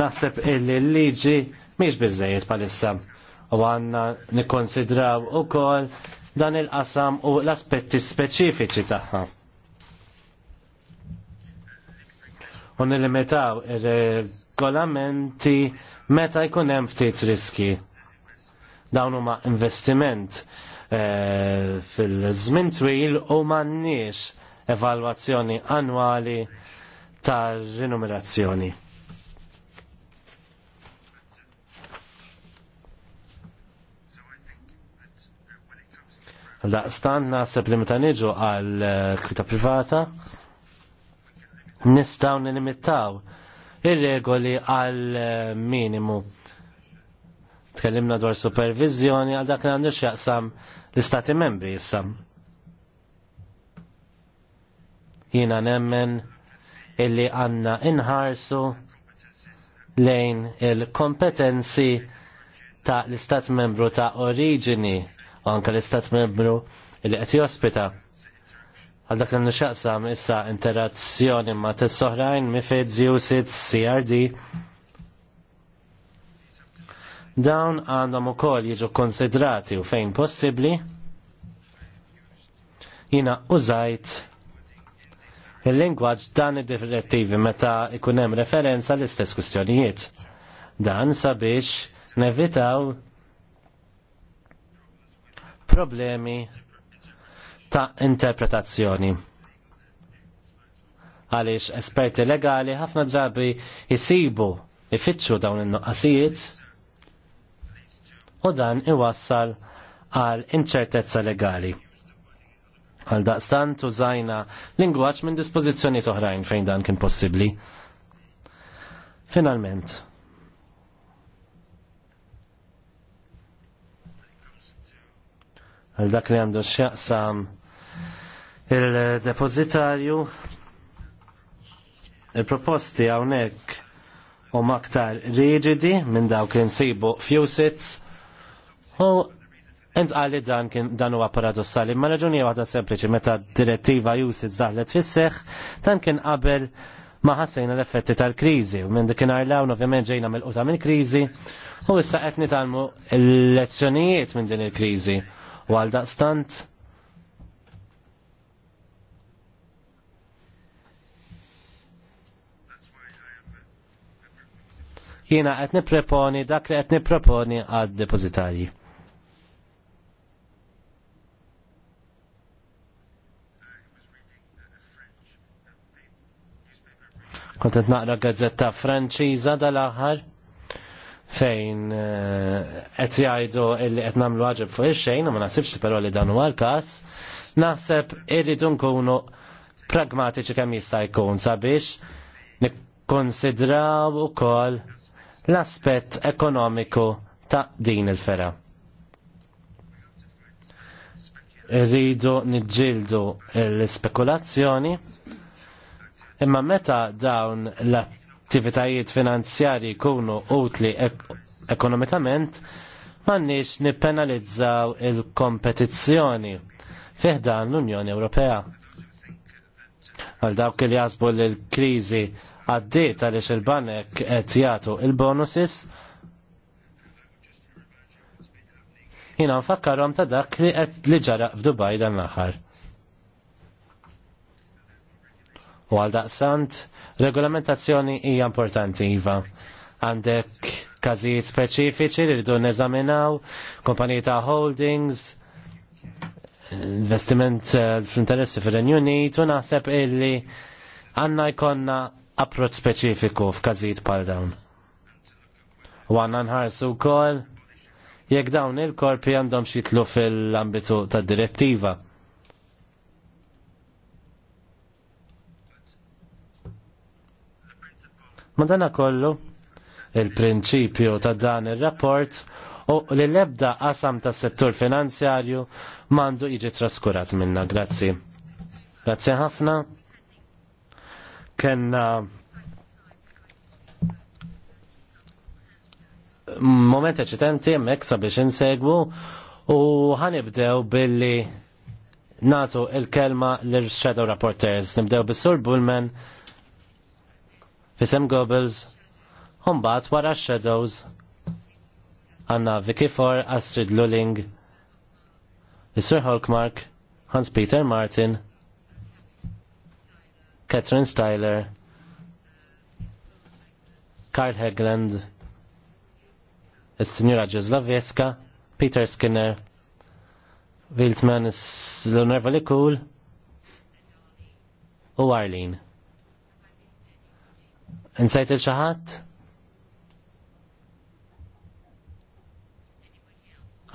naħseb illi l-liġi miex bizzejiet palissa u għanna nikonsidraw u kol dan il-qasam u l-aspetti speċifiċi tagħha. U nil-limitaw ir-regolamenti meta jkun hemm ftit riski. Dawn huma investiment eh, fil-żmien twil u m'għandniex evalwazzjoni annwali tar-rinumerazzjoni. Daqstan naħseb li meta niġu għal eh, krita privata nistgħu nilimitaw ir-regoli għal eh, minimu. Tkellimna dwar supervizjoni għal dak li għandu x'jaqsam l-istati membri issa. Jiena nemmen illi għanna inħarsu lejn il-kompetenzi ta' l-istat membru ta' oriġini anke l-istat membru li qed jospita. Għal dak li xaqsam issa interazzjoni ma' tess soħrajn mifid USIT CRD. Dawn għandhom ukoll jiġu konsidrati u fejn possibbli jina użajt il-lingwaġġ dan id-direttivi meta ikunem hemm referenza l-istess kwistjonijiet. Dan sabiex nevitaw problemi ta' interpretazzjoni. Għaliex esperti legali ħafna drabi jisibu ifittxu dawn il-nuqqasijiet u dan iwassal għal inċertezza legali. Għal daqstant użajna lingwaġġ minn dispozizjoni oħrajn fejn dan kien possibbli. Finalment, għal dak li għandu x'jaqsam il-depozitarju il-proposti hawnhekk u maktar rigidi minn dawk li nsibu fjusits u Ent għalli dan kien dan huwa paradossali, ma raġuni għada sempliċi meta direttiva jusit zaħlet fis-seħ, dan kien qabel ma ħassejna l-effetti tal-kriżi u minn dikin arlawn ovvjament ġejna mill-quta mill-kriżi u issa qed mu l-lezzjonijiet minn din il-kriżi. U għal daqstant jiena qed niproponi dak li qed niproponi għad depozitarji. Kontent naqra gazzetta Franċiża dal-aħħar fejn eh, qed jgħidu li qed nagħmlu għaġeb fuq ix-xejn u ma naħsibx però li dan huwa l-każ, naħseb irridu nkunu pragmatiċi kemm jista' jkun sabiex nikkonsidraw ukoll l-aspett ekonomiku ta' din il-fera. Irridu niġġieldu l-spekulazzjoni imma meta dawn l-att attivitajiet finanzjari jkunu utli ek ekonomikament, m'għandniex nippenalizzaw il-kompetizzjoni fiħdan l-Unjoni Ewropea. Għal dawk li jasbu li l-krizi għaddiet għaliex il-banek qed jagħtu il-bonuses, jina nfakkarhom ta' dak li qed li ġara f'Dubaj dan l-aħħar. U għal daqsant Regolamentazzjoni hija importanti iva. Għandek każijiet speċifiċi li rridu neżaminaw, kompaniji ta' holdings, investiment eh, fl-interessi fil-Renju Unit u naħseb illi għanna jkonna approċ speċifiku f'kazijiet bħal dawn. U għanna nħarsu wkoll jekk dawn il-korpi għandhom xitlu fil-ambitu tad direttiva. Madana kollu, il-prinċipju ta' dan il-rapport u li lebda qasam ta' settur finanzjarju mandu iġi traskurat minna. Grazzi. Grazzi ħafna. Kenna moment eċitenti jemmek sabiex insegwu u ħanibdew billi natu il-kelma l-Shadow Rapporters. Nibdew bis-Sur Bullman Fisem Goebbels, Umbat wara Shadows, għanna Vikifor Astrid Lulling, Sir Holkmark, Hans Peter Martin, Catherine Styler, Karl Hegland, il-Signora Ġezlavieska, Peter Skinner, Wiltman, l-Onerva Likul, u Arlene. Insajt il-ċaħat?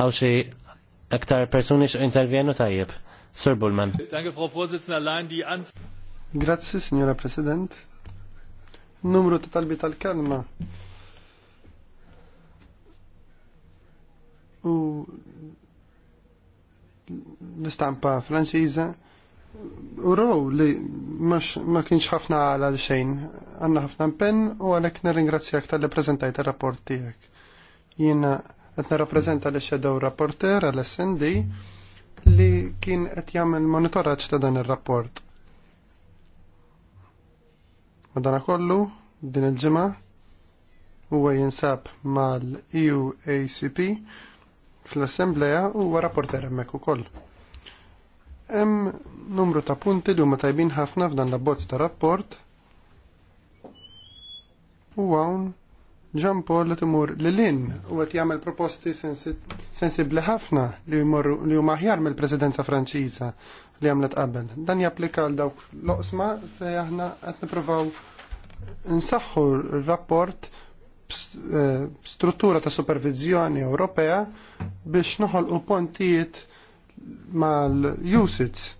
Għaw xie aktar personi xo intervjenu tajjeb. Sir Bullman. Danke, Frau Vorsitzende, allein die Ans. Grazie, signora President. Numru ta' talbi tal-kelma. U l-istampa franċiża uraw li ma kienx ħafna għala xejn, għanna ħafna mpen u għalek nir-ingrazzjak tal-li prezentajt il-rapport tijek. Jina għet nirrapprezenta li xedaw rapporter għal-SND li kien għet jgħamil monitoraċ ta' dan il-rapport. Madana kollu, din il ġimgħa huwa jinsab mal euacp fl-Assembleja u rapporter emmek u koll. Hemm numru ta' punti li huma tajbin ħafna f'dan l-abbozz ta' rapport u hawn Ġan Paul li timur li lin u qed jagħmel proposti sensibbli ħafna li jmorru li huma aħjar mill-presidenza Franċiża li għamlet qabel. Dan japplika għal dawk l-oqsma fejn aħna qed nippruvaw nsaħħu r-rapport eh, struttura ta' supervizjoni Ewropea biex noħolqu pontijiet mal-usage.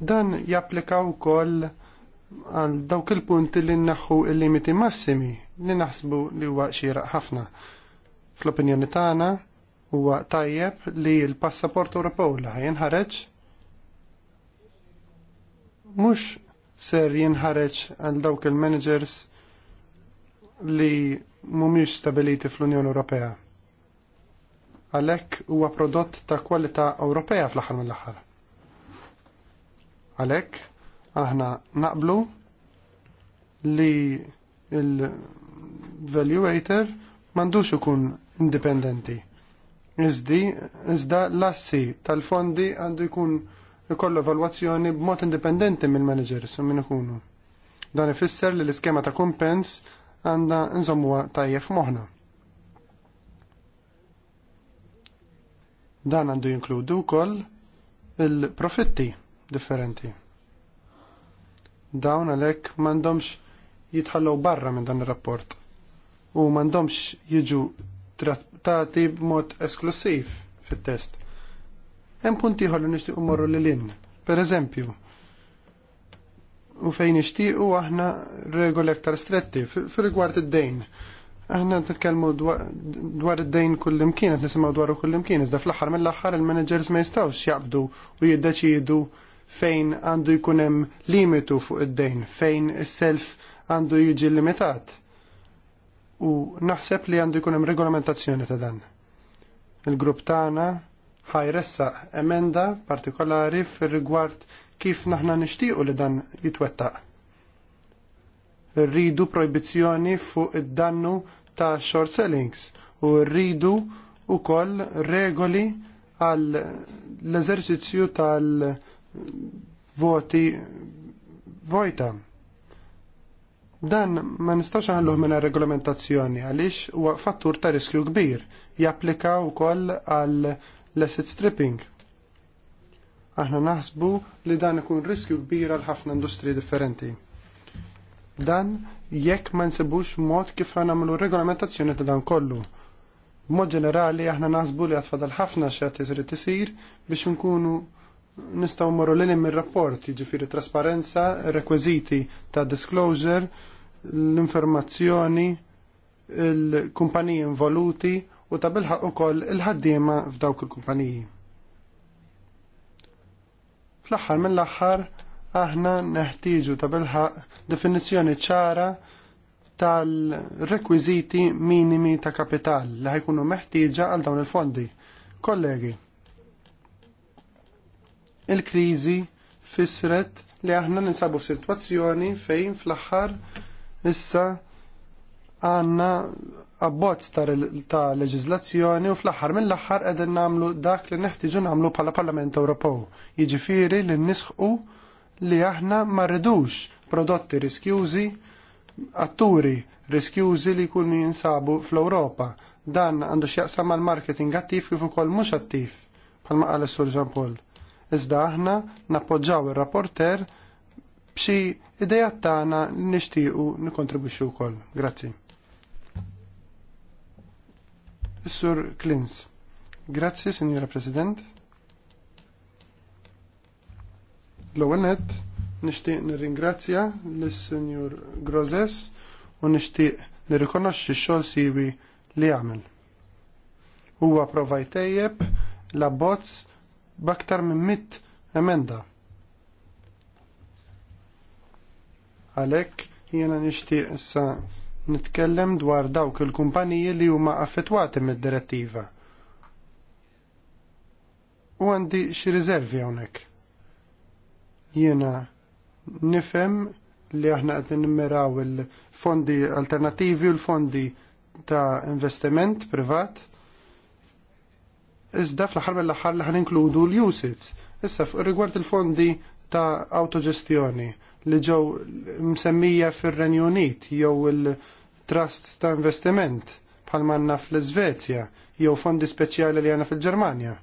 Dan japplika wkoll għal dawk il-punti li naħħu il-limiti massimi li naħsbu li huwa xieraq ħafna. Fl-opinjoni tagħna huwa tajjeb li l-passaport Ewropew li jinħareġ. mhux ser jinħareġ għal dawk il-managers li mhumiex stabiliti fl-Unjoni Ewropea għalhekk huwa prodott ta' kwalità Ewropea fl-aħħar mill-aħħar. Għalhekk aħna naqblu li il-valuator mandux ikun indipendenti. Iżdi, iżda l-assi tal-fondi għandu jkun ikollu evalwazzjoni b'mod indipendenti mill-managers u minn ikunu. Dan ifisser li l-iskema ta' kumpens għandha nżommuha tajjeb moħna. Dan għandu jinkludu wkoll il-profitti differenti. Dawn għalhekk m'għandhomx jitħallew barra minn dan ir-rapport u m'għandhomx jiġu trattati b'mod esklusiv fit-test. Hemm punti ieħor nixtieq nixtiequ morru lil hinn. Pereżempju, u fejn nixtiequ aħna regoli aktar stretti fir rigward id-dejn. Aħna nitkellmu dwar id-dejn kullimkien, qed nisimgħu dwaru kullimkien, iżda fl-aħħar mill-aħħar il-managers ma jistgħux jaqbdu u jiddeċiedu fejn għandu jkun hemm limitu fuq id-dejn, fejn is-self għandu jiġi limitat. U naħseb li għandu jkun hemm regolamentazzjoni ta' dan. Il-grupp tagħna ħajressa emenda partikolari fir-rigward kif naħna nixtiequ li dan jitwettaq. Rridu proibizjoni fuq id-dannu ta' short sellings u rridu wkoll regoli għal l-eżerċizzju tal-voti vojta. Dan ma nistax ħalluh minn regolamentazzjoni għaliex huwa fattur ta' riskju kbir japplika wkoll għal l-asset stripping. Aħna naħsbu li dan ikun riskju kbir għal ħafna industriji differenti. Dan jekk ma nsibux mod kif nagħmlu regolamentazzjoni ta' dan kollu. Mod ġenerali aħna nasbu li għatfadal ħafna xed irid isir biex nkunu nistgħu morru l hemm ir-rapport, jiġifieri trasparenza, rekwiżiti ta' disclosure, l-informazzjoni, il-kumpaniji involuti u ta' bilħaq ukoll il-ħaddiema f'dawk il-kumpaniji. Fl-aħħar mill-aħħar aħna neħtieġu ta' bilħaq definizzjoni ċara tal-rekwiziti minimi ta' kapital li ħajkunu meħtieġa għal dawn il-fondi. Kollegi, il-krizi fisret li aħna ninsabu f'sitwazzjoni fejn fl-aħħar issa għanna abbozz ta' leġizlazzjoni u fl-aħħar mill-aħħar qegħdin nagħmlu dak li neħtieġu nagħmlu bħala Parlament Ewropew. Jiġifieri li nisħu li aħna ma rridux prodotti riskjużi, atturi riskjużi li jkunu jinsabu fl-Ewropa. Dan għandu x'jaqsam mal marketing attiv kif ukoll mhux attiv bħalma qal is-Sur Jean Paul. Iżda aħna nappoġġaw ir-rapporter b'xi idea tagħna li nixtiequ nikkontribwixxu wkoll. Grazzi. Is-Sur Klins. Grazzi, Signora President. L-ewwel nett Nixtieq nirringrazzja lis-Sinjur Grozes u nixtieq nirrikonoxxi x-xogħol siwi li għamel. Huwa provaj tejjeb la bozz b'aktar minn mit emenda. Għalhekk jiena nixtieq issa nitkellem dwar dawk il-kumpaniji li huma affettwati mid-direttiva. U għandi xi riservi hawnhekk. Jiena nifhem li aħna qed nimmiraw il-fondi alternattivi u l-fondi ta' investiment privat. Iżda fl-aħħar mill-aħħar li ħaninkludu l-usage. Issa rigward il-fondi ta' autoġestjoni li ġew msemmija fir-Renju Unit jew il-trusts ta' investiment bħal manna fl-Iżvezja jew fondi speċjali li għandna fil-Ġermanja.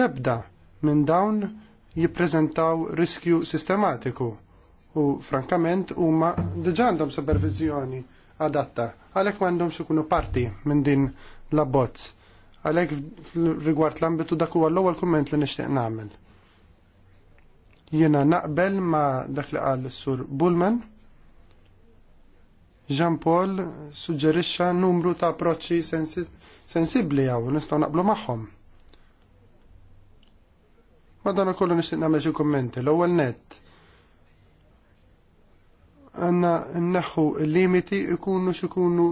Lebda minn dawn jippreżentaw riskju sistematiku u frankament huma diġà għandhom supervizjoni adatta għalhekk m'għandhomx ikunu parti minn din l-abbozz. Għalhekk rigward l-ambitu dak huwa l-ewwel kumment li nixtieq nagħmel. Jiena naqbel ma' dak li qal sur Bullman. Jean Paul suġġerixxa numru ta' approċċi sensibbli hawn nistgħu naqblu magħhom. Ma dan kollu nixtieq nagħmel xi kummenti. L-ewwel nett għanna l limiti ikunu xikunu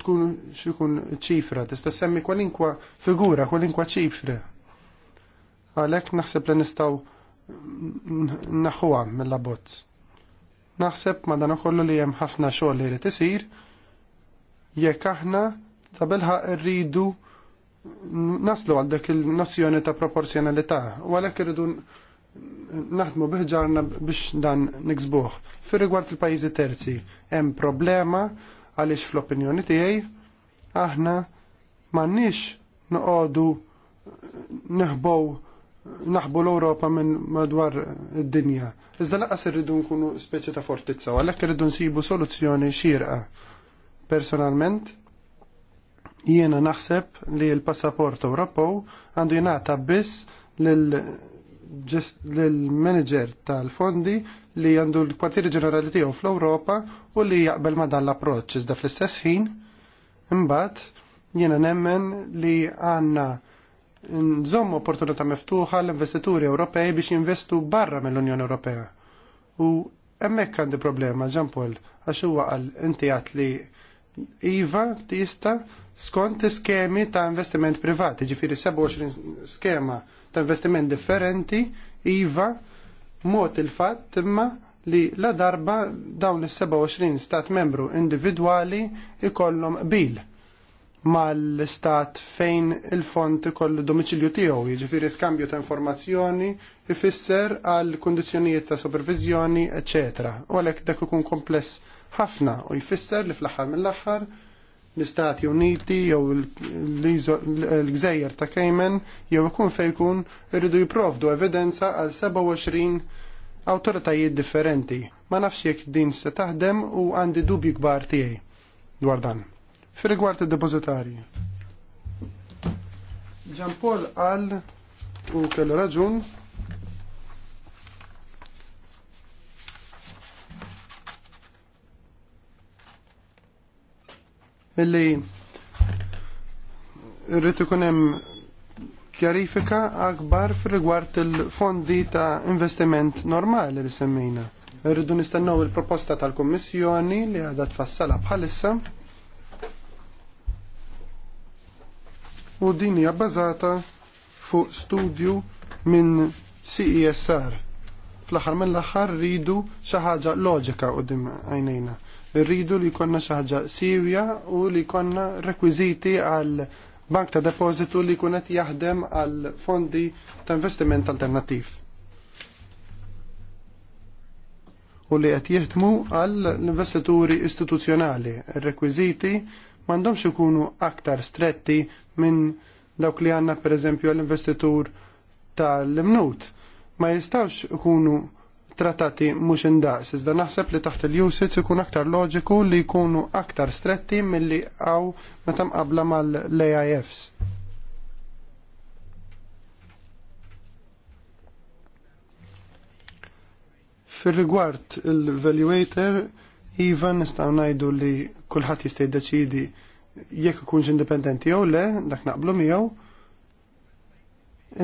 tkunu xikun ċifra, tista' semmi kwalinkwa figura, kwalinkwa ċifra. Għalhekk naħseb li nistgħu naħuha mill-abbozz. Naħseb ma dan kollu li hemm ħafna xogħol li jrid isir jekk aħna ta' bilħaq irridu naslu għal dak il-nozzjoni ta' proporzjonalità u għalhekk irridu naħdmu biħġarna biex dan niksbuh. Fir rigward il-pajjiżi terzi, hemm problema għaliex fl-opinjoni tiegħi aħna m'għandniex noqogħdu neħbow naħbu l-Ewropa minn madwar id-dinja. Iżda laqas irridu nkunu speċi ta' fortizza, għalhekk irridu nsibu soluzzjoni xierqa. Personalment, Jiena naħseb li l-passaport Ewropew għandu jingħata biss lill-manager tal-fondi li għandu l-kwartieri ġenerali tiegħu fl-Ewropa u li jaqbel ma dan l-approċċ iżda fl-istess ħin imbagħad jiena nemmen li għandna nżomm opportunità miftuħa l-investituri Ewropej biex jinvestu barra mill-Unjoni Ewropea. U hemmhekk għandi problema, Ġampol, għax huwa qal inti għat li Iva tista' skont skemi ta' investiment privati, ġifiri 27 skema ta' investiment differenti, IVA, mod il-fatt imma li la darba dawn is-27 stat membru individwali ikollhom bil mal-stat fejn il-font koll domiċilju tiegħu, jiġifieri skambju ta' informazzjoni ifisser għal kundizzjonijiet ta' supervizjoni, eċetera. U għalhekk dak ikun kompless ħafna u jfisser li fl-aħħar mill-aħħar l-Istati Uniti jew l-Gżejjer ta' Cayman jew ikun fejn ikun irridu jipprovdu evidenza għal 27 awtoritajiet differenti. Ma nafx jekk din se taħdem u għandi dubji kbar tiegħi dwar dan. Fir-rigward id-depożitarji. Ġampol għal u kellu raġun illi rrid ikun hemm kjarifika akbar fil rigward il-fondi ta' investiment normali li semmejna. Rridu nistennew il-proposta tal-Kummissjoni li għadha tfassala bħalissa. U din hija bbażata fuq studju minn CESR. Fl-aħħar mill-aħħar rridu xi ħaġa loġika qudiem għajnejna. Irridu li jkollna xi ħaġa sirja u li jkollna rekwiżiti għal bank ta' depożitu li jkun qed jaħdem għal fondi ta' investiment alternattiv. u li qed jieħdmu għall investituri istituzzjonali. Ir-rekwiżiti m'għandhomx ikunu aktar stretti minn dawk li għandna pereżempju għall-investitur tal-imnut. Ma jistawx ikunu trattati mhux indaqs, iżda naħseb li taħt il-usage ikun aktar loġiku li jkunu aktar stretti milli għaw meta mqabla mal-AIFs. fir rigward il-valuator, Iva nistaw najdu li kullħat jista' jiddeċidi jekk ikunx indipendenti jew le, dak naqblu miegħu.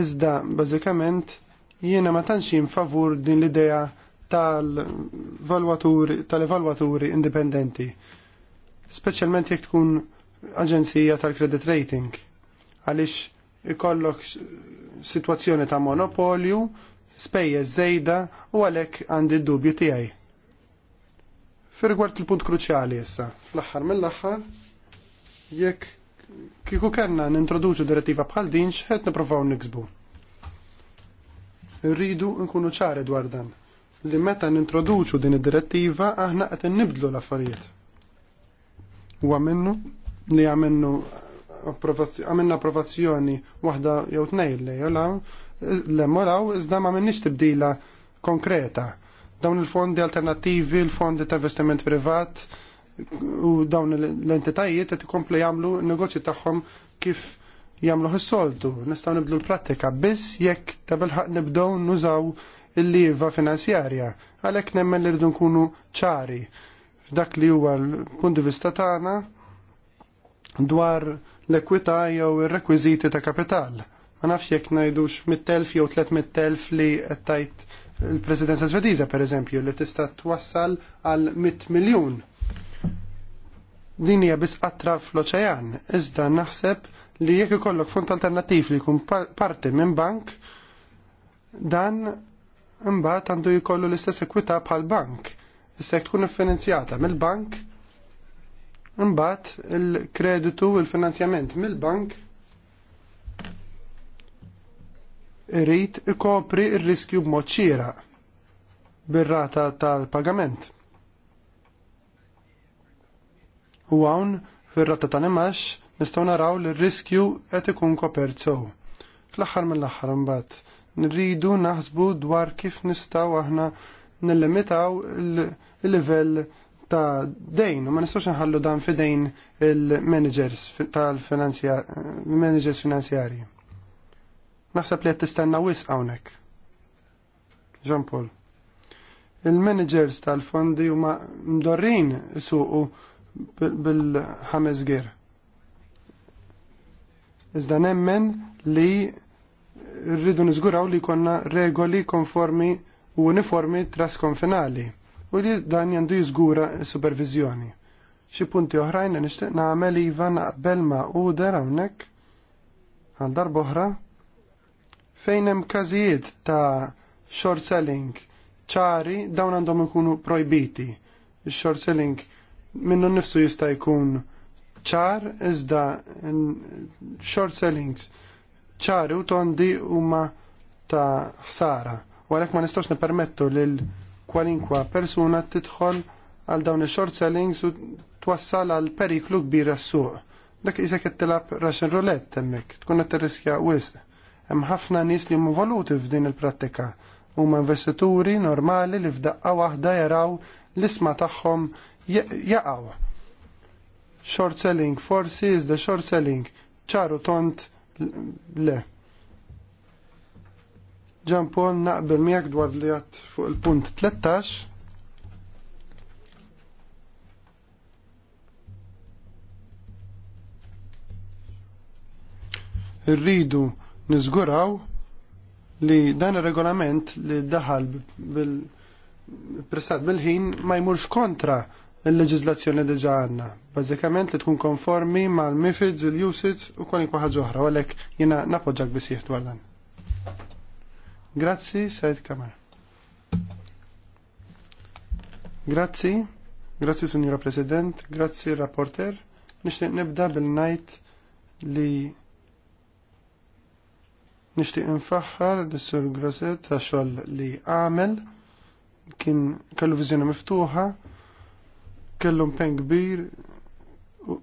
Iżda bażikament jiena ma tantx favur din l-idea tal-evalwaturi tal indipendenti, speċjalment jekk tkun aġenzija tal-credit rating, għaliex ikollok situazzjoni ta' monopolju, spejje zejda u għalhekk għandi d-dubju tiegħi. Firgwart il-punt kruċjali issa, fl-aħħar mill-aħħar, jekk kieku kellna nintroduċu direttiva bħal dinx, x'ħed nippruvaw niksbu. Rridu nkunu ċari dwar dan li meta nintroduċu din id-direttiva aħna qed nibdlu l-affarijiet. U għamennu li għamennu għamenna approvazzjoni waħda jew tnejn li law, l law, iżda ma minnix tibdila konkreta. Dawn il-fondi alternativi, il-fondi ta' investiment privat u dawn l-entitajiet qed ikomplu jagħmlu negozju tagħhom kif jamluħ is-soltu. Nistgħu nibdu l-prattika biss jekk ta' nibdow nibdew nużaw il-liva finanzjarja. Għalhekk nemmen li rridu nkunu ċari f'dak li huwa l-punt vista tagħna dwar l-ekwità jew ir-rekwiżiti ta' kapital. Ma nafx jekk ngħidux 100,000 jew 300,000 li qed tajt il-Presidenza Svediża pereżempju li tista' twassal għal 100 miljun. Din hija biss qatra fl-oċean, iżda naħseb li jekk ikollok fond alternattiv li jkun parti minn bank, dan imbagħad għandu jkollu l-istess ekwità bħal bank. Issa jekk tkun iffinanzjata mill-bank, imbagħad il-kreditu u l-finanzjament mill-bank irrid ikopri r riskju b'mod xieraq bir-rata tal-pagament. U hawn fir-rata tan nimax nistgħu naraw li riskju qed ikun kopert Fl-aħħar mill-aħħar imbagħad nridu naħsbu dwar kif nistgħu aħna nillimitaw il-livell ta' dejn, u ma nistax nħallu dan fidejn il-managers tal-managers finanzjarji. Naħseb li qed tistenna wis hawnhekk. Jean Paul. Il-managers tal-fondi huma mdorrin suqu bil-ħames gir. Iżda nemmen li rridu niżguraw li konna regoli konformi u uniformi trasconfinali u li dan jandu jizgura supervizjoni. Xi punti oħrajn li nixtieq nagħmel iva naqbel ma' uder hawnhekk għal darba oħra fejn hemm każijiet ta' short selling ċari dawn għandhom ikunu projbiti. Ix-short selling minnu nnifsu jista' jkun ċar iżda short sellings Ċar u tondi huma ta' ħsara. U għalhekk ma nistgħux nipermettu lil kwalinkwa persuna tidħol għal dawn il-short sellings u twassal għal periklu kbir għas-suq. Dak isek qed tilab Russian roulette hemmhekk, tkun qed tirriskja wisq. Hemm ħafna nies li huma voluti f'din il-prattika. Huma investituri normali li f'daqqa waħda jaraw l-isma tagħhom jaqgħu short selling forsi is the short selling ċaru tont le. Ġampon naqbel miegħek dwar li għat fuq il-punt 13 rridu nizguraw li dan il-regolament li daħal bil-pressat bil-ħin ma jmurx kontra il-leġizlazzjoni diġa għanna. Bazzikament li tkun konformi mal mifids il-usage u kwaħħa ħagġa u għalek jena napoġġak bisiħ dwar dan. Grazzi, Said Kamar. Grazzi, grazzi Signora President, grazzi Rapporter. Nishtiq nibda bil-najt li nishtiq nfaxħar l-Sur Grosset ta' xogħol li għamel kien kellu viżjoni miftuħa Kellum pen kbir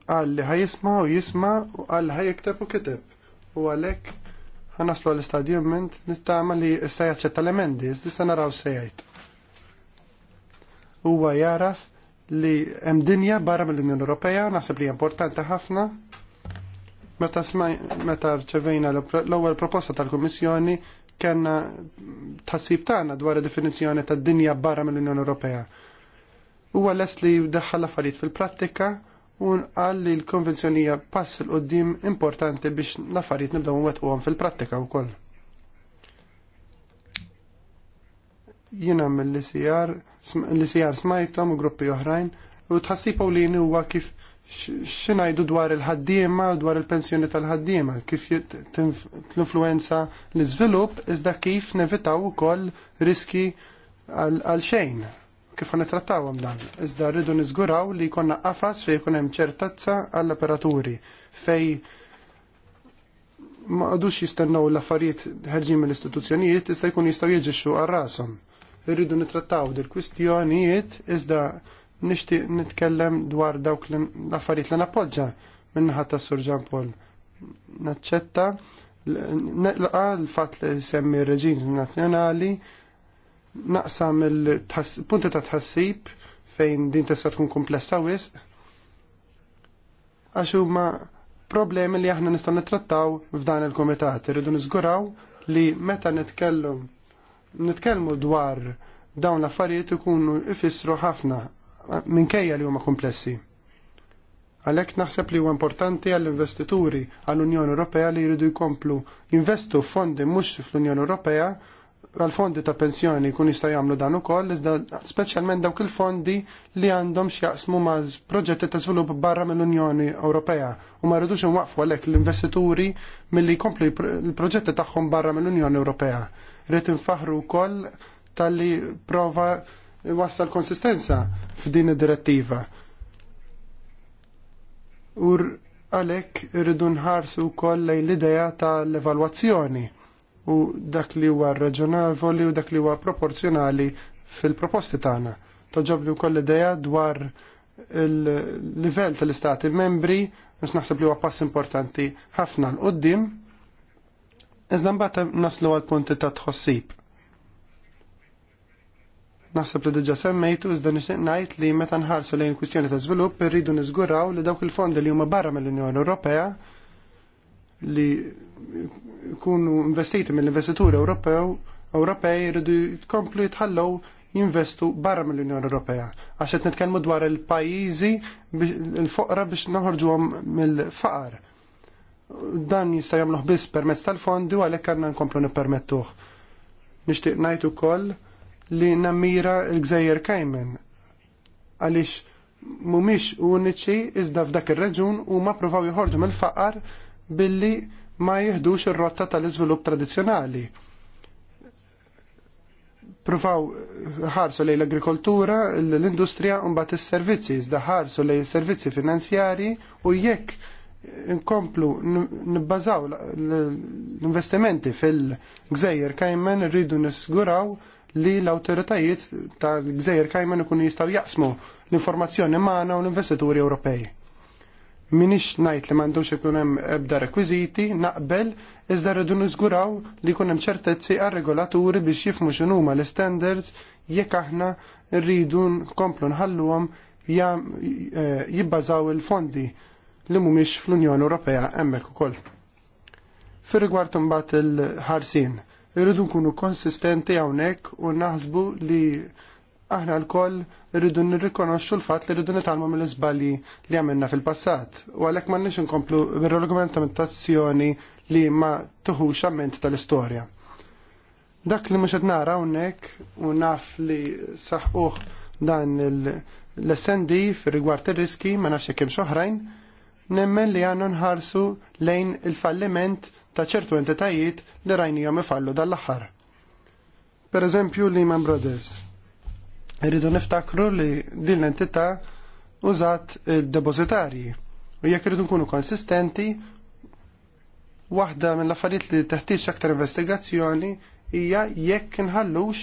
għal li jisma u jisma u għal li ħajektab u kiteb u għalhekk ħanaslu l-istadium nittama li issa jaċċetta l-emendi, issa naraw sejajt. Huwa jaraf li hemm dinja barra mill-Unjoni Ewropea, naħseb li importanti ħafna. Meta meta rċevejna l-ewwel proposta tal-Kummissjoni kellna tħassib tagħna dwar definizzjoni tad-dinja barra mill-Unjoni Ewropea huwa les li l affarijiet fil-prattika u nqal li l-konvenzjonija pass l qoddim importanti biex l-affarijiet nibdew nwettquhom fil-prattika wkoll. Jiena mill-ICR, l-ICR smajtom u gruppi oħrajn u tħassibu li huwa kif xinajdu dwar il-ħaddiema, u dwar il-pensjoni tal-ħaddiema, kif l influenza l-izvilup, iżda kif nevitaw u koll riski għal-xejn, kif ħan trattawhom dan. Iżda rridu niżguraw li jkollna qafas fejn jkun hemm ċertazza għall-operaturi fej ma għadux jistennaw l-affarijiet ħarġin mill-istituzzjonijiet issa jkun jistgħu jiġixxu għal rashom. Irridu nitrattaw dil-kwistjonijiet iżda nixtieq nitkellem dwar dawk l-affarijiet li nappoġġa minnaħat ta' Sur Ġan Paul. Naċċetta neqlaqa l-fatt li semmi reġim nazzjonali naqsam il-punti ta' tħassib fejn din tista' tkun komplessa wisq għax huma problemi li aħna nistgħu nittrattaw f'dan il-kumitat. Irridu niżguraw li meta nitkellem nitkellmu dwar dawn l-affarijiet ikunu ifissru ħafna minkejja li huma komplessi. Għalhekk naħseb li huwa importanti għall-investituri għall-Unjoni Ewropea li jridu jkomplu jinvestu fondi mhux fl-Unjoni Ewropea għal-fondi ta' pensjoni kun jista' jagħmlu dan ukoll, iżda speċjalment dawk il-fondi li għandhom x'jaqsmu ma' proġetti ta' żvilupp barra mill-Unjoni Ewropea u ma rridux inwaqfu għalhekk l-investituri milli jkomplu l-proġetti tagħhom barra mill-Unjoni Ewropea. Rrid infaħru wkoll tal-li prova wassal konsistenza f'din id-direttiva. Ur għalhekk irridu nħarsu wkoll lejn l-idea tal-evalwazzjoni u dak li huwa raġonavoli u dak li huwa proporzjonali fil-proposti tagħna. Toġobli wkoll idea dwar il-livell tal-istati membri, biex naħseb li huwa pass importanti ħafna l qoddim iżda mbagħad naslu għal punti ta' tħossib. Naħseb li diġa semmejtu iżda nixtieq ngħid li meta nħarsu lejn kwistjoni ta' żvilupp irridu niżguraw li dawk il-fondi li huma barra mill-Unjoni Ewropea li kunu investiti mill-investituri Ewropew Ewropej jridu jkomplu jitħallgħu jinvestu barra mill-Unjoni Ewropea. Għax qed nitkellmu dwar il-pajjiżi il-foqra biex noħorġuhom mill-faqar. Dan jista' jagħmluh biss permezz tal-fondi u għalhekk għandna nkomplu nippermettuh. Nixtieq ngħid ukoll li nammira l-Gżejjer Kajmen għaliex mhumiex uniċi iżda f'dak ir-reġun huma ppruvaw joħorġu mill-faqar billi ma jihdux ir-rotta tal-iżvilupp tradizzjonali. Pruvaw ħarsu lejn l-agrikoltura, l-industrija u mbagħad is-servizzi, iżda ħarsu lejn servizzi finanzjarji u jekk nkomplu nibbażaw l-investimenti fil-gżejjer kajmen rridu nisguraw li l-awtoritajiet tal-gżejjer kajmen ikunu jistgħu jaqsmu l-informazzjoni magħna u l-investituri Ewropej. Minix najt li mandu ikun hemm ebda rekwiziti, naqbel, iżda rridu niżguraw li jkun hemm ċertezzi għar-regolaturi biex jifmu x'inhuma l-standards jekk aħna rridu nkomplu nħalluhom e, jibbażaw il-fondi li mhumiex fl-Unjoni Ewropea hemmhekk ukoll. Fir rigward imbagħad il-ħarsin, irridu nkunu konsistenti hawnhekk u naħsbu li aħna l-koll rridu nirrikonoxxu l-fatt li rridu nitalmu mill-iżbalji li għamilna fil-passat. U għalhekk m'għandniex inkomplu bir-argumentazzjoni li ma tuħux amment tal-istorja. Dak li mhux qed nara hawnhekk u naf li saħquh dan l-SND rigward ir-riski ma nafx kemm xoħrajn, nemmen li għandu nħarsu lejn il-falliment ta' ċertu entitajiet li rajnijom ifallu dal-aħħar. Per eżempju Lehman Brothers Irridu niftakru li din l-entità użat il-depozitarji. U jekk irridu nkunu konsistenti, waħda mill affarijiet li teħtieġ aktar investigazzjoni hija jekk inħallux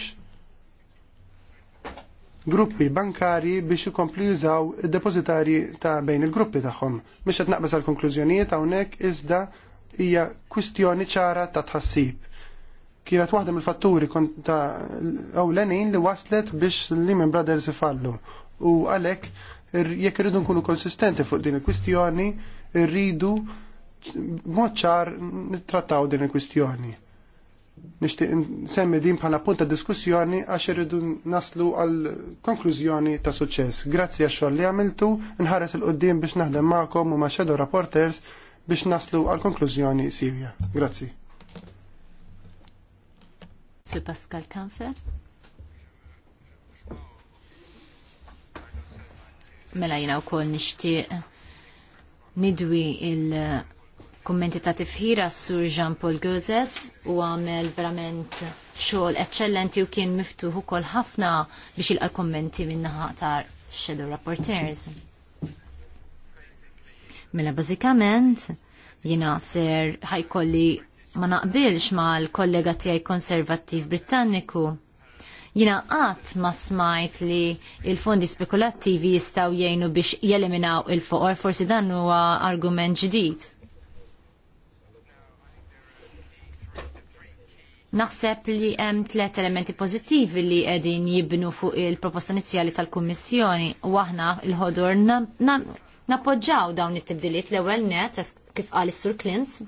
gruppi bankari biex ikomplu jużaw id-depozitarji ta' bejn il-gruppi tagħhom. Mhux qed naqbes għal konklużjonijiet hawnhekk iżda hija kwistjoni ċara ta' tħassib kienet waħda mill-fatturi konta ewlenin li waslet biex l-Lehman Brothers ifallu. U għalhekk jekk iridu nkunu konsistenti fuq din il-kwistjoni, rridu b'mod ċar nittrattaw din il-kwistjoni. Nixtieq nsemmi din bħala punta diskussjoni għax irridu naslu għal konklużjoni ta' suċċess. Grazzi għax-xogħol li għamiltu, nħares il-qoddim biex naħdem magħkom u ma' shadow rapporters biex naslu għal konklużjoni sivja. Grazzi. Sir Pascal Kanfer. Mela jina u kol nishti nidwi il-kommenti ta' tifħira sur Jean-Paul Gozes u għamel verament xogħol eccellenti u kien miftuħ ukoll ħafna biex ilqa' kommenti minnaħa ta' Shadow Rapporteurs. Mela bażikament jina ser ħajkolli ma naqbilx ma l-kollega tiegħi konservattiv Britanniku. Jina qatt ma smajt li il-fondi spekulattivi jistaw jgħinu biex jeliminaw il-foqor, forsi dan huwa argument ġdid. Naħseb li hemm tliet elementi pożittivi li qegħdin jibnu fuq il-proposta inizjali tal-Kummissjoni u aħna l-ħodur nappoġġaw dawn it-tibdiliet l-ewwel net kif qal is-Sur Klintz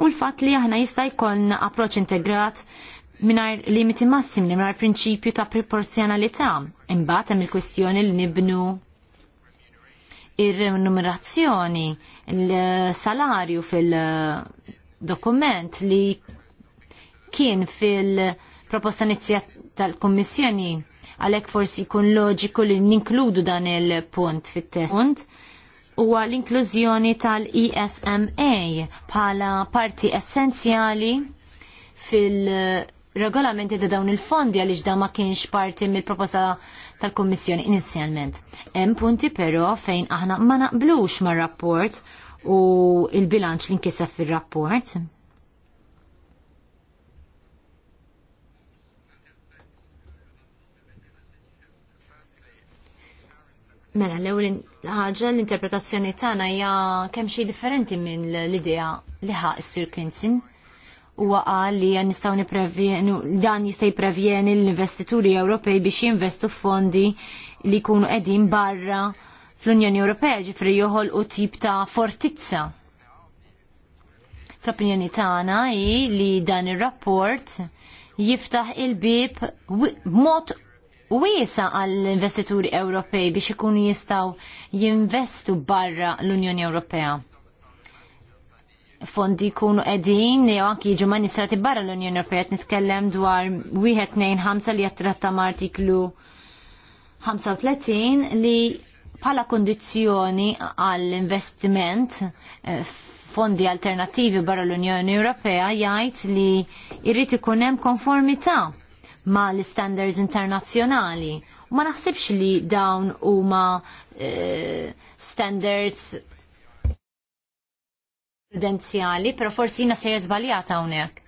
u l-fatt li aħna jista' jkollna approċċ integrat mingħajr limiti massim li minar prinċipju ta' proporzjonalità. Imbagħad hemm il-kwestjoni li nibnu ir-remunerazzjoni, il-salarju fil-dokument li kien fil-proposta inizjat tal-Kommissjoni għalek forsi jkun loġiku li ninkludu dan il-punt fit-test huwa l-inklużjoni tal-ESMA bħala parti essenzjali fil- regolamenti ta' dawn il-fondi għaliex da ma kienx parti mill-proposta tal-Kommissjoni inizjalment. Hemm punti però fejn aħna ma naqblux mar-rapport u il-bilanċ li nkisef fir-rapport. Mela, l-ewwel ħaġa l-interpretazzjoni tagħna hija kemm xi differenti minn l-idea li ħaq is-Sir Clinton huwa qal li nistgħu nipprevjenu dan jista' jipprevjeni l-investituri Ewropej biex jinvestu fondi li jkunu qegħdin barra fl-Unjoni Ewropea ġifri joħolqu tip ta' fortizza. Fl-opinjoni tagħna hi li dan ir-rapport jiftaħ il-bib mod wiesa għall-investituri Ewropej biex ikunu jistaw jinvestu barra l-Unjoni Ewropea. Fondi jkunu edin jew anki jiġu manistrati barra l-Unjoni Ewropea nitkellem dwar wieħed nejn ħamsa li jattratta ma' artiklu 35 li bħala kondizjoni għall-investiment eh, fondi alternativi barra l-Unjoni Ewropea jgħid li jrid ikun hemm konformità ma l-standards internazzjonali. U ma naħsibx li dawn huma uh, standards prudenzjali, pero forsi jina sejjer zbaljata hawnhekk.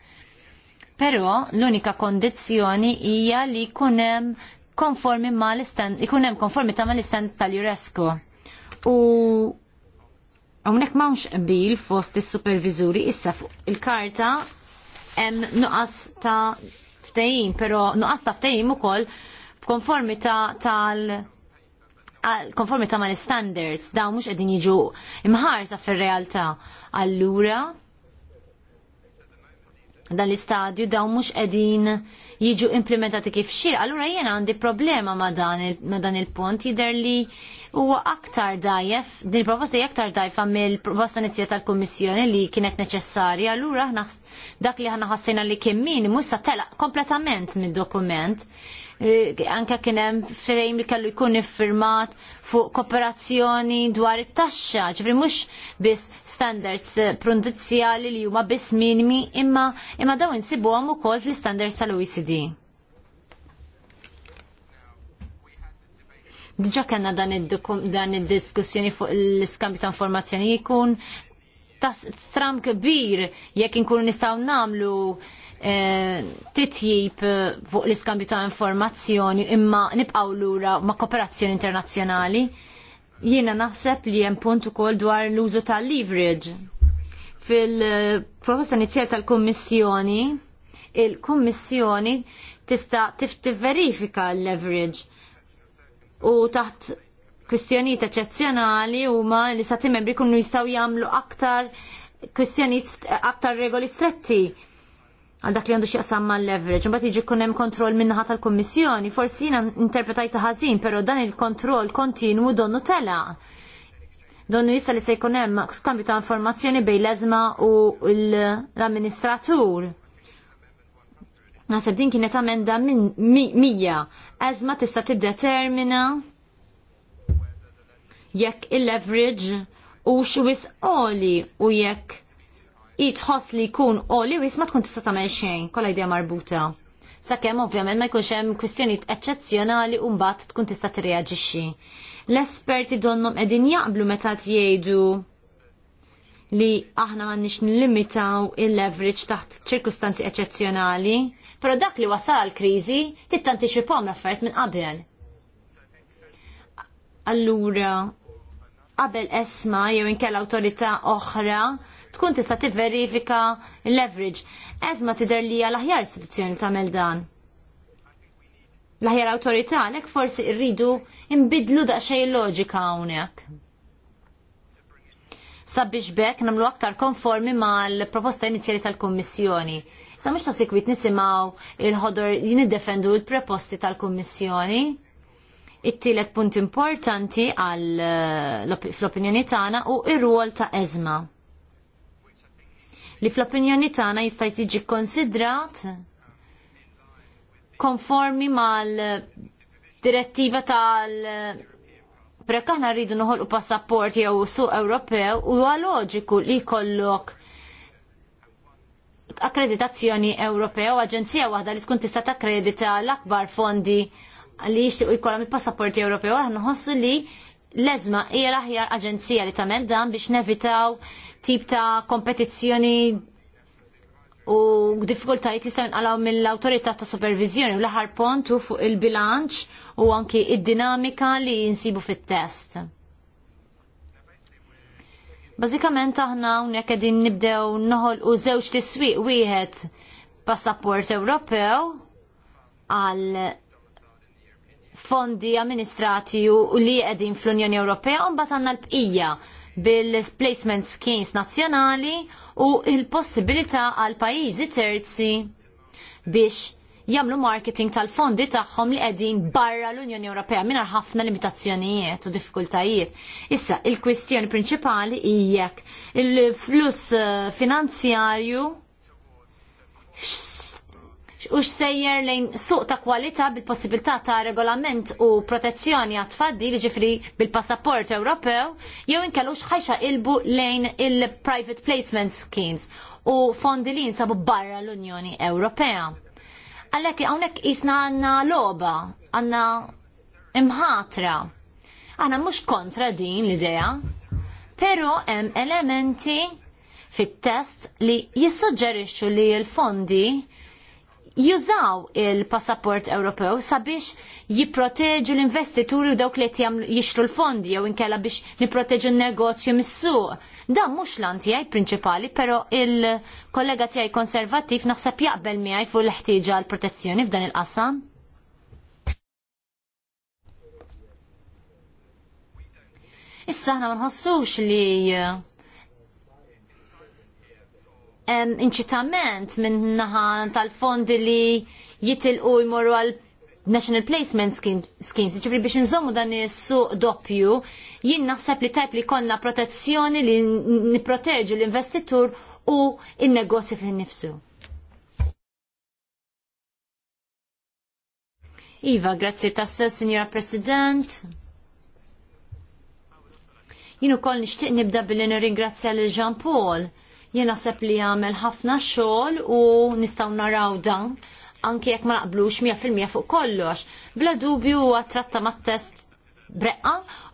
Però l-unika kondizzjoni hija li jkun hemm konformi ma l-istan, ikunem konformi ta' ma l-istan tal-UNESCO. U għonek maħnx bil fost il-supervizuri issa fuq il-karta em nuqas ta' ftehim, però nuqqas ta' ftehim ukoll b'konformità tal konformi ta' mal standards dawn mhux qegħdin jiġu imħarsa fir-realtà. Allura dan l-istadju daw mhux qegħdin jiġu implementati kif xir. Allura jiena għandi problema ma dan il-punt jidher li huwa aktar dajef, din il-proposta hija aktar dajfa mill-proposta inizjat tal-Kummissjoni li kienet neċessarja, allura dak li aħna ħassejna li kien min mhux sa telaq kompletament mid-dokument. Eh, anke kien hemm li kellu jkun iffirmat fuq kooperazzjoni dwar it-taxxa, ġifri mhux biss standards eh, prudenzjali li huma biss minimi imma imma daw insibuhom ukoll fl-standards tal-OECD. Diġa kena dan id-diskussjoni fuq l-iskambju ta' informazzjoni jkun ta' stram kbir jekk inkunu nistgħu nagħmlu titjib fuq l-iskambju ta' informazzjoni imma nibqgħu lura ma' kooperazzjoni internazzjonali. Jiena naħseb li hemm punt ukoll dwar l-użu tal leverage. Fil-proposta inizjal tal-Kummissjoni, il-Kummissjoni tista' tifverifika l-leverage u taħt kwistjonijiet eċezzjonali huma li stati membri kunu jistgħu jagħmlu aktar kwistjonijiet aktar regoli stretti għal dak li għandu xieqsam ma' leverage. Mbagħad jiġi kunem hemm kontroll minnaħa tal-Kummissjoni, forsi jiena interpretajta ħażin, però dan il-kontroll kontinu donnu tela. Donnu issa li se jkun hemm skambju ta' informazzjoni bejn l-eżma u l-amministratur. Nasab din kienet amenda minn mija. Eżma tista' tiddetermina jekk il-leverage u xwis oli u jekk jitħoss li jkun oli wis ma tkun tista' tagħmel xejn, kollha idea marbuta. Sakemm ovvjament ma jkunx hemm kwistjonijiet eċċezzjonali u mbagħad tkun tista' tirreaġixxi. L-esperti donnom qegħdin jaqblu meta jgħidu li aħna m'għandniex nlimitaw il-leverage taħt ċirkustanzi eċċezzjonali, però dak li wasal l-kriżi tittantiċipom l-affarijiet minn qabel. Allura, qabel esma jew inkella awtorità oħra tkun tista' tivverifika l-leverage. Esma tidher li hija l-aħjar istituzzjoni tagħmel dan. L-aħjar awtorità għalhekk forsi rridu nbidlu daqsxejn loġika hawnhekk. Sabiex bekk nagħmlu aktar konformi mal-proposta inizjali tal-Kummissjoni. Sa mhux ta' sikwit nisimgħu il-ħodor niddefendu l-proposti tal-Kummissjoni it-tielet punt importanti għal eh, fl-opinjoni tagħna u ir-rwol ta' eżma. Li fl-opinjoni tagħna jista' jiġi konsidrat konformi mal-direttiva tal eh, Prek aħna rridu noħolqu passaport jew suq Ewropew u huwa loġiku li jkollok akkreditazzjoni Ewropew, aġenzija waħda li tkun tista' takkredita l-akbar fondi li jixtiequ jkollhom il-passaporti Ewropew aħna ħossu li l-ezma hija l-aħjar aġenzija li tagħmel dan biex nevitaw tip ta' kompetizzjoni u diffikultajiet li jistgħu nqalgħu mill-awtorità ta' supervizjoni u l-aħħar pont u fuq il-bilanċ u anki id-dinamika li jinsibu fit-test. Bażikament aħna hawnhekk qegħdin nibdew noħol u żewġ tiswiq wieħed passaport Ewropew għal fondi amministrati u li qegħdin fl-Unjoni Ewropea un bat għanna l-bqija bil-placement schemes nazzjonali u l-possibilità għal pajjiżi terzi biex jagħmlu marketing tal-fondi tagħhom li qegħdin barra l-Unjoni Ewropea mingħajr ħafna limitazzjonijiet u diffikultajiet. Issa, il-kwistjoni prinċipali hijek il-fluss eh, finanzjarju u xsejjer lejn suq ta' kwalità bil-possibilità ta' regolament u protezzjoni għat tfaddi li ġifri bil-passaport Ewropew, jew inkellux ħajxa ilbu lejn il-private placement schemes u fondi li jinsabu barra l-Unjoni Ewropea. Għalhekk hawnhekk isna għandna logħba, għandna imħatra. Għanna mhux kontra din l-idea, però hemm elementi fit-test li jissuġġerixxu li l-fondi jużaw il-passaport Ewropew sabiex jipproteġu l-investituri u dawk li qed jixtru l-fondi jew inkella biex niproteġu n-negozju mis-suq. Dan mhux l tiegħi prinċipali, però il-kollega tiegħi konservattiv naħseb jaqbel miegħi fuq l-ħtieġa għall protezzjoni f'dan il-qasam. Issa aħna ma nħossux li inċitament minn naħa tal-fondi li jitilqu jmorru għal National Placement Schemes, ċifri biex nżommu dan is-suq doppju, jien naħseb li tajp li konna protezzjoni li niproteġu l-investitur u il-negozju fin nifsu. Iva, grazzi tassa, Signora President. Jien ukoll nixtieq nibda billi nirringrazzja lil Jean Paul Jien naħseb li jagħmel ħafna xogħol u nistgħu naraw dan anke jekk ma naqblux 100% fuq kollox. Bla dubju għattratta ma mat-test breqqa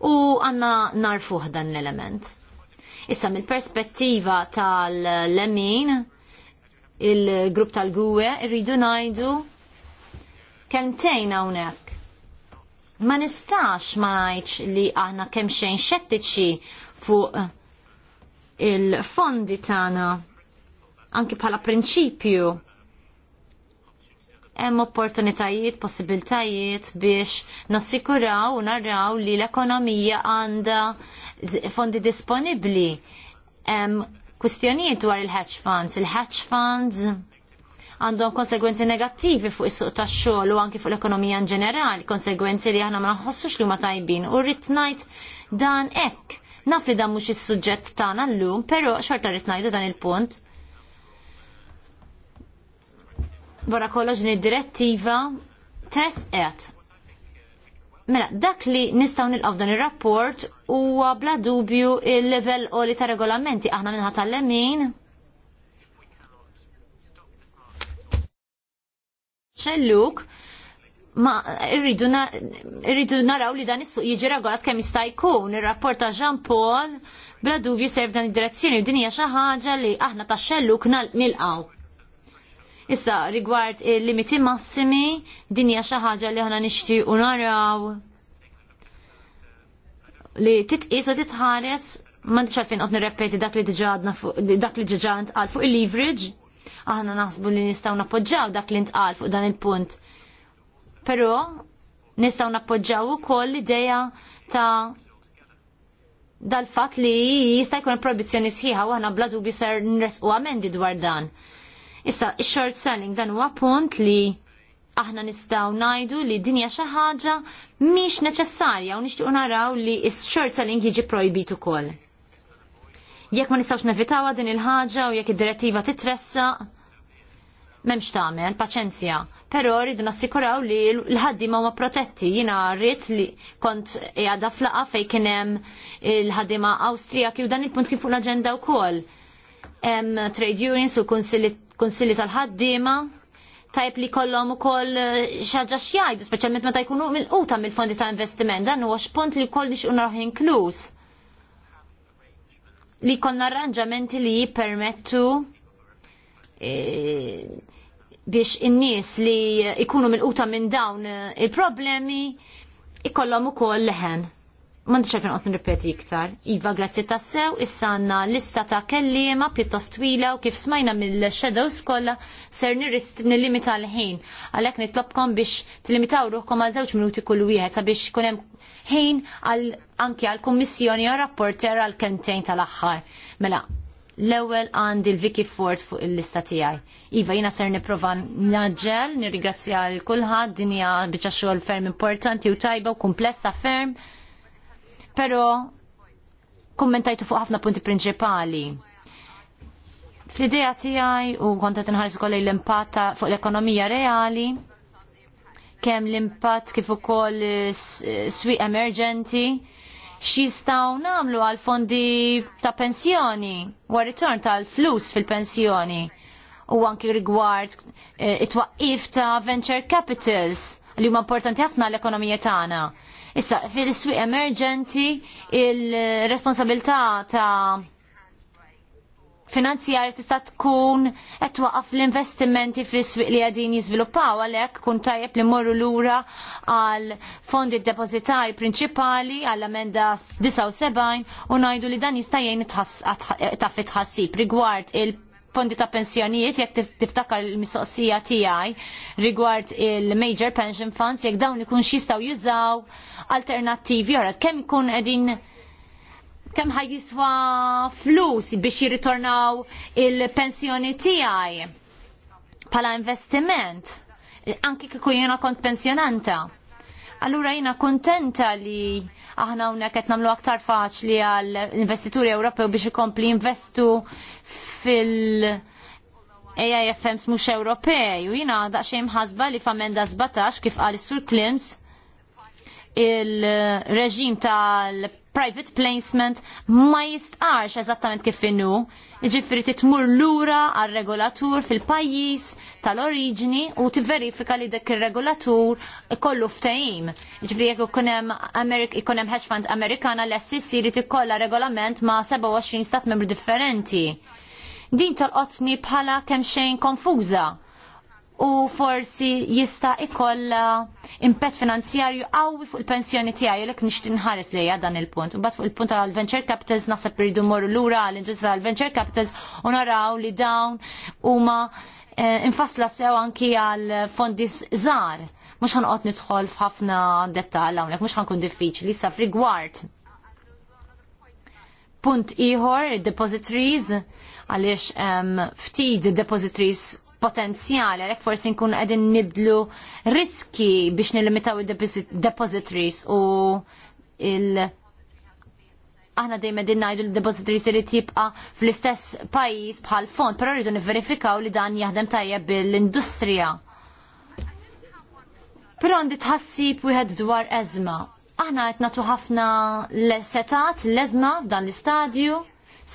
u għanna narfuh dan l-element. Issa mill-perspettiva tal-lemin, il-grupp tal-gwe, irridu najdu kelmtejn hawnhekk. Ma nistax ma ngħidx li aħna kemm xejn xettiċi fuq il-fondi tagħna anki bħala prinċipju hemm opportunitajiet, possibiltajiet biex nassikuraw u narraw li l-ekonomija għandha fondi disponibbli. Hemm kwistjonijiet dwar il-hedge funds. Il-hedge funds għandhom konsegwenzi negattivi fuq is-suq tax-xogħol u anke fuq l-ekonomija in ġenerali, konsegwenzi li aħna ma naħossux li huma tajbin u rrid ngħid dan hekk Naf li dan mhux is-suġġett tagħna llum, però xorta rrid ngħidu dan il-punt. Wara kollox din id-direttiva tresqet. Mela, dak li nistaw nilqgħu dan ir-rapport huwa bla dubju il-level oli ta' regolamenti aħna minnħat tal-lemin. ċelluk, ma irridu, naraw li dan is-suq jiġi regolat kemm jista' jkun. Ir-rapport ta' Jean Paul bla dubju serv dan id-direzzjoni u din hija xi ħaġa li aħna taxxellu nilqgħu. Issa rigward il-limiti massimi din hija xi ħaġa li aħna nixtiequ naraw li titqis u titħares ma ntix għalfejn qed nirrepeti dak li diġà dak li diġà ntqal fuq il-leverage. Aħna naħsbu li nistgħu nappoġġaw dak li ntqal fuq dan il-punt però nistgħu nappoġġaw ukoll l-idea ta' dal-fat li jista' jkun produzzjoni sħiħa u aħna bla dubi ser nresqu amendi dwar dan. Issa, short selling dan huwa punt li aħna nistgħu ngħidu li dinja xi ħaġa mhix neċessarja u nixtiequ naraw li s-short selling jiġi projbit ukoll. Jekk ma nistgħux nevitawha din il-ħaġa u jekk id-direttiva titressaq, m'hemmx tagħmel, paċenzja però rridu nassikuraw li l-ħaddima ma protetti. Jina rrit li kont għada flaqa fej kienem l-ħaddima Awstrijak u dan il-punt kien fuq l-agenda u kol. Em, trade unions u konsili tal ħaddiema tajb li kollom u koll eh, xaġa xjajdu, specialment meta jkunu mill-quta mill-fondi ta' investiment, dan huwa xpunt li koll nix unarħ inkluż. Li konna arranġamenti li jippermettu eh, biex in-nies li ikunu milquta minn dawn il-problemi ikollhom ukoll leħen. Mandi xafin qed nirrepeti iktar. Iva, grazzi ta' issa għandna lista ta' kelliema pjuttost twila u kif smajna mill-shadows kollha ser nirrist nil-limita l-ħin. Għalhekk nitlobkom biex tillimitaw ruħkom għal żewġ minuti kull wieħed sabiex ikun hemm ħin anki għal kummissjoni u rapporter għal kentejn tal-aħħar. Mela, l-ewwel għandi l-Vicky Ford fuq il-lista tiegħi. Iva jiena ser nipprova naġġel, nirringrazzja l kulħadd din hija biċċa xogħol ferm importanti u tajba u komplessa ferm. Però kommentajtu fuq ħafna punti prinċipali fl-idea tijaj u kontet nħarżu kolli l-impatta fuq l-ekonomija reali, kem l-impatt kif ukoll s-swi emerġenti, x'jistgħu nagħmlu għal fondi ta' pensjoni u ritorn tal-flus fil-pensjoni u anki rigward e, it-twaqqif ta' venture capitals li huma importanti ħafna l-ekonomija tagħna. Issa, fil-swi emerġenti il-responsabilità ta' finanzjar tista' tkun qed twaqqaf l-investimenti fis-swieq li qegħdin jiżviluppaw għalhekk kun tajjeb li mmorru lura għal fondi depozitari prinċipali għall amenda 79 u ngħidu li dan jista' jgħin taf itħassib rigward il- fondi ta' pensjonijiet jekk tiftakar il-mistoqsija tiegħi rigward il-major pension funds jekk dawn ikun jistgħu jużaw alternattivi oħra' kemm ikun qegħdin kem jiswa flus biex jirritornaw il-pensjoni tiegħi bħala investiment, anki kieku jiena kont pensjonanta. Allura jiena kuntenta li aħna unek qed nagħmlu aktar faċli għall investituri Ewropew biex ikompli investu fil- AIFMs mhux Ewropej u jiena daqsxejn ħasba li f'amenda zbatax kif għal sur Klims il-reġim tal private placement ma jistqarx eżattament kif innu. Ġifiri titmur lura għal regolatur fil-pajjiż tal-oriġini u tiverifika li dak ir-regolatur ikollu ftehim. Ġifiri jekk ikun hemm hedge fund Amerikana l ssc e li t-kolla regolament ma' 27 stat membri differenti. Din tal-qotni bħala kemm xejn konfuża u forsi jista' ikolla impett finanzjarju qawwi fuq il-pensjoni tiegħi lek nixtieq nħares lejha dan il-punt. Imbagħad fuq il-punt tal-venture capitals naħseb iridu morru lura għall-industrija tal-venture capitals u naraw li dawn huma eh, infasla sew anki għal fondi żgħar. Mhux ħanqod nidħol f'ħafna dettall hawnhekk, mhux ħankun diffiċli sa f'rigward. Punt ieħor, depositories, għaliex ehm, ftit depositories potenzjali, għalhekk forsi nkun qegħdin nibdlu riski biex nilimitaw il-depositories u il- aħna dejjem din ngħidu l-depositories irid jibqa' fl-istess pajjiż bħal fond, però rridu nivverifikaw li dan jaħdem tajjeb bil-industrija. Però għandi tħassib wieħed dwar eżma. Aħna qed nagħtu ħafna setat l-eżma f'dan l-istadju,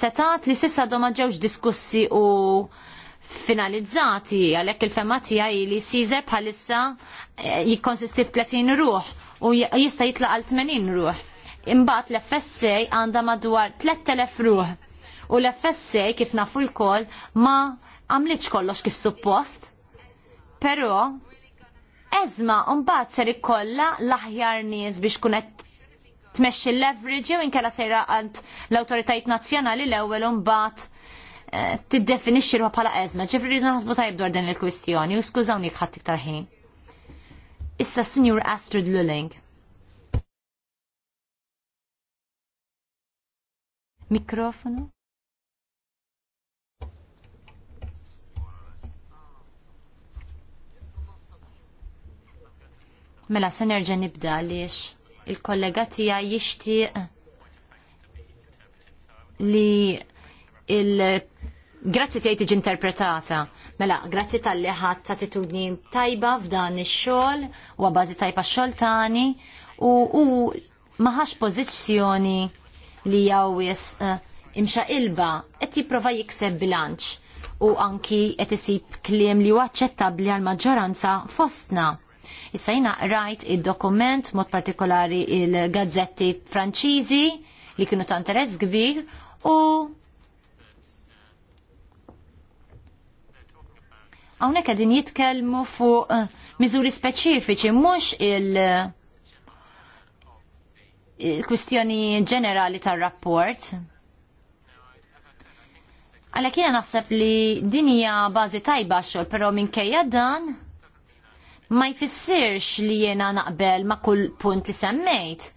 setat li s'issa għadhom ma ġewx diskussi u finalizzati għalhekk il-femma tiegħi li Caesar bħalissa eh, jikkonsisti 30 ruħ u jista' jitla għal 80 ruħ. Imbagħad l-FSA għandha madwar 3000 ruħ. U l-FSA kif nafu l-kol ma għamliċ kollox kif suppost. Però ezma mbagħad ser ikollha l-aħjar nies biex kunet tmexxi l-leverage jew inkella sejra għand l-awtoritajiet nazzjonali l-ewwel u tiddefinixxi bħala eżma, ġifri naħsbu tajb dwar din il-kwistjoni u skużawni ħadd iktar ħin. Issa Sinjur Astrid Lulling. Mikrofonu? Mela se nerġa' nibda għaliex il-kollega tiegħi jixtieq li il- Grazzi tiegħi tiġi interpretata. Mela, grazzi tal-li ħadd attitudni tajba f'dan ix-xogħol u bażi tajba x-xogħol tani, u hu maħax pożizzjoni li jawis uh, imxa ilba qed jipprova jikseb bilanċ u anki qed isib kliem li huwa aċċettabbli għal maġġoranza fostna. Issa jina rajt id-dokument mod partikolari il-gazzetti franċiżi li kienu ta' interess kbir u Hawnhekk qegħdin jitkellmu fuq eh, miżuri speċifiċi mhux il- kwistjoni ġenerali tar-rapport. Għalhekk jiena naħseb li din hija bażi tajba xogħol, però minkejja dan ma jfissirx li jiena naqbel ma' kull punt li semmejt.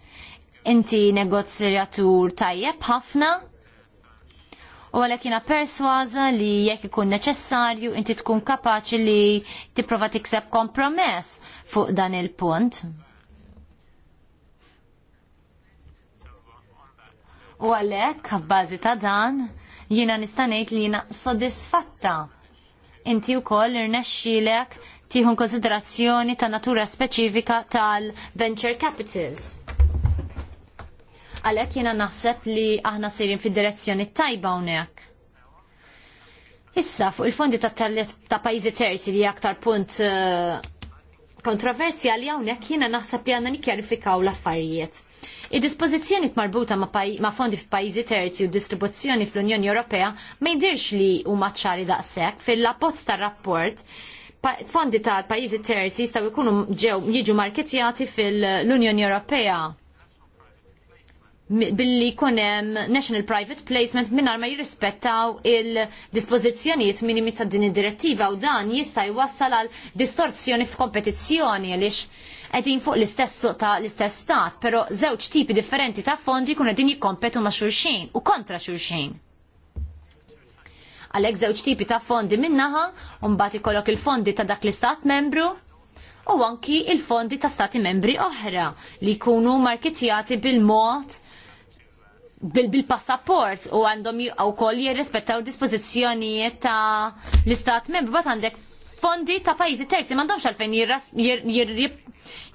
Inti negozjatur tajjeb ħafna, u għalhekk jiena persważa li jekk ikun neċessarju inti tkun kapaċi li tipprova tikseb kompromess fuq dan il-punt. U għalhekk b'bażi ta' dan jiena nista' ngħid li jiena sodisfatta inti u koll irnexxilek tieħu konsiderazzjoni ta' natura speċifika tal-venture capitals. Għalhekk jiena naħseb li aħna sirin fid-direzzjoni tajba hawnhekk. Issa, fuq il-fondi ta' tallet ta' pajjiżi terzi li aktar punt eh, li hawnhekk jiena naħseb li għandna nikkjarifikaw l-affarijiet. Id-dispożizzjoni marbuta ma' fondi f'pajjiżi terzi u distribuzzjoni fl-Unjoni Ewropea ma jdirx li huma ċari daqshekk fil-lapozz tar-rapport fondi ta' pajjiżi terzi jistgħu jkunu jiġu marketjati fil-Unjoni Ewropea billi kunem National Private Placement minnar ma jirrispettaw il-dispozizjoniet minimi ta' din id-direttiva u dan jista' jwassal għal distorzjoni f'kompetizzjoni għaliex qegħdin fuq l-istess ta' l-istess stat, però żewġ tipi differenti ta' fondi kun qegħdin jikkompetu ma' xulxin u kontra xulxin. Għalhekk żewġ tipi ta' fondi minnaħa, u mbagħad ikollok il-fondi ta' dak l-istat membru, u anki il-fondi ta' stati membri oħra li jkunu marketjati bil-mod bil-passaport u għandhom u koll jirrispettaw dispozizjonijiet ta' l-istat membru bat għandek fondi ta' pajizi terzi mandomx għalfejn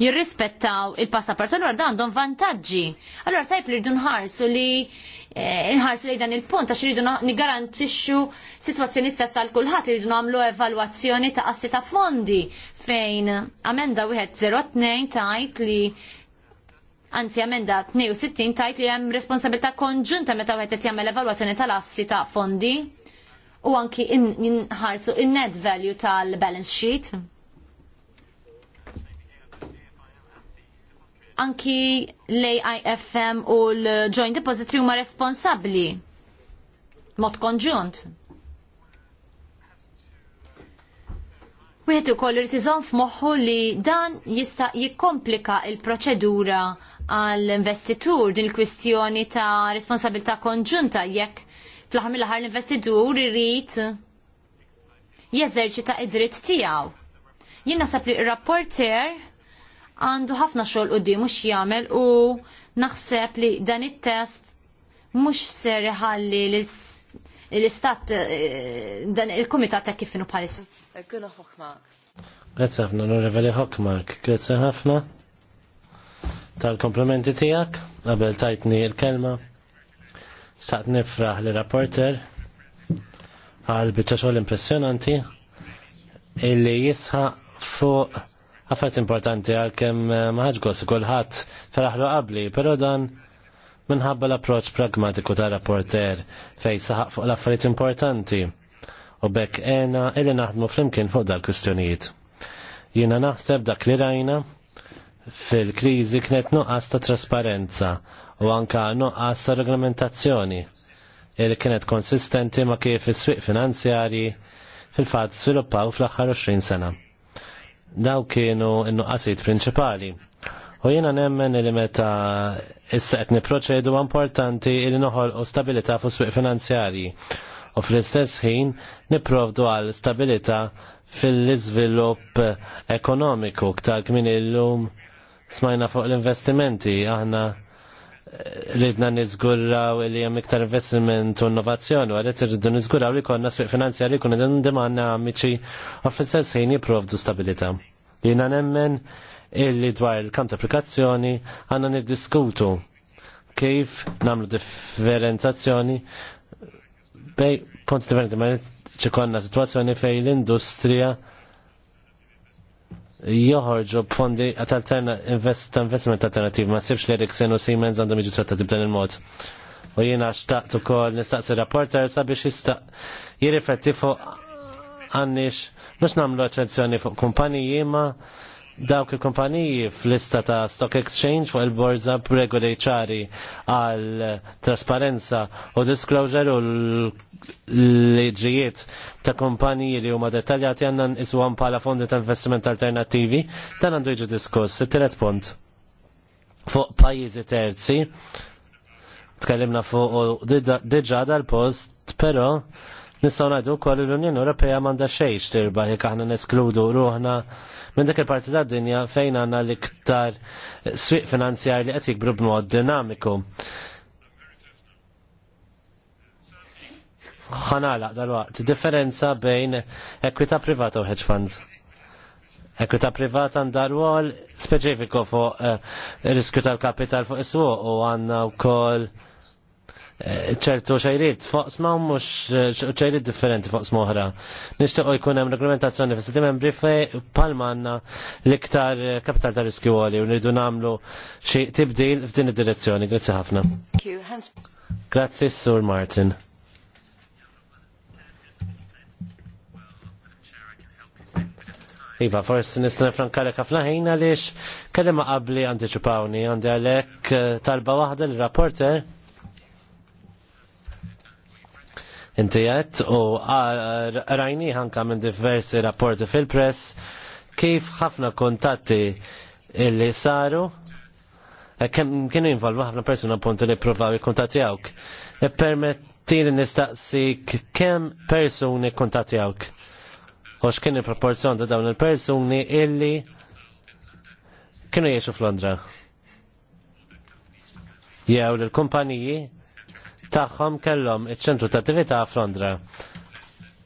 jirrispettaw il-passaport allura da għandhom vantaġġi allora tajp li rridu nħarsu li eh, nħarsu li dan il-punt għax rridu nigarantixxu situazzjoni stessa għal kulħadd rridu nagħmlu evalwazzjoni ta' assi ta' fondi fejn amenda wieħed 02 tgħid li anzi emenda 62 tajt li hemm responsabilità konġunta meta wieħed qed jagħmel evalwazzjoni tal-assi ta' fondi u anki inħarsu in in-net value tal-balance sheet. Anki l-AIFM u l-Joint Depository huma responsabbli mod konġunt. Wieħed ukoll irid iżomm f'moħħu li dan jista' jikkomplika l-proċedura għall-investitur din il-kwistjoni ta' responsabilità konġunta jekk fl-aħħar mill-aħħar l-investitur irid jeżerċita id-dritt tiegħu. Jien naħseb li r-rapporter għandu ħafna xogħol quddiem mhux jagħmel u naħseb li dan it-test mhux ser iħalli lis l-istat eh, dan il-komitat ta' kif inu paris. Grazie ħafna, l-Reveli Hockmark. Grazie ħafna tal-komplimenti tijak, għabel tajtni il-kelma. Staqt nifraħ li rapporter għal bieċa xogħol impressjonanti illi jisħa fuq affarijiet importanti għal kem maħġgos kulħadd feraħlu qabli, però dan minħabba l-approċ pragmatiku ta' rapporter fej saħaq fuq l-affarijiet importanti u bekk ena illi naħdmu flimkien fuq dal kustjonijiet Jiena naħseb dak li rajna fil-krizi kienet nuqqas ta' trasparenza u anka nuqqas ta' reglamentazzjoni illi kienet konsistenti ma' kif is-swieq finanzjarji fil-fatt sviluppaw fl-aħħar 20 sena. Daw kienu n-nuqqasijiet prinċipali. U jiena nemmen li meta issa qed niproċedu importanti li noħolqu stabilità fuq swieq finanzjarji u fl-istess ħin nipprovdu għal stabilità fil-iżvilupp ekonomiku ktar kmin illum smajna fuq l-investimenti aħna eh, ridna nizgurraw li hemm iktar investiment u innovazzjoni u għalet irridu nizgurraw li konna swieq finanzjarji kun id-demanna amiċi u fl-istess ħin jipprovdu stabilità. Jina nemmen illi dwar il-kant applikazzjoni għanna niddiskutu kif namlu differenzazzjoni bej punti differenti ma ċekonna situazzjoni fej l-industrija joħorġu fondi għat investiment alternativ ma sibx li Ericsson u Siemens għandhom iġu trattati b'dan il-mod. U jiena xtaqt ukoll nistaqsi rapporter sabiex jista' jirrifletti fuq għannix biex nagħmlu attenzjoni fuq kumpaniji ma' dawk il-kumpaniji fl-lista ta' Stock Exchange fuq il-borza b'regoli ċari għal trasparenza u disclosure u l-leġijiet ta' kumpaniji li huma dettaljati għandna nqisuhom bħala fondi ta' investiment alternattivi dan għandu jiġi diskuss. It-tielet punt fuq pajjiżi terzi tkellimna fuq diġà dal-post, però Nistgħu ngħidu wkoll l-Unjoni Ewropea m'għandha xej xtirba jekk aħna neskludu ruħna minn dak il-parti tad-dinja fejn għandna l-iktar swieq finanzjar li qed jikbru b'mod dinamiku. ħanala dal-waqt, differenza bejn ekwita privata u hedge funds. Ekwita privata għandar wall specifiko fuq eh, riskju tal-kapital fuq is-suq u għandna wkoll ċertu ċajrit, foqsma u mux eh, ċajrit differenti foqsma oħra. Nishtiq u hemm reglamentazzjoni fis membri brife palmanna liktar l-iktar eh, kapital ta' riskju għoli u nridu nagħmlu xi tibdil f'din id-direzzjoni. Grazzi ħafna. Grazzi Sur Martin. Iva, forsi nisna frankalek ħafna ħin għaliex kellima qabli antiċipawni għandi għalek eh, talba waħda l-rapporter. inti għed u rajni ħanka minn diversi rapporti fil-press kif ħafna kontatti illi saru e kemm kienu jinvolvu ħafna persuna punti li provaw e Permettili nistaqsik kemm persuni għawk U x'kien il-proporzjon ta' dawn il-persuni illi kienu jgħixu f'Londra. Jew l-kumpaniji taħħom kellhom iċ-ċentru ta' attività f'Londra.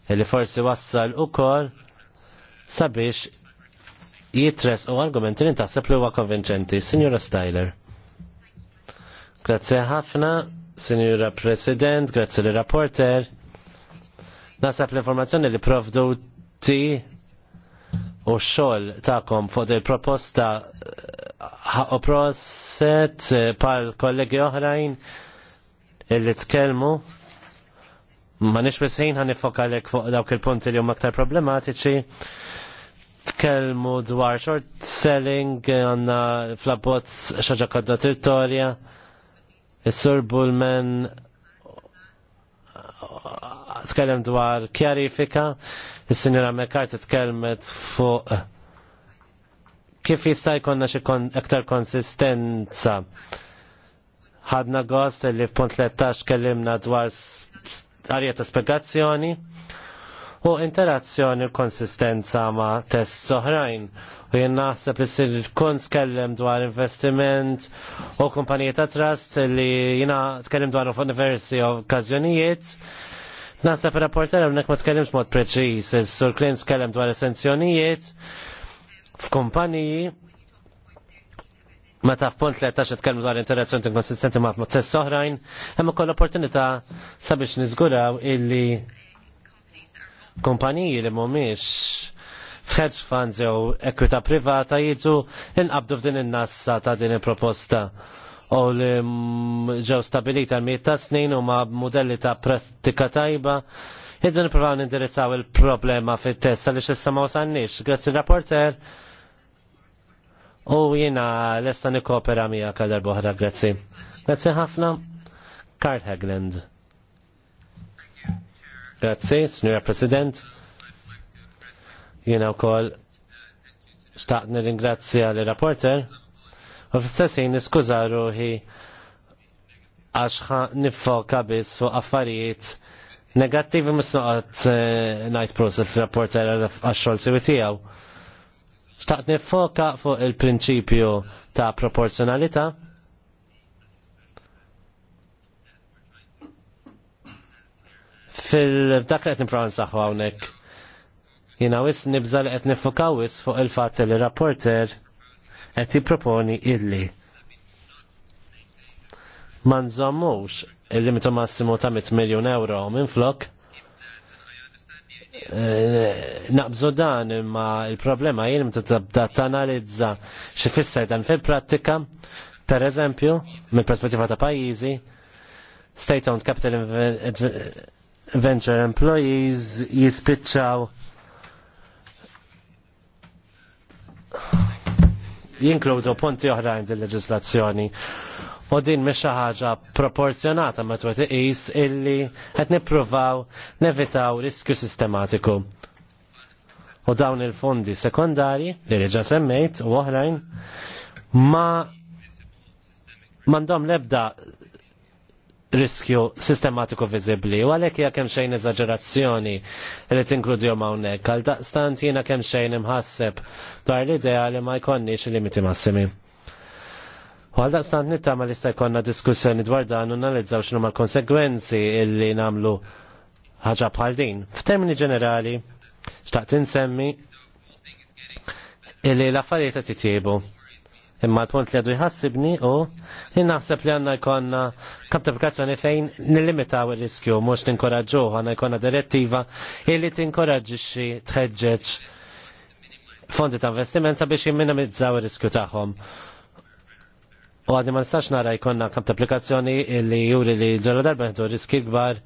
Illi forsi wassal ukoll sabiex jitres u argumenti li ntaħseb li huwa konvinċenti. Signora Styler. Grazie ħafna, Signora President, grazie li rapporter. Nasab l-informazzjoni li provdu ti u xol ta'kom fuq il proposta eh, ħaqo proset eh, pal kollegi oħrajn illi tkellmu ma nix bisħin għan nifokalek fuq dawk il-punti li huma aktar problematiċi tkellmu dwar short selling għanna fl xaġa kodda tirtorja, is-sur Bullman tkellem dwar kjarifika is-sinjora McCarthy tkellmet fuq kif jista' jkollna xi aktar konsistenza ħadna gost li f'punt 13 kellimna dwar arja ta' spiegazzjoni u interazzjoni u konsistenza ma' test soħrajn. U jien naħseb li sir kun skellem dwar investiment u kumpanija ta' trust li jina tkellem dwar f'universi okkazjonijiet. Naħseb rapporter għamnek ma tkellimx mod preċiż, is-Sur Klins kellem dwar essenzjonijiet f'kumpaniji Meta f'punt 13 tkellmu dwar interazzjoni konsistenti ma' proċess oħrajn, hemm ukoll opportunità sabiex niżguraw illi kumpaniji li mhumiex f'hedge funds jew ekwita privata jiġu inqabdu f'din in-nassa ta' din il-proposta u li ġew stabilita l-miet ta' snin u ma' modelli ta' prattika tajba. Iddu nipprovaw nindirizzaw il-problema fit-test għaliex issa ma' wasannix. Grazzi rapporter U jina l-esta nikopera mija kadar boħra, grazzi. Grazzi ħafna. Karl Hagland. Grazzi, Signora President. Jina u kol staqt nir-ingrazzja rapporter U f istessin niskuza ruħi għax nifoka bis fuq affarijiet negattivi musnuqat noqat najt proset rapporter għax xol siwi Staq nifoka fuq il-prinċipju ta' proporzjonalità. Fil-dak li qed nipprova nsaħħu hawnhekk. Jiena wis nibża li qed nifokaw wis fuq il-fatt li rapporter qed jipproponi illi ma nżommux il-limitu massimu ta' 100 miljun euro minn flok Eh, naqbżu dan imma il-problema jien meta tabda tanalizza xi fisser dan fil-prattika, per eżempju, mill-perspettiva ta' pajjiżi, state-owned capital venture employees jispiċċaw jinkludu punti oħrajn din leġislazzjoni U din mhix xi ħaġa proporzjonata matwa tiqis illi qed nippruvaw nevitaw riskju sistematiku. U dawn il-fondi sekundari li diġà semmejt u oħrajn ma m'għandhom l-ebda riskju sistematiku viżibbli u għalhekk hija kemm xejn eżaġerazzjoni li tinkludihom hawnhekk għal daqstant jiena kemm xejn imħasseb dwar l-idea li ma jkollniex limiti massimi. U għal daqstant nittama li se jkollna diskussjoni dwar dan u analizzaw x'nu ma' konsegwenzi illi nagħmlu ħaġa bħal din. F'termini ġenerali, xtaqt insemmi illi l-affarijiet qed jitjiebu. Imma l-punt li għadu jħassibni u li naħseb li għanna jkonna kapta applikazzjoni fejn nillimitaw il-riskju, mux ninkoraġġu, għanna jkonna direttiva illi tinkoraġġixxi tħeġġeġ fondi ta' investiment sabiex jimminimizzaw il-riskju tagħhom. U għaddi ma nistax nara jkonna kamp applikazzjoni li juri li ġara darba ħdu riski kbar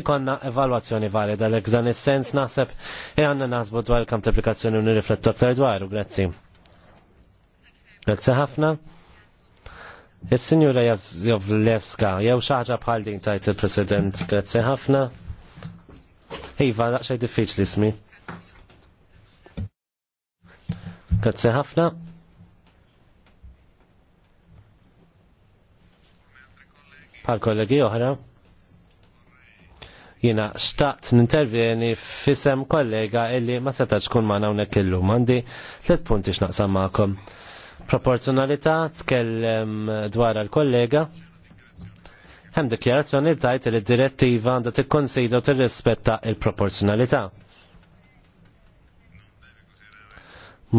ikonna evalwazzjoni valida l dan is-sens naħseb e għanna nasbu dwar kamp applikazzjoni u nirriflettu aktar u grazzi. Grazzi ħafna. Is-Sinjura Jovlevska, jew xaħġa bħal din tajt il-President, grazzi ħafna. Iva, daqxaj diffiċli smi. Grazzi ħafna. Pal kollegi oħra jina xtaqt nintervjeni fissem kollega illi ma setax kun ma nawne illu mandi tlet punti xnaqsam maqom proporzjonalità tkellem dwar għal-kollega hemm dikjarazzjoni li tajt li direttiva direttiva għandha konsidu u rispetta il-proporzjonalità.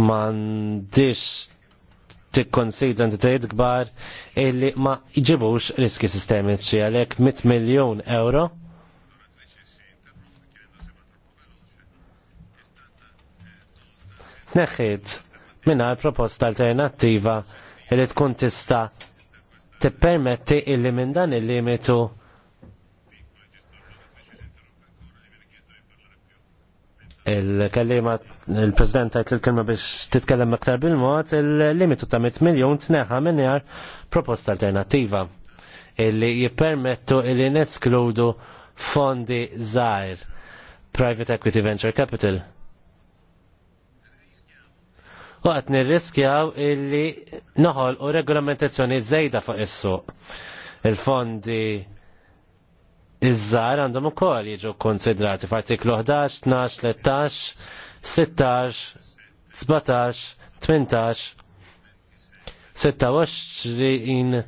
M'għandix tikkonsidra tgħid kbar illi ma jġibux riski sistemiċi għalhekk 100 miljun euro neħħid minna proposta alternattiva illi tkun tista tippermetti illi minn dan il-limitu il-kellima il-president tajt il-kelma biex titkellem aktar bil-mod il-limitu ta' 100 miljon tneħa minnjar proposta alternativa illi jippermettu illi neskludu fondi zaħir private equity venture capital. U għat nirriskjaw illi noħol u regolamentazzjoni zejda fuq is-suq. Il-fondi iż-żgħar għandhom ukoll jiġu konsidrati f'artiklu 11, 12, 13, 16, 17, 18, 26,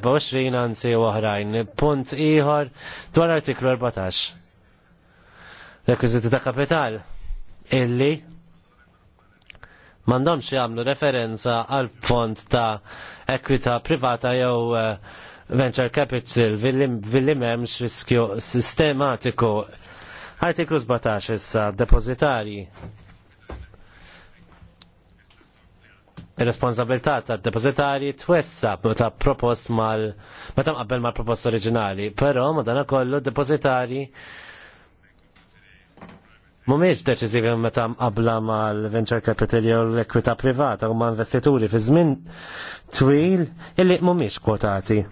27 anzi oħrajn. Punt ieħor dwar artiklu 14. Rekwiżiti ta' kapital illi mandomx jagħmlu referenza għal fond ta' ekwita privata jew uh, venture capital villi memx riskju sistematiku. Artiklu 17 issa depozitarji. Ir-responsabilità tad depozitarji twessa ta' propost mal meta mqabbel mal propost oriġinali, però madanakollu depozitarji Mumiex deċiżivi meta mqabbla mal-venture capital jew l-ekwita privata u ma' investituri fi żmien twil illi mumiex kwotati.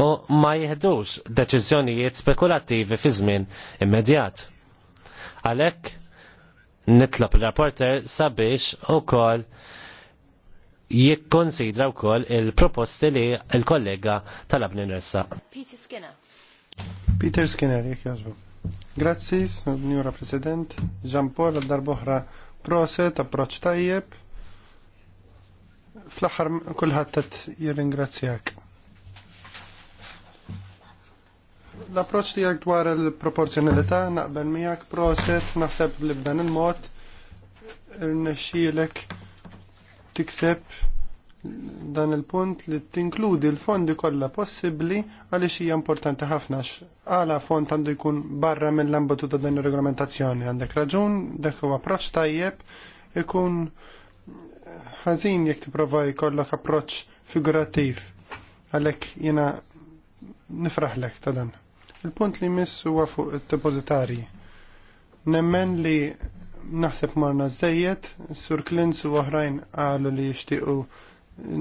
u ma jihdux deċiżjonijiet spekulattivi fi żmien immedjat. Għalhekk nitlob il-rapporter sabiex ukoll jikkonsidra wkoll il-proposti li il-kollega talabni nressa. Peter Skinner. Peter Skinner, jek jazbu. Grazzi, signora President. Ġampol darboħra proset, approċ tajjeb. Fl-axar kullħat jirringrazzjak. l-approċ tijak dwar il-proporzjonalità naqbel miegħek proset naħseb li b'dan il-mod nexxilek tikseb dan il-punt li tinkludi l-fondi kollha possibbli għaliex hija importanti ħafna għala fond għandu jkun barra mill-ambitu ta' din ir-regolamentazzjoni. Għandek raġun, dak huwa approċċ tajjeb, ikun ħażin jekk tipprova jkollok approċċ figurattiv. Għalhekk jiena nifraħlek ta' dan. Il-punt li jmiss huwa fuq it-depozitarji. Nemmen li naħseb marna żejjed, Sur Klins u oħrajn qalu li jixtiequ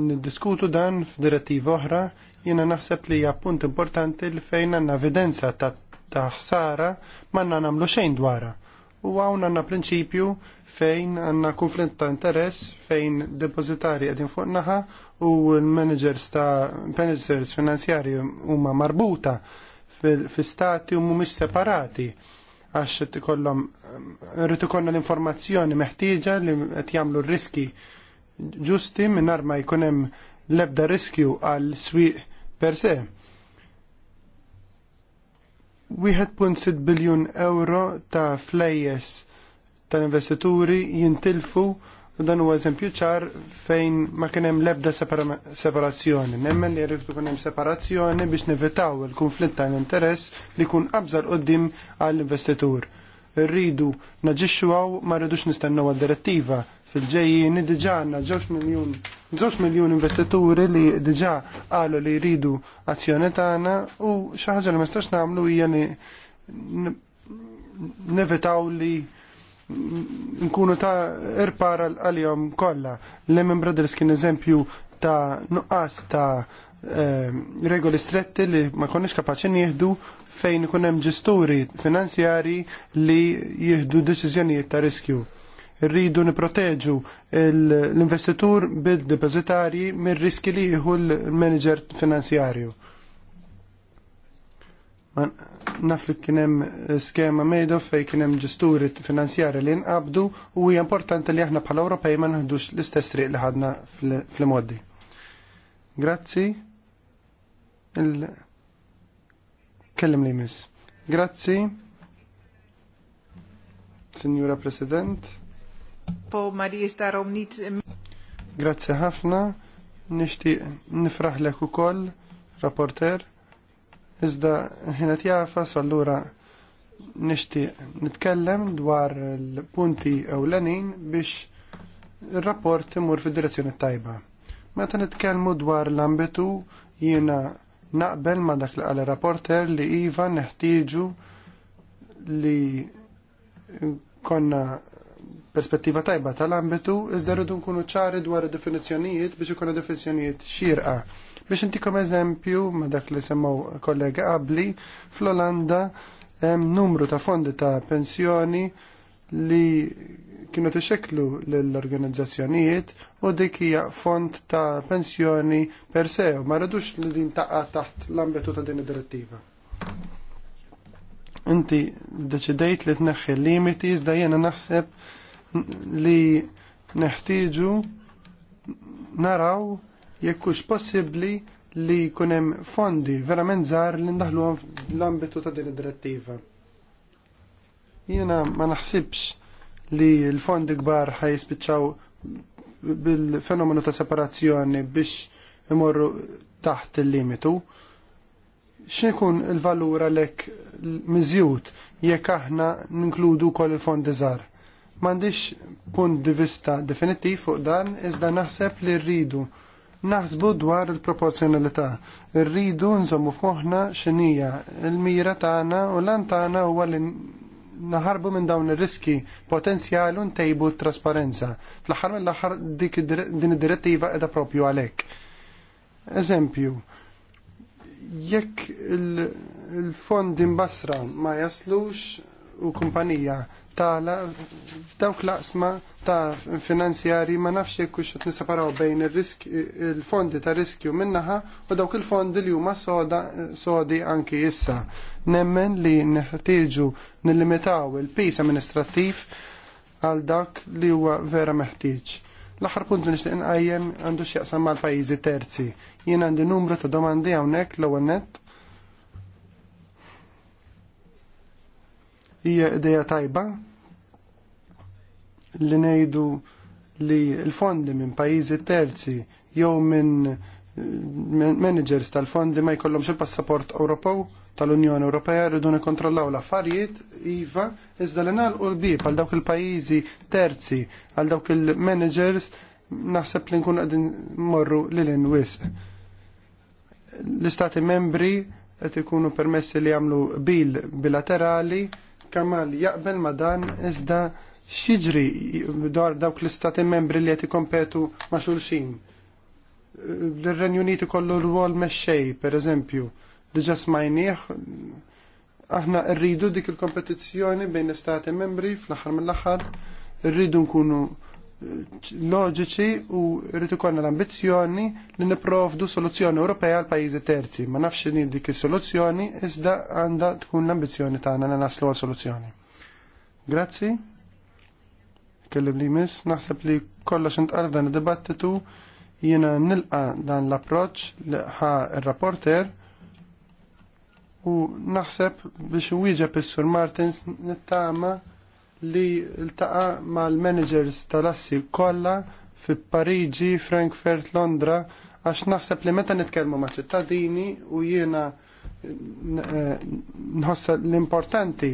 niddiskutu dan f'direttiva oħra, jiena naħseb li hija punt importanti li fejn għandna evidenza ta' ta' ħsara manna nagħmlu xejn dwarha. U hawn għandna prinċipju fejn għandna konflitt ta' interess fejn depozitari qegħdin fuq naħa u l-managers ta' managers finanzjarji huma marbuta fil-stati u mhumiex separati għax tikollhom rrid ikollna l-informazzjoni meħtieġa li qed jagħmlu r-riski ġusti mingħajr ma jkun hemm l-ebda riskju għal swieq per se. 1.6 biljun euro ta' flejjes tal-investituri jintilfu U dan huwa eżempju ċar fejn ma kien hemm l-ebda separazzjoni. Nemmen li jrid ikun hemm separazzjoni biex nevitaw il-konflitt ta' interess li jkun qabżar qudiem għall-investitur. Irridu naġixxuaw ma rridux nistennew għad-direttiva fil-ġejjin diġà għandna ġewx miljun Żewġ miljun investituri li diġà qalu li jridu azzjoni tagħna u xi ħaġa li ma nistax nagħmlu hija li nevitaw li nkunu ta' irpara għal-jom kolla. Lehman Brothers kien eżempju ta' nuqqas ta' eh, regoli stretti li ma konniex kapaċi nieħdu fejn ikun hemm ġisturi finanzjari li jieħdu deċiżjonijiet ta' riskju. Rridu niproteġu l-investitur bil-depozitarji mir-riski li jieħu l-manager finanzjarju naf li kienem eh, skema mejdu fej kienem ġesturi finanzjari li nqabdu u hija importanti li aħna bħala Ewropej ma nħdux l-istess triq li ħadna fl modi Grazzi. Kellim li miss. Grazzi. Signora President. Po Marija starom Grazzi ħafna. Nishtiq nifraħlek ukoll, rapporter. Iżda ħinet jafas allura nixtieq nitkellem dwar l-punti ewlenin biex ir-rapport imur fid-direzzjoni tajba. Meta nitkellmu dwar l-ambitu jiena naqbel ma dak li qal rapporter li iva neħtieġu li konna perspettiva tajba tal-ambitu, iżda rridu nkunu ċari dwar definizzjonijiet biex ikunu definizzjonijiet xirqa. Biex intikom eżempju ma dak li semmaw kollega qabli, fl-Olanda hemm numru ta' fondi ta' pensjoni li kienu tixeklu l-organizzazzjonijiet u dik hija fond ta' pensjoni per se, u ma rridux li din taqa' taħt l-ambitu ta' din id-direttiva inti deċidejt li tneħħi limiti iżda jena naħseb li neħtieġu naraw jekk hux possibbli li jkun hemm fondi verament żgħar li ndaħluhom l-ambitu ta' din id-direttiva. Jiena ma naħsibx li l-fondi kbar ħajspiċċaw bil-fenomenu ta' separazzjoni biex imorru taħt il-limitu. X'ikun il-valura lek miżjud jekk aħna ninkludu kol il-fondi żgħar? M'għandix punt di vista definittiv fuq dan iżda naħseb li rridu naħsbu dwar il-proporzjonalità. Rridu nżommu f'moħħna x'inija l-mira tagħna u lan tagħna huwa li naħarbu minn dawn ir-riski potenzjali ntejbu t-trasparenza. Fl-aħħar mill dik din id-direttiva qiegħda propju għalhekk. Eżempju, jekk il-fondi mbasra ma jaslux u kumpanija tala l laqsma ta' finanzjari ma nafx jekk hux qed nisaparaw bejn ir-risk il-fondi ta' riskju minnaħa u dawk il-fondi li huma soda sodi anki issa. Nemmen li neħtieġu nillimitaw il-pis amministrattiv għal dak li huwa vera meħtieġ. L-aħħar punt li nixtieq nqajjem għandu x'jaqsam mal-pajjiżi terzi. Jien għandi numru ta' domandi hawnhekk l-ewwel nett. Hija idea tajba li ngħidu li l-fondi minn pajjiżi terzi jew minn eh, managers tal-fondi ma jkollhomx il-passaport Ewropew tal-Unjoni Ewropea rridu nikkontrollaw l-affarijiet iva iżda li nagħlqu l-bib għal dawk il-pajjiżi terzi għal dawk il-managers naħseb li nkun qegħdin morru lil wisq. L-istati membri qed ikunu permessi li jagħmlu bil bilaterali kamal jaqbel ma dan iżda x'jiġri dwar dawk l-istati membri li qed ikompetu ma' xulxin? L-Renju Uniti kollu rwol per pereżempju, diġà smajnieh aħna rridu dik il-kompetizzjoni bejn l-istati membri fl-aħħar mill-aħħar, rridu nkunu eh, loġiċi u rridu konna l-ambizzjoni li nipprovdu soluzzjoni Ewropea għal pajjiżi terzi. Ma nafx li dik is-soluzzjoni iżda għandha tkun l-ambizzjoni tagħna li naslu għal soluzzjoni. Grazzi kellim li jmiss, naħseb li kollox intqal f'dan id-dibattitu jiena nilqa dan l-approċ li ħa il-rapporter u naħseb biex wieġeb is-Sur Martins nittama li ltaqa mal-managers tal-assi kollha fi Pariġi, Frankfurt, Londra, għax naħseb li meta nitkellmu ma' ċittadini u jiena eh, nħossa l-importanti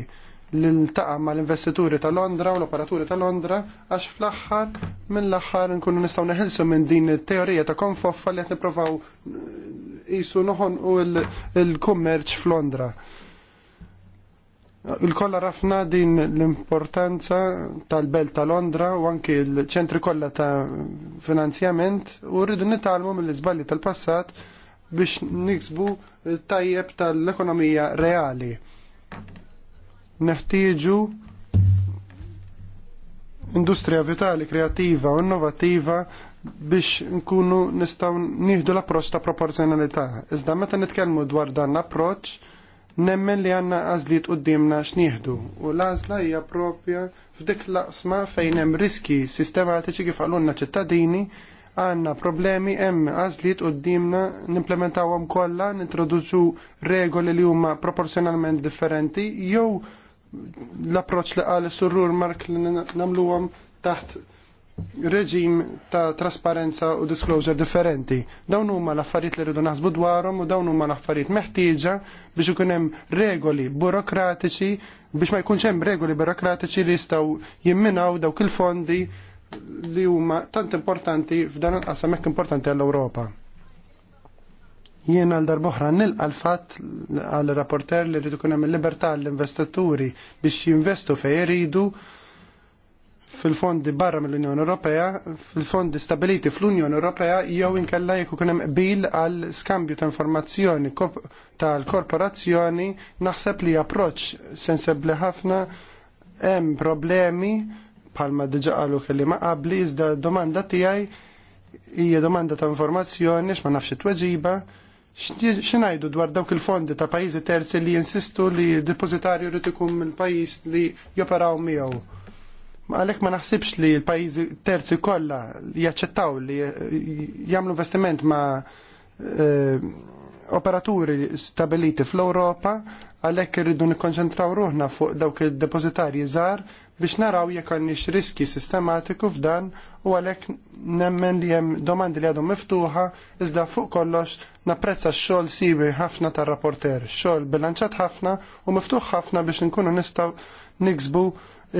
l-intaqa ma l-investituri ta' Londra u l-operaturi ta' Londra għax fl-axħar minn l-axħar nkunu nistaw neħilsu minn din teorija ta' konfoffa li qed niprofaw eh, isu noħon u l-kummerċ f'Londra. Il-kolla rafna din l-importanza tal-belt ta' Londra u anki l-ċentri kollha ta' finanzjament u rridu nitalmu mill-iżbalji tal-passat biex niksbu tajjeb tal-ekonomija reali neħtieġu industrija vitali, kreativa u innovativa biex nkunu nistaw nieħdu l-approċċ ta' proporzjonalità. Iżda meta nitkellmu dwar dan l-approċċ, nemmen li għanna għażliet qudiemna x'nieħdu u l-għażla hija propja f'dik laqsma fejn hemm riski sistematiċi kif għalunna ċittadini għanna problemi hemm għażliet qudiemna nimplementawhom kollha, nintroduċu regoli li huma proporzjonalment differenti jew l-approċ li għal surrur mark li għam taħt reġim ta' trasparenza u disclosure differenti. Dawn huma l-affarijiet li rridu naħsbu dwarhom u dawn huma l-affarijiet meħtieġa biex ikun hemm regoli burokratiċi biex ma jkunx hemm regoli burokratiċi li jistgħu jimminaw dawk il-fondi li huma tant importanti f'dan il-qasam hekk importanti għall-Ewropa. Jien għal darboħra nilqa l-fat għal rapporter li rridu kunem il-libertà l-investituri biex jinvestu fej jridu fil-fondi barra mill-Unjoni Ewropea, fil-fondi stabiliti fl-Unjoni Ewropea, jew inkella jekk ikun hemm qbil għal skambju ta' informazzjoni tal-korporazzjoni, naħseb li approċċ sensibbli ħafna hemm problemi bħalma diġa qalu kelli ma qabli iżda domanda tiegħi hija domanda ta' informazzjoni x'ma nafx it-tweġiba Xinajdu dwar dawk il-fondi ta' pajizi terzi li jinsistu li depozitarju rrit ikun minn pajis li joperaw miegħu. Ma għalek ma naħsibx li l-pajizi terzi kollha jaċċettaw li eh, jagħmlu investiment ma' eh, operaturi stabiliti fl-Europa għalhekk irridu nikkonċentraw ruħna fuq dawk il depozitarji żgħar biex naraw jekk għandniex riski sistematiku f'dan u għalhekk nemmen li hemm domandi li għadhom miftuħa iżda fuq kollox napprezza x-xogħol sibi ħafna tar-rapporter, xogħol bilanċat ħafna u miftuħ ħafna biex nkunu nistgħu niksbu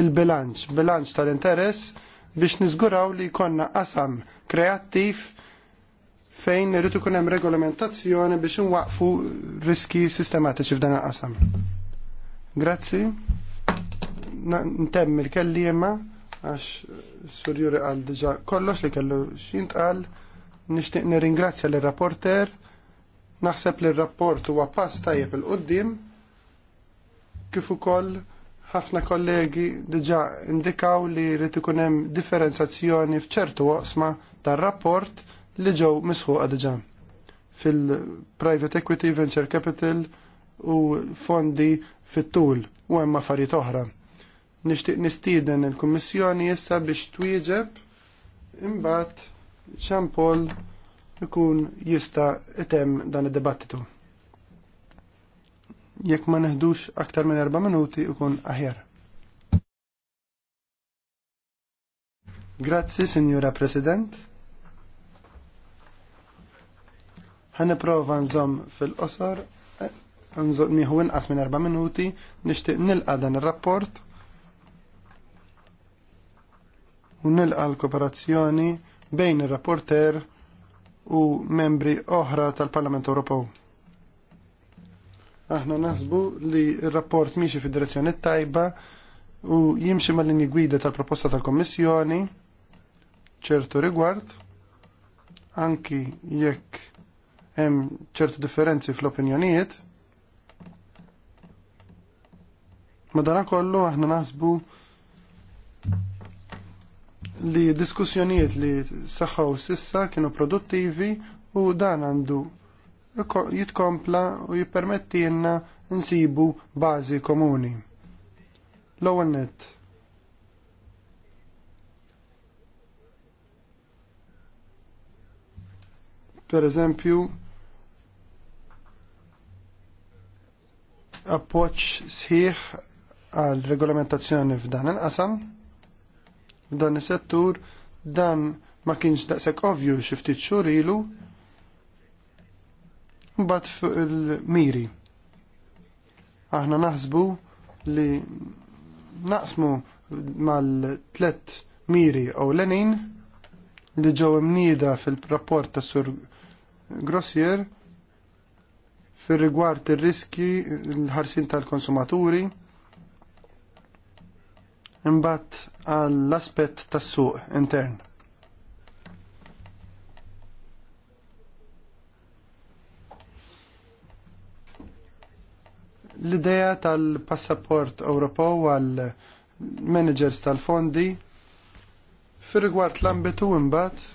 il-bilanċ, bilanċ tal-interess biex niżguraw li jkollna qasam kreattiv fejn irrid ikun hemm regolamentazzjoni biex inwaqfu riski sistematiċi f'dan il-qasam. Grazzi. Ntemmi l-kelliema għax surjuri għal diġa kollox li kellu xint għal nishtiq nirringrazzja l-rapporter naħseb li l-rapport huwa pass tajjeb il-qoddim kif ukoll ħafna kollegi diġa indikaw li rrid ikun hemm differenzjazzjoni f'ċertu oqsma tar-rapport li ġew misħuqa diġa fil-private equity, venture capital u fondi fit-tul u hemm affarijiet oħra Nixtieq nistieden il-Kummissjoni issa biex twieġeb imbagħad Jean ikun jista' item dan id-dibattitu. Jekk ma neħdux aktar minn erba' minuti ikun aħjar. Grazzi, Signora President. Ħaniprofa nżomm fil-qosor, eh, nieħu inqas minn erba' minuti, nixtieq nilqa' dan ir-rapport u nilqa l-kooperazzjoni bejn ir-rapporter u membri oħra tal-Parlament Ewropew. Aħna naħsbu li r-rapport miexi fid-direzzjoni tajba u jimxi mal-linji gwida tal-proposta tal-Kommissjoni ċertu rigward, anki jekk hemm ċertu differenzi fl-opinjonijiet. Madanakollu aħna naħsbu li diskussjonijiet li saħħaw sissa kienu produttivi u dan għandu jitkompla u jippermettilna nsibu bażi komuni. L-ewwel nett. Per eżempju, appoġġ sħiħ għal regolamentazzjoni f'dan il-qasam dan is-settur dan ma kienx daqshekk ovvju xi ftit xhur ilu mbagħad fuq il-miri. Aħna naħsbu li naqsmu mal-tlet miri u lenin li ġew imnieda fil-rapport ta' Sur Grossier fir rigward ir-riski l-ħarsin tal-konsumaturi imbagħad għall-aspett tas-suq intern. L-idea tal-passaport Ewropew għal managers tal-fondi fir-rigward l-ambitu imbagħad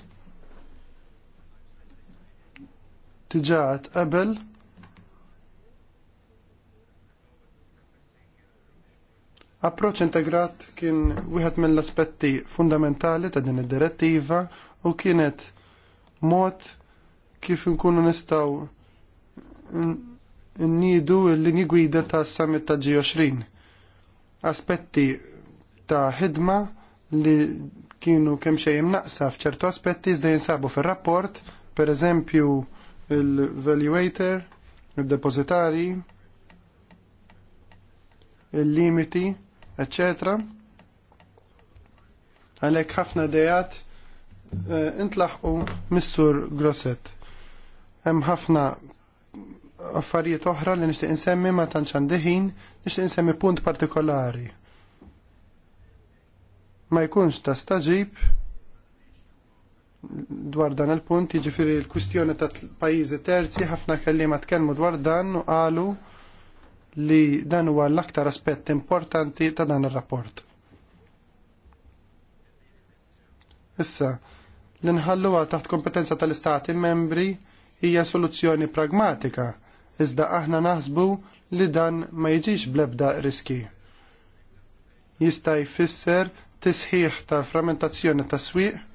tiġat qabel Approċċ integrat kien wieħed mill-aspetti fundamentali ta' din id-direttiva u kienet mod kif nkunu nistgħu nnidu l-linji gwida ta' summit ta' G20. Aspetti ta' ħidma li kienu kemm xejn naqsa f'ċertu aspetti iżda jinsabu fir-rapport, pereżempju l valuator il-depositari, il-limiti eccetera. Għalhekk ħafna dejat eh, intlaħqu missur Grosset. Hemm ħafna affarijiet oħra li nixtieq insemmi ma tantx għandi ħin, nixtieq insemmi punt partikolari. Ma jkunx ta' staġib dwar dan il-punt, jiġifieri l-kwistjoni ta' pajjiżi terzi, ħafna kelliema tkellmu dwar dan u qalu li dan huwa l-aktar aspett importanti ta' dan ir-rapport. Issa, l-inħalluha taħt kompetenza tal-istati membri hija soluzzjoni pragmatika, iżda aħna naħsbu li dan ma jiġix blebda riski. Jista' jfisser tisħiħ ta' frammentazzjoni ta' swieq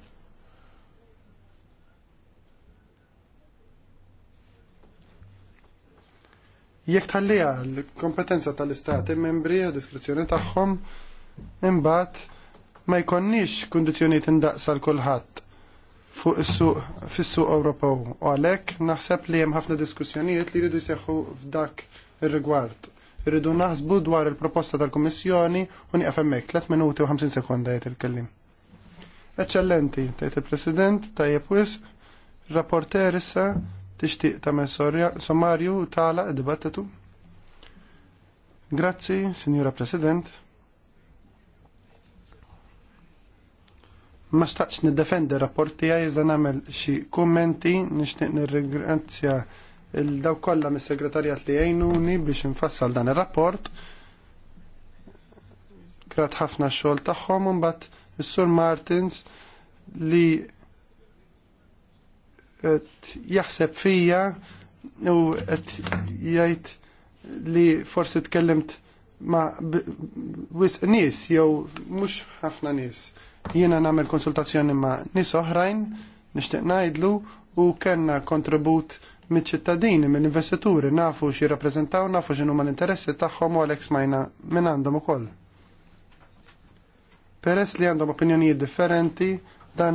Jekk tħallija l-kompetenza tal-istati membri a diskrezzjoni tagħhom, imbagħad ma jkonniex kundizzjonijiet indaqsa l kulħadd fuq is-suq fis-suq Ewropew u għalhekk naħseb li hemm ħafna diskussjonijiet li jridu jseħħu f'dak ir-rigward. Irridu naħsbu dwar il-proposta tal-Kummissjoni u nieqaf hemmhekk 3 minuti u 50 sekonda jgħid il-kellim. Eċċellenti, tgħid il-President, tajjeb wisq, rapporter issa Tixtieq tagħmel sommarju tagħlaq id-dibattitu? Grazzi, Signora President. Ma staqx niddefendi rapport tiegħi iżda nagħmel xi kummenti nixtieq nirringrazzja il-daw kollha mis-segretarjat li għajnuni biex nfassal dan ir-rapport Grat ħafna xogħol tagħhom imbagħad is-Sur Martins li jaħseb fija u qed jgħid li forsi tkellimt ma wis nies jew mhux ħafna nies. Jiena nagħmel konsultazzjoni ma' nis oħrajn nixtieq najdlu u kellna kontribut mill-ċittadini, mill-investituri, nafu xie rappresentaw, nafu x'inhu l-interessi tagħhom u għalek smajna minn għandhom ukoll. Peress li għandhom opinjonijiet differenti, dan